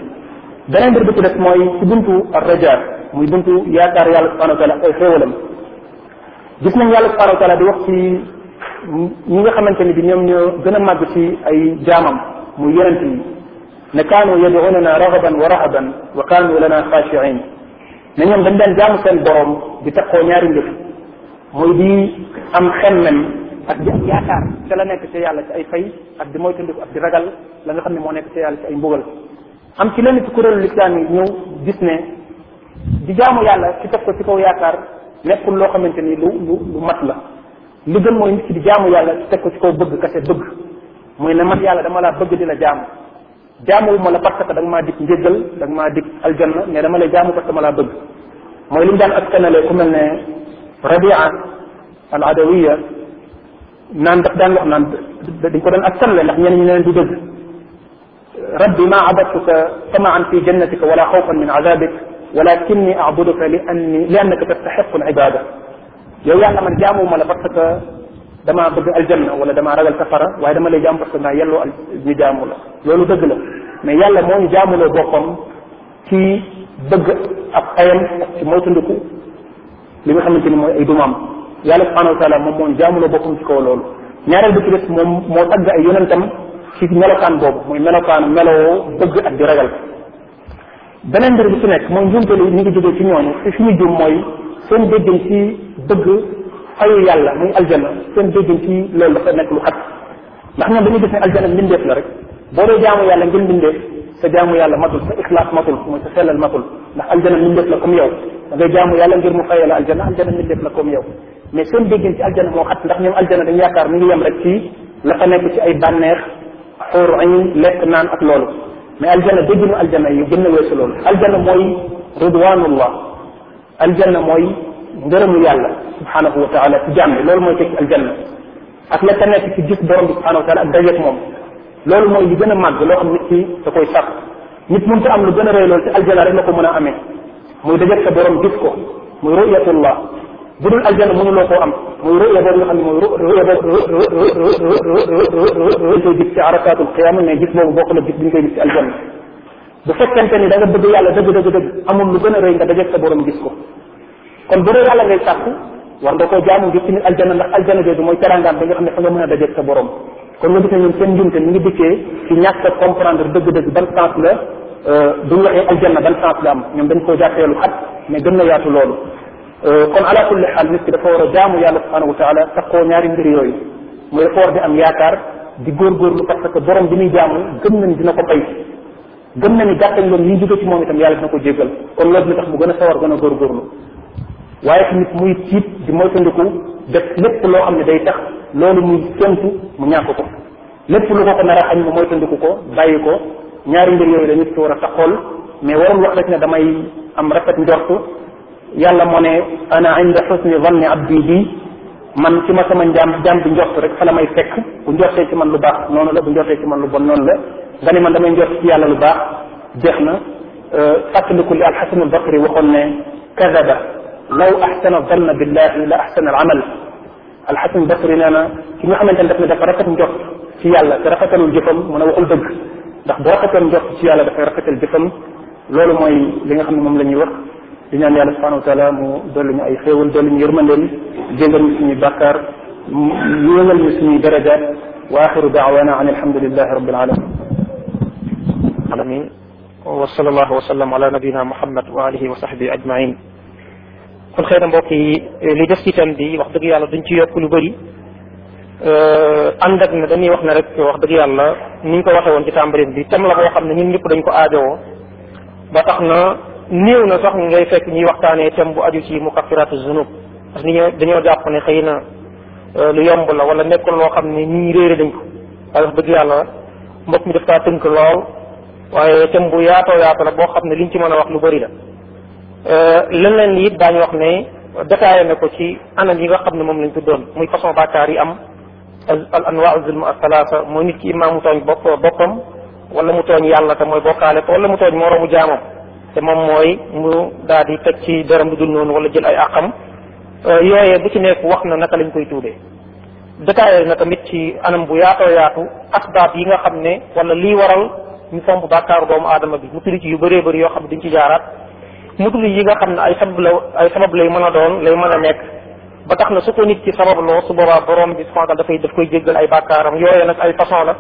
beneen mbir bi ci mooy ci buntu ar raja muy buntu yaakaar yàlla subhanahu wa taala ay xéewalam gis nañ yàlla subhanahu wa di wax ci ñi nga xamante ni bi ñoom ñoo gën a màgg ci ay jaamam muy yonent yi na kaanu yad'unana raghaban wa rahaban wa kaanu lana xaashiin ne ñoom dañ daan jaamu seen borom di taxoo ñaari mbir mooy di am xemmem ak di am nekk yàlla ci ay fay ak di moytandiku ak di ragal la nga xam ne moo nekk ca yàlla ay mbugal am ci lenn yi ñëw gis ne di jaamu yàlla ci teg ko ci kaw yaakaar nekkul loo xamante ni lu lu lu mat la lu gën mooy nit di jaamu yàlla teg ko ci kaw bëgg kese bëgg mooy ne man yàlla dama laa bëgg di la jaamu jaamuwu ma la parce que da nga maa dikk njéggal da nga maa dikk aljanna mais dama lay jaamu parce que ma laa bëgg mooy li mu daan askanale ku mel ne rabia al adawiya naan daf daan wax naan dañ ko daan askanale ndax ñeneen ñi ne leen du dëgg rabbi maa abadtuka tamaan fi jannatika wala xawfan min azabik walakinni abuduka li anni li annaka tastaxiqu al ibada yow yàlla man jaamuma la parce que damaa bëgg aljanna wala damaa ragal safara waaye dama lay jaam parce que naa yelloo al ñu jaamu la loolu dëgg la mais yàlla moo ñu jaamuloo boppam ci bëgg ab ayam ci moytandiku li nga xamante ni mooy ay dumaam yàlla subhanahu wa taala moom moo ñu jaamuloo boppam ci kaw loolu ñaareel bi ci des moom moo tagg ay yonentam ci melokaan boobu muy melokaanu meloo bëgg ak di ragal beneen mbir bi ci nekk mooy njuumte li ngi jógee ci ñooñu te suñu juum mooy seen déggin ci bëgg fayu yàlla muy aljana seen déggin ci loolu dafa nekk lu xat ndax ñoom dañuy gis ne aljana mbindeef la rek boo dee jaamu yàlla ngir sa jaamu yàlla matul sa ixlaas matul mooy sa sellal matul ndax aljana mbindeef la comme yow da ngay jaamu yàlla ngir mu fayee la aljana aljana mbindeef la comme yow mais seen déggin ci aljana moo xat ndax ñoom aljana dañu yaakaar mi ngi yem rek ci la fa nekk ci ay bànneex xóoru añ lekk naan ak loolu mais aljanna dégginu aljanna yu gën a weesu loolu aljanna mooy ridwanullah aljanna mooy ngërëmu yàlla subhanahu wa taala ci jàmm loolu mooy teg aljanna ak la ca nekk ci gis borom bi subhanahu wa taala ak dajeeg moom loolu mooy li gën a màgg loo xam nit ki da koy sàq nit mënta am lu gën a rëy loolu ci aljanna rek la ko mën a amee muy dajeeg sa borom gis ko muy ru'yatullah bu dul aljanna mënuloo koo am muy ruya boobu nga xam ne mooy ruya boobu koy gis ci arakaatul qiyaama mais gis boobu bokk la gis bi ñu koy gis ci aljanna bu fekkente ni da nga bëgg yàlla dëgg dëgg dëgg amul lu gën a rëy nga dajeeg sa borom gis ko kon bu dee yàlla ngay sàkku war nga koo jaamu ngir ci nit aljanna ndax aljanna jooju mooy terangaam bi nga xam ne fa nga mën a dajeeg sa borom kon nga gis ne ñoom seen njumte mi ngi dikkee ci ñàkk a comprendre dëgg-dëgg ban sens la duñu waxee aljanna ban sens la am ñoom dañ koo jàppeelu xat mais gën na yaatu loolu Euh, kon ala kulli xaal nit dafa war a jaamu yàlla subhanahu wa taala taxoo ñaari mbir yooyu mooy dafa war di am yaakaar di góorgóorlu parce que borom bi muy jaamu gëm na ni dina ko fay gën na ni gàttañ loon liy jóge ci moom itam yàlla dina ko jéggal kon loolu dina tax mu gën a sawar gën a góorgóorlu waaye tamit muy tiit di moytandiku def lépp loo xam ne day tax loolu muy séntu mu ñàkk ko lépp lu ko ko nar a xañ mu moytandiku ko bàyyi ko ñaari mbir yooyu la nit ki war a taxool mais warul wax rek ne damay am rafet njort yàlla moo ne ana inda xusni zanni abdi bi man ki ma sama njaam jaam bi njort rek fa may fekk bu njortee ci man lu baax noonu la bu njortee ci man lu bon noonu la nga man damay njort ci yàlla lu baax jeex na euh, fàttaliku li alxasan albasri waxoon ne kadaba law axsana zanna billahi la axsana al amal alxasan albasri nee na ki nga xamante ne daf ne dafa rafet njort ci yàlla te rafetalul jëfam mu ne waxul dëgg ndax bu rafetoon njort ci yàlla dafay rafetal jëfam loolu mooy li nga xam ne moom la ñuy wax di ñaan yàlla subhanahu wa taala mu dolli ñu ay xéewal dolli ñu yërmandeem jéggal ñu suñuy bàkkaar yéewal ñu wa axiru daawana an alhamdulilahi rabbil alamin alamin wa sallallahu wa sallam ala nabina muhammad wa alihi wa sahbi ajmain kon xëy na mbokk yi li des ci thème wax dëgg yàlla duñ ci yokk lu bëri ànd ak ne dañuy wax ne rek wax dëgg yàlla ni ñu ko woon ci bi thème la boo xam ne dañ ko aajowoo ba tax néew na sax ngay fekk ñuy waxtaanee thème bu aju ci mukaffiratu zunub parce que ni dañoo jàpp ne xëy na euh, lu yomb la wala nekkul loo xam ne ñi réere dañ ko waaye wax dëgg yàlla mbokk mi def kaa tënk lool waaye thème bu yaatoo yaatoo la boo xam ne liñ ci mën a wax lu bëri la euh, leneen li it daañu wax ne détaillé ne ko ci anam yi nga xam ne moom lañ tuddoon muy façon bàkkaar yi am al anwaau zulm asalasa mooy nit ki imaam mu tooñ bopp boppam wala mu tooñ yàlla te mooy bokkaale ko wala mu tooñ moroomu jaamam te moom mooy mu daal di teg ci dara mu dul noonu wala jël ay àqam euh, yooyee bu ci nekk wax na naka lañ koy tuubee détaillé na tamit ci anam bu yaatoo yaatu asbaab yi nga xam ne wala lii waral ñu fomp bàkkaaru doomu aadama bi mu tudd ci yu bëree bëri yoo xam ne dañ ci jaaraat mu tudd yi nga xam ne ay sabab la ay sabab lay mën a doon lay mën a nekk ba tax na su ko nit ci sabab loo su boobaa borom bi subhanahu dafay daf koy jéggal ay bàkkaaram yooyee nag ay façon la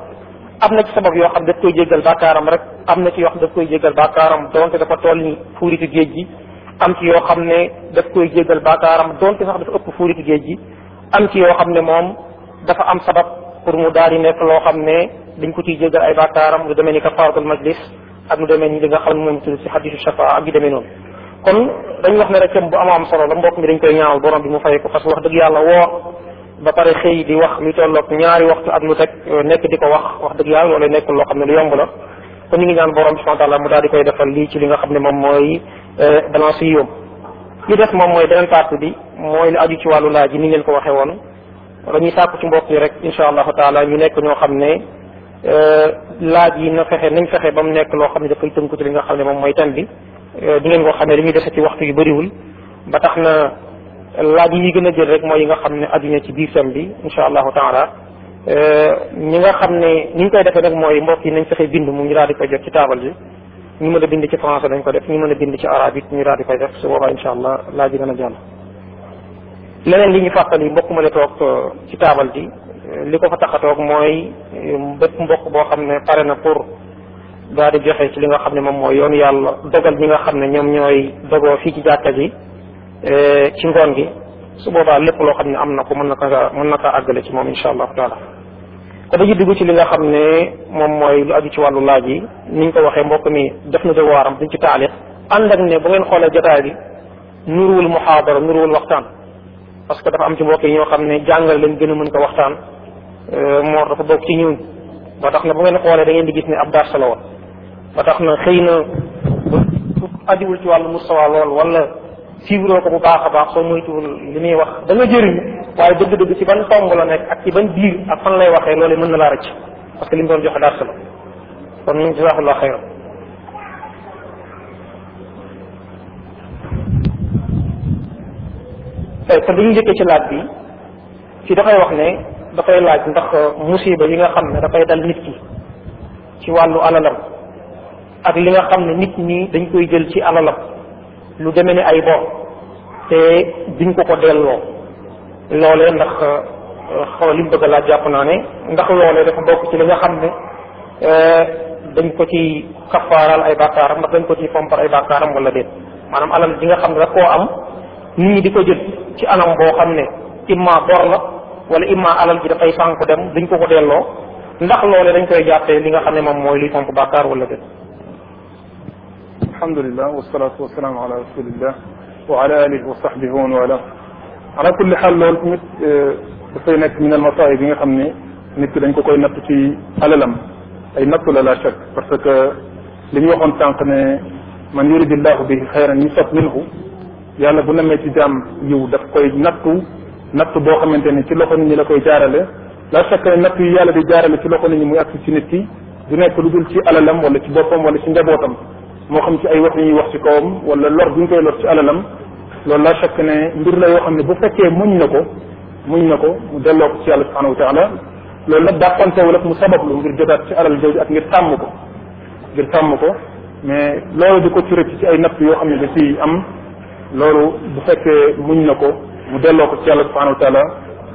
am na ci sabab yoo xam daf koy jéggal bàkkaaram rek am na ci yoo xam daf koy jéggal bàkkaaram donte dafa toll ni fuuritu xam ne daf koy jéggal bàkkaaram donte sax dafa ëpp fuuritu géej gi am ci yoo xam ne moom dafa am sabab pour mu daal di nekk loo xam ne dañ ko ciy jéggal ay bàkkaaram lu demee ni kafaaratul majlis ak lu demee ni li nga xam ne moom tudd si shafaa ak yu demee noonu kon dañ wax ne rek bu am am solo la mbokk mi dañ koy ñaawal borom bi mu fay ko parce wax dëgg yàlla woor ba pare xëy di wax lu tolloog ñaari waxtu at lu teg euh, nekk di ko wax wax dëgg yàlla loolu nekkul loo xam ne lu yomb la kon ñu ngi ñaan borom subhanahu wa taala mu daal di koy defal li nga xam ne moom mooy euh, balance yi yomb li des moom mooy beneen partie bi mooy lu aju ci wàllu yi ni ngeen ko waxee woon dañuy sàkku ci mbokk yi rek insha allahu taala ñu nekk ñoo xam ne euh, laaj yi na fexe nañ fexe ba mu nekk loo xam ne dafay tënku ci li nga xam ne moom mooy thème bi di ngeen ko xamee li ñuy dese ci waxtu yu bëriwul ba tax na laaj yi gën a jël rek mooy yi nga xam ne aju na ci biir sam bi incha allahu taala euh, ñi nga xam ne ñu ngi koy defee nag mooy mbokk yi nañ fexe bind mu ñu daal di koy jot ci taabal ji ñu mën a bind ci français dañ ko def ñu mën a bind ci arabe it ñu daal di koy def su boobaa incha allah laaj yi gën a jàll. leneen li ñu fàttali mbokk ma la toog euh, ci taabal ji euh, li ko fa tax a toog mooy bépp mbokk boo xam ne pare na pour daal di joxe ci li nga xam ne moom mooy yoonu yàlla dogal ñi nga xam ne ñoom ñooy dogoo fii ci jàkka ji. Eh, ci ngoon gi su boobaa lépp loo xam ne am na ko mën na ko mën na kaa àggale ci moom incha allahu taala ko dañuy dugg ci li nga xam ne moom mooy lu aju ci wàllu laaj yi nu ñu ko waxee mbokk mi def na dewaaram duñ ci taalix ànd ak ne bu ngeen xoolee jotaay bi nuruwul muhaadara nuruwul waxtaan parce que dafa am ci mbokk yi ñoo xam ne jàngal lañ gën a mën ko waxtaan eh, moo dafa bokk ci ñëw ba tax na bu ngeen xoolee da ngeen di gis ne ab darsa la woon ba tax na xëy na ajiwul ci wàllu suivre ko bu baax a baax soo moytuwul li muy wax da nga jëriñu waaye dëgg-dëgg ci ban tomb la nekk ak ci ban biir ak fan lay waxee loolu mën na laa rëcc parce que li mu doon joxe dars la kon jazakallah xayran kon eh, bi ñu njëkkee ci laaj bi ci dafay wax ne dafay laaj ndax musiba yi nga xam ne dafay dal nit ki ci wàllu alalam ak li nga xam ne nit ñi dañ koy jël ci alalam lu demee ni ay bor te biñ ko ko delloo loolee ndax euh, xaw li mu bëgg laa jàpp naa ne ndax loolee dafa bokk ci li nga xam ne euh, dañ ko ci kafaaral ay bàkkaaram ndax dañ ko ci fompar ay bàkkaaram wala déet maanaam alal ji nga xam ne daf koo am nit ñi di ko jël ci anam boo xam ne imma bor la wala imma alal ji dafay sànku dem duñ ko ko delloo ndax loolee dañ koy jàppee li nga xam ne moom mooy luy fomp bàkkaar wala déet alhamdulilah wasalaatu wasalaamu ala rasulillah wa ala alihi wa sahbihi wa man wala ala kulli xaal loolu tamit e, dafay nekk min al masaayib yi nga xam ne nit ki dañ ko koy natt ci alalam ay nattu la la chaq parce que li ñu waxoon sànq ne man yuridi llahu bihi xayran yusab minhu yàlla bu namee ci jaam yiw daf koy nattu natt boo xamante ne ci loxo nit ñi la koy jaarale la chaq ne natt yi yàlla di jaarale ci loxo nit ñi muy agsi ci nit ki du nekk lu dul ci alalam wala ci boppam wala ci njabootam moo xam ci ay wax yu ñuy wax ci kawam wala lor bu ñu koy lor ci alalam loolu laa fekk ne mbir la yoo xam ne bu fekkee muñ na ko muñ na ko mu delloo ko ci yàlla subhanahu wa taala loolu nag dàqantewul ak mu sabablu ngir jotaat ci alal jooju ak ngir sàmm ko ngir sàmm ko mais loolu di ko ci rëcc ci ay natt yoo xam ne da ciy am loolu bu fekkee muñ na ko mu delloo ko ci yàlla subhanahu wa taala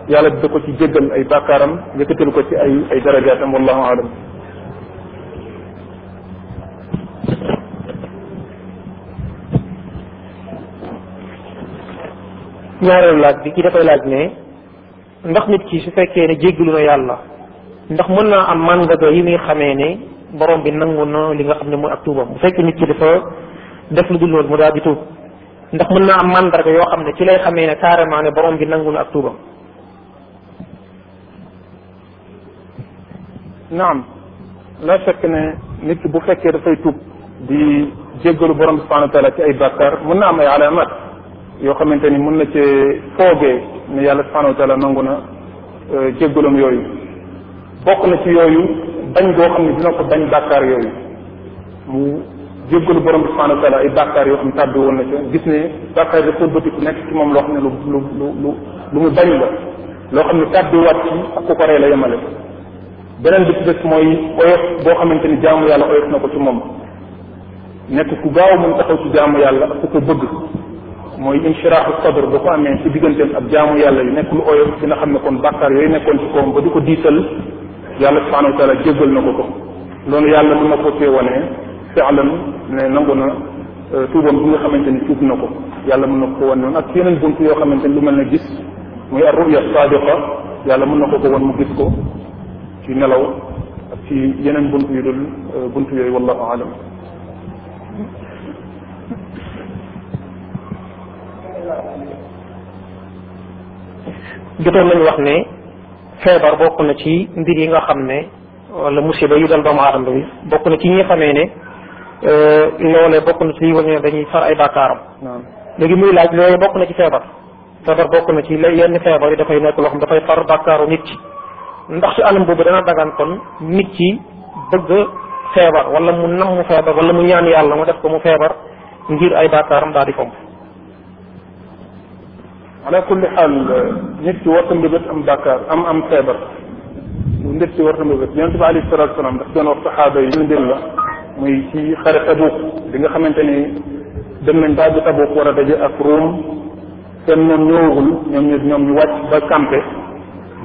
yàlla dina ko ci jéggal ay bàkkaaram yëkkatal ko ci ay ay darajaatam wallahu alam ñaareelu laaj bi ki dafay laaj ne ndax nit ki su fekkee ne jéggalu na yàlla ndax mën naa am màndarga yi muy xamee ne borom bi nangu na li nga xam ne mooy ak tuubam bu fekkee nit ki dafa def lu dul loolu mu daal di tuub ndax mën naa am màndarga yoo xam ne ci lay xamee ne carrément ne borom bi nangu na ak tuubam. naam la fekk ne nit ki bu fekkee dafay tuub di jéggalu borom subhanahu wa taala ay bàkkaar mën na am ay alamat yoo xamante ni mën na cee foogee ne yàlla subhanahu wa taala nangu na euh, jéggalam yooyu bokk na ci yooyu bañ goo xam ne dina ko bañ bàkkaar yooyu mu jéggalu borom bi subhanahu wa ay bàkkaar yoo xam ne tàbbi woon na ca gis ne bàkkaar dafa bëtiku nekk ci moom loo xam ne lu lu lu lu lu mu bañ la loo xam ne tàbbi waat ci ak ku ko rey la yemale beneen bi ci des mooy oyof boo xamante ni jaamu yàlla oyof na ko ci moom nekk ku gaaw mun taxaw ci jaamu yàlla ko bëgg mooy inshiraahu sadr bu ko amee ci digganteem ak jaamu yàlla yu nekk lu oyof dina xam ne kon bàkkaar yooyu nekkoon ci kawam ba di ko diisal yàlla subhanahu wa taala jéggal na ko ko loolu yàlla dina ko cee wane fi'lan ne nangu na euh, tuubam bi nga xamante ni tuub na ko yàlla mën na ko ko wan noonu ak yeneen bunt yoo xamante ni lu mel ne gis muy ar-ru'ya sadiqa yàlla mun na ko ko wan mu gis ko ci nelaw ak ci yeneen bunt yu dul euh, bunt yooyu wallahu aalam jotoon nañu wax ne feebar bokk na ci mbir yi nga xam ne wala musiba yu dal doomu aadama bi bokk na ci ñi xamee ne euh, loolee bokk na ci liy wane ne dañuy far ay bàkkaaram léegi muy laaj loolee bokk na ci feebar feebar bokk na ci yenn feebar yi dafay nekk loo xam dafay far bàkkaaru nit ci ndax ci anam boobu dana dagaan nit ci bëgg feebar wala mu nam mu feebar wala mu ñaan yàlla mu def ko mu feebar ngir ay bàkkaaram daal di fomp ala kulli xaal nit ki warta mbébét am bàkkaar am am feebar nit ki warta mbébét yonent bi alayhi salaatu salaam daf doon wax saxaaba yi mbir la muy ci xare Tabuk bi nga xamante ni dem nañ baa bi Tabuk war a daje ak Ruum seen ñoom ñëwagul ñoom ñu ñoom ñu wàcc ba campé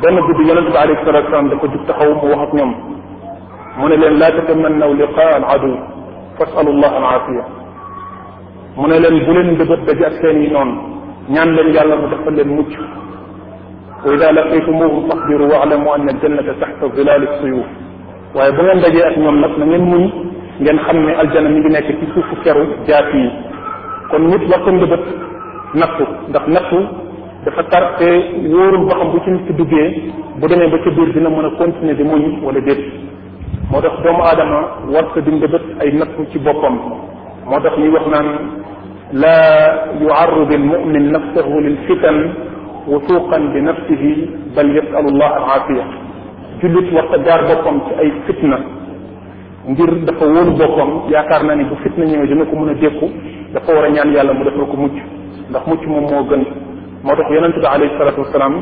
benn guddi yonent bi alayhi salaatu salaam dafa jug taxaw mu wax ak ñoom mu ne leen laa tatamannaw liqaa al adu fasalu llah al aafiya mu ne leen bu leen mbébét daje ak seen yi noonu ñaan leen yàlla mu defal leen mucc wa ida laqitumuhum fasbiru waalamu anna aljannata taxta zilaali suyuf waaye bu ngeen dajee ak ñoom nag na ngeen muñ ngeen xam ne aljana mi ngi nekk ci suufu keru jaat yi kon nit war ko ndëbët nattu ndax nattu dafa tar te wóorul ba xam bu ci nit ki duggee bu demee ba ci biir dina mën a continuer di muñ wala déet moo tax doomu aadama war ko di ndëbët ay nattu ci boppam moo tax ñuy wax naan لا يعرض المؤمن نفسه للفتن وثوقا بنفسه بل يسأل الله العافية jullit war a jaar boppam ci ay fitna ngir dafa wóolu boppam yaakaar naa ni bu fitna ñëwee dina ko mën a dékku dafa war a ñaan yàlla mu defal ko mucc ndax mucc moom moo gën moo tax yonente bi alayhi salatu wasalaam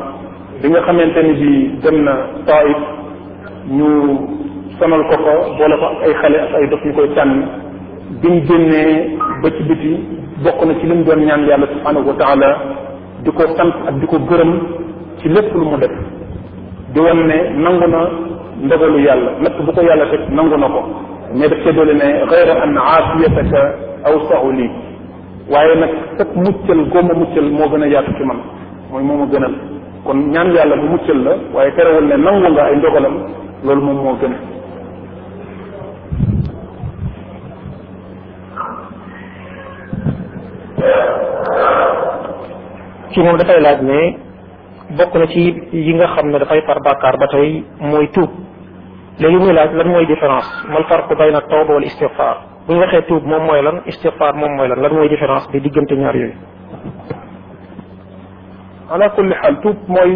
bi nga xamante ni bi dem na Taif ñu sonal ko ko boole ko ay xale ak ay dof yu koy tànn bi mu génnee ba ci bokk na ci li mu doon ñaan yàlla subhanahu wa taala di ko ak di ko gërëm ci lépp lu mu def di won ne nangu na ndogalu yàlla natt bu ko yàlla teg nangu na ko mais daf cee doole ne gayra an aafiyataka aw sahu lii waaye nag sag muccal gooma muccal moo gën a yaatu ci man mooy moo ma gënal kon ñaan yàlla bu muccal la waaye terewul ne nangu nga ay ndogalam loolu moom moo gën ci moom dafay laaj ne bokk na ci yi nga xam ne dafay far bàkkaar ba tey mooy tuub léegi muy laaj lan mooy différence mal farqu bayna tawba wal istighfar bu ñu waxee tuub moom mooy lan istighfar moom mooy lan lan mooy différence bi diggante ñaar yooyu ala kulli xaal tuub mooy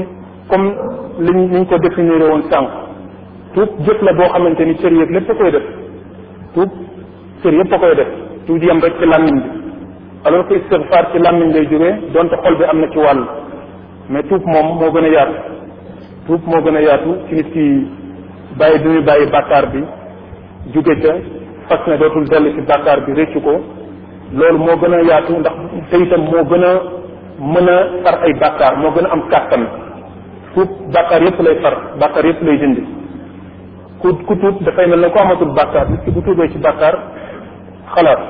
comme liñ liñ ko définir woon sànq tuub jëf la boo xamante ni cër yëpp lépp a koy def tuub cër yëpp koy def tuub di yem ci làmmiñ bi alors que istixfaar ci làmmiñ lay jógee donte xol bi am na ci wàll mais tuub moom moo gën a yaatu tuub moo gën a yaatu ci nit ki bàyyi bi muy bàyyi bàkkaar bi jóge ca fas ne dootul dellu ci bàkkaar bi réccu ko loolu moo gën a yaatu ndax te itam moo gën a mën a far ay bàkkaar moo gën a am kàttan tuub bàkkaar yépp lay far bàkkaar yépp lay dindi ku ku tuub dafay mel na ko amatul bàkkaar nit ki bu tuubee ci bàkkaar xalaat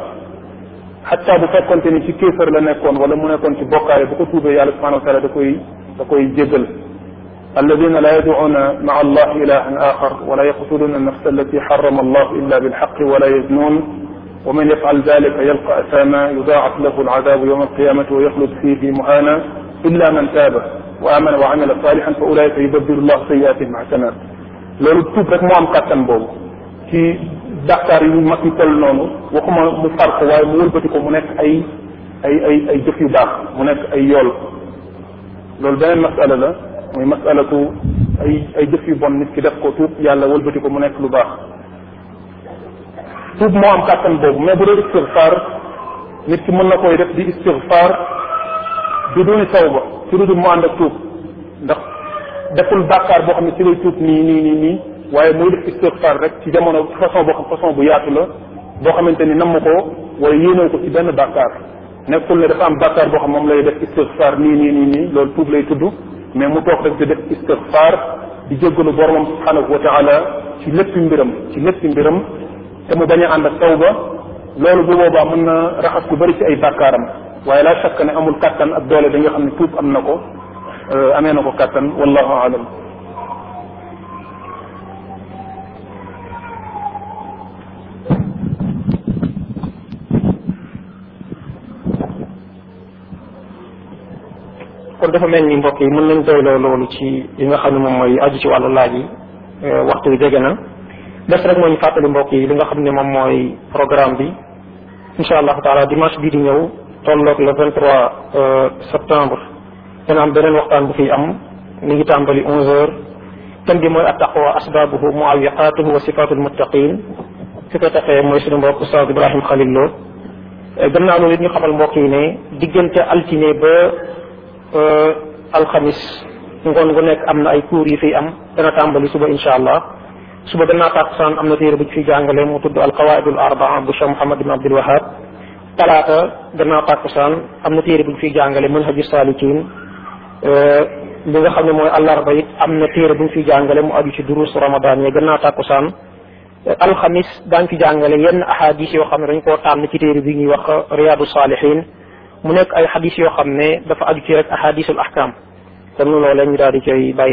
xatta bu fekkonte ni ci kéefër la nekkoon wala mu nekkoon ci bokkaale bu ko tuubee yàlla subhanahu wa taala da koy da koy jéggal alladina la yadcuuna maa allah ilahan axar wala yaqtuluuna annafsa allati xarama allah illa bilxaqi wala yaznuun wa man yafcal dalika yalqa asama yudaacaf lahu alcadabu yowma alqiyamati wa yaxlud fihi muhana illa man taaba wa amana wa amila salihan fa ulaika yubabiru llahu sayiatihim xasanat loolu tuub rek moo am kàttan boobu ci daxtaar yi mag yu toll noonu waxuma mu farq waaye mu wëlbati ko mu nekk ay ay ay ay jëf yu baax mu nekk ay yool loolu beneen masala la muy masalatu ay ay jëf yu bon nit ki def ko tuub yàlla wëlbati ko mu nekk lu baax tuub moo am kàttan boobu mais bu dee istigfaar nit ki mën na koy def di istigfaar du duni tawba ci lu dul mu ànd ak tuub ndax deful bàkkaar boo xam ne si lay tuub nii nii nii waaye muy def istighfar rek ci jamono façon boo xam façon bu yaatu la boo xamante ni namm ko waaye yéenoo ko ci benn bàkkaar nekkul ne dafa am bàkkaar boo xam moom lay def istighfar nii nii nii nii loolu tuub lay tudd mais mu toog rek di def istighfar di jéggalu boromam subhanahu wa taala ci lépp mbiram ci lépp mbiram te mu bañ a ànd ak tawba loolu bu boobaa mën na raxas lu bari ci ay bàkkaaram waaye laa shakk ne amul kattan ak doole bi xam ne tuub am na ko euh, amee na ko kattan wallahu alam kon dafa mel ni mbokk yi mën nañ doyloo loolu ci li nga xam ne moom mooy aju ci wàllu laaj yi euh, waxtu wi jege na des rek moo ñu mbokk yi li nga xam ne moom mooy programme bi incha allahu taala dimanche bii di ñëw tolloog le 23 euh, septembre dana am beneen waxtaan bu fiy am mi ngi tàmbali 11h thème bi mooy attaqwa asbaabuhu muawiqaatuhu wa sifaatul muttaqin su ko taxee mooy suñu mbokk oustaz Ibrahima Khalil Lo gannaaw loolu it ñu xamal mbokk yi ne diggante altine ba Euh, alxamis ngoon gu nekk am na ay cours yi fiy am dana tàmbali suba insha allah suba gannaaw tàkkusaan am na téere bu ñu fiy jàngale mu tudd alqawaidul arbaa bu cheikh mohamad ibn abdul wahab talaata gannaaw tàkkusaan am na téere bu ñu fiy jàngale manhaju salikin euh, li nga xam ne mooy àllarba it am na téere bu ñu fiy jàngale mu aju ci durus ramadan yi gannaaw tàkkusaan alxamis daañ fi jàngale yenn ahadis yoo xam ne dañ koo tànn ci téere bi ñuy wax riyaadu saalihin mu nekk ay xadis yoo xam ne dafa aju ci rek ahadisul ahkam kon loolee ñu daal di koy bàyyi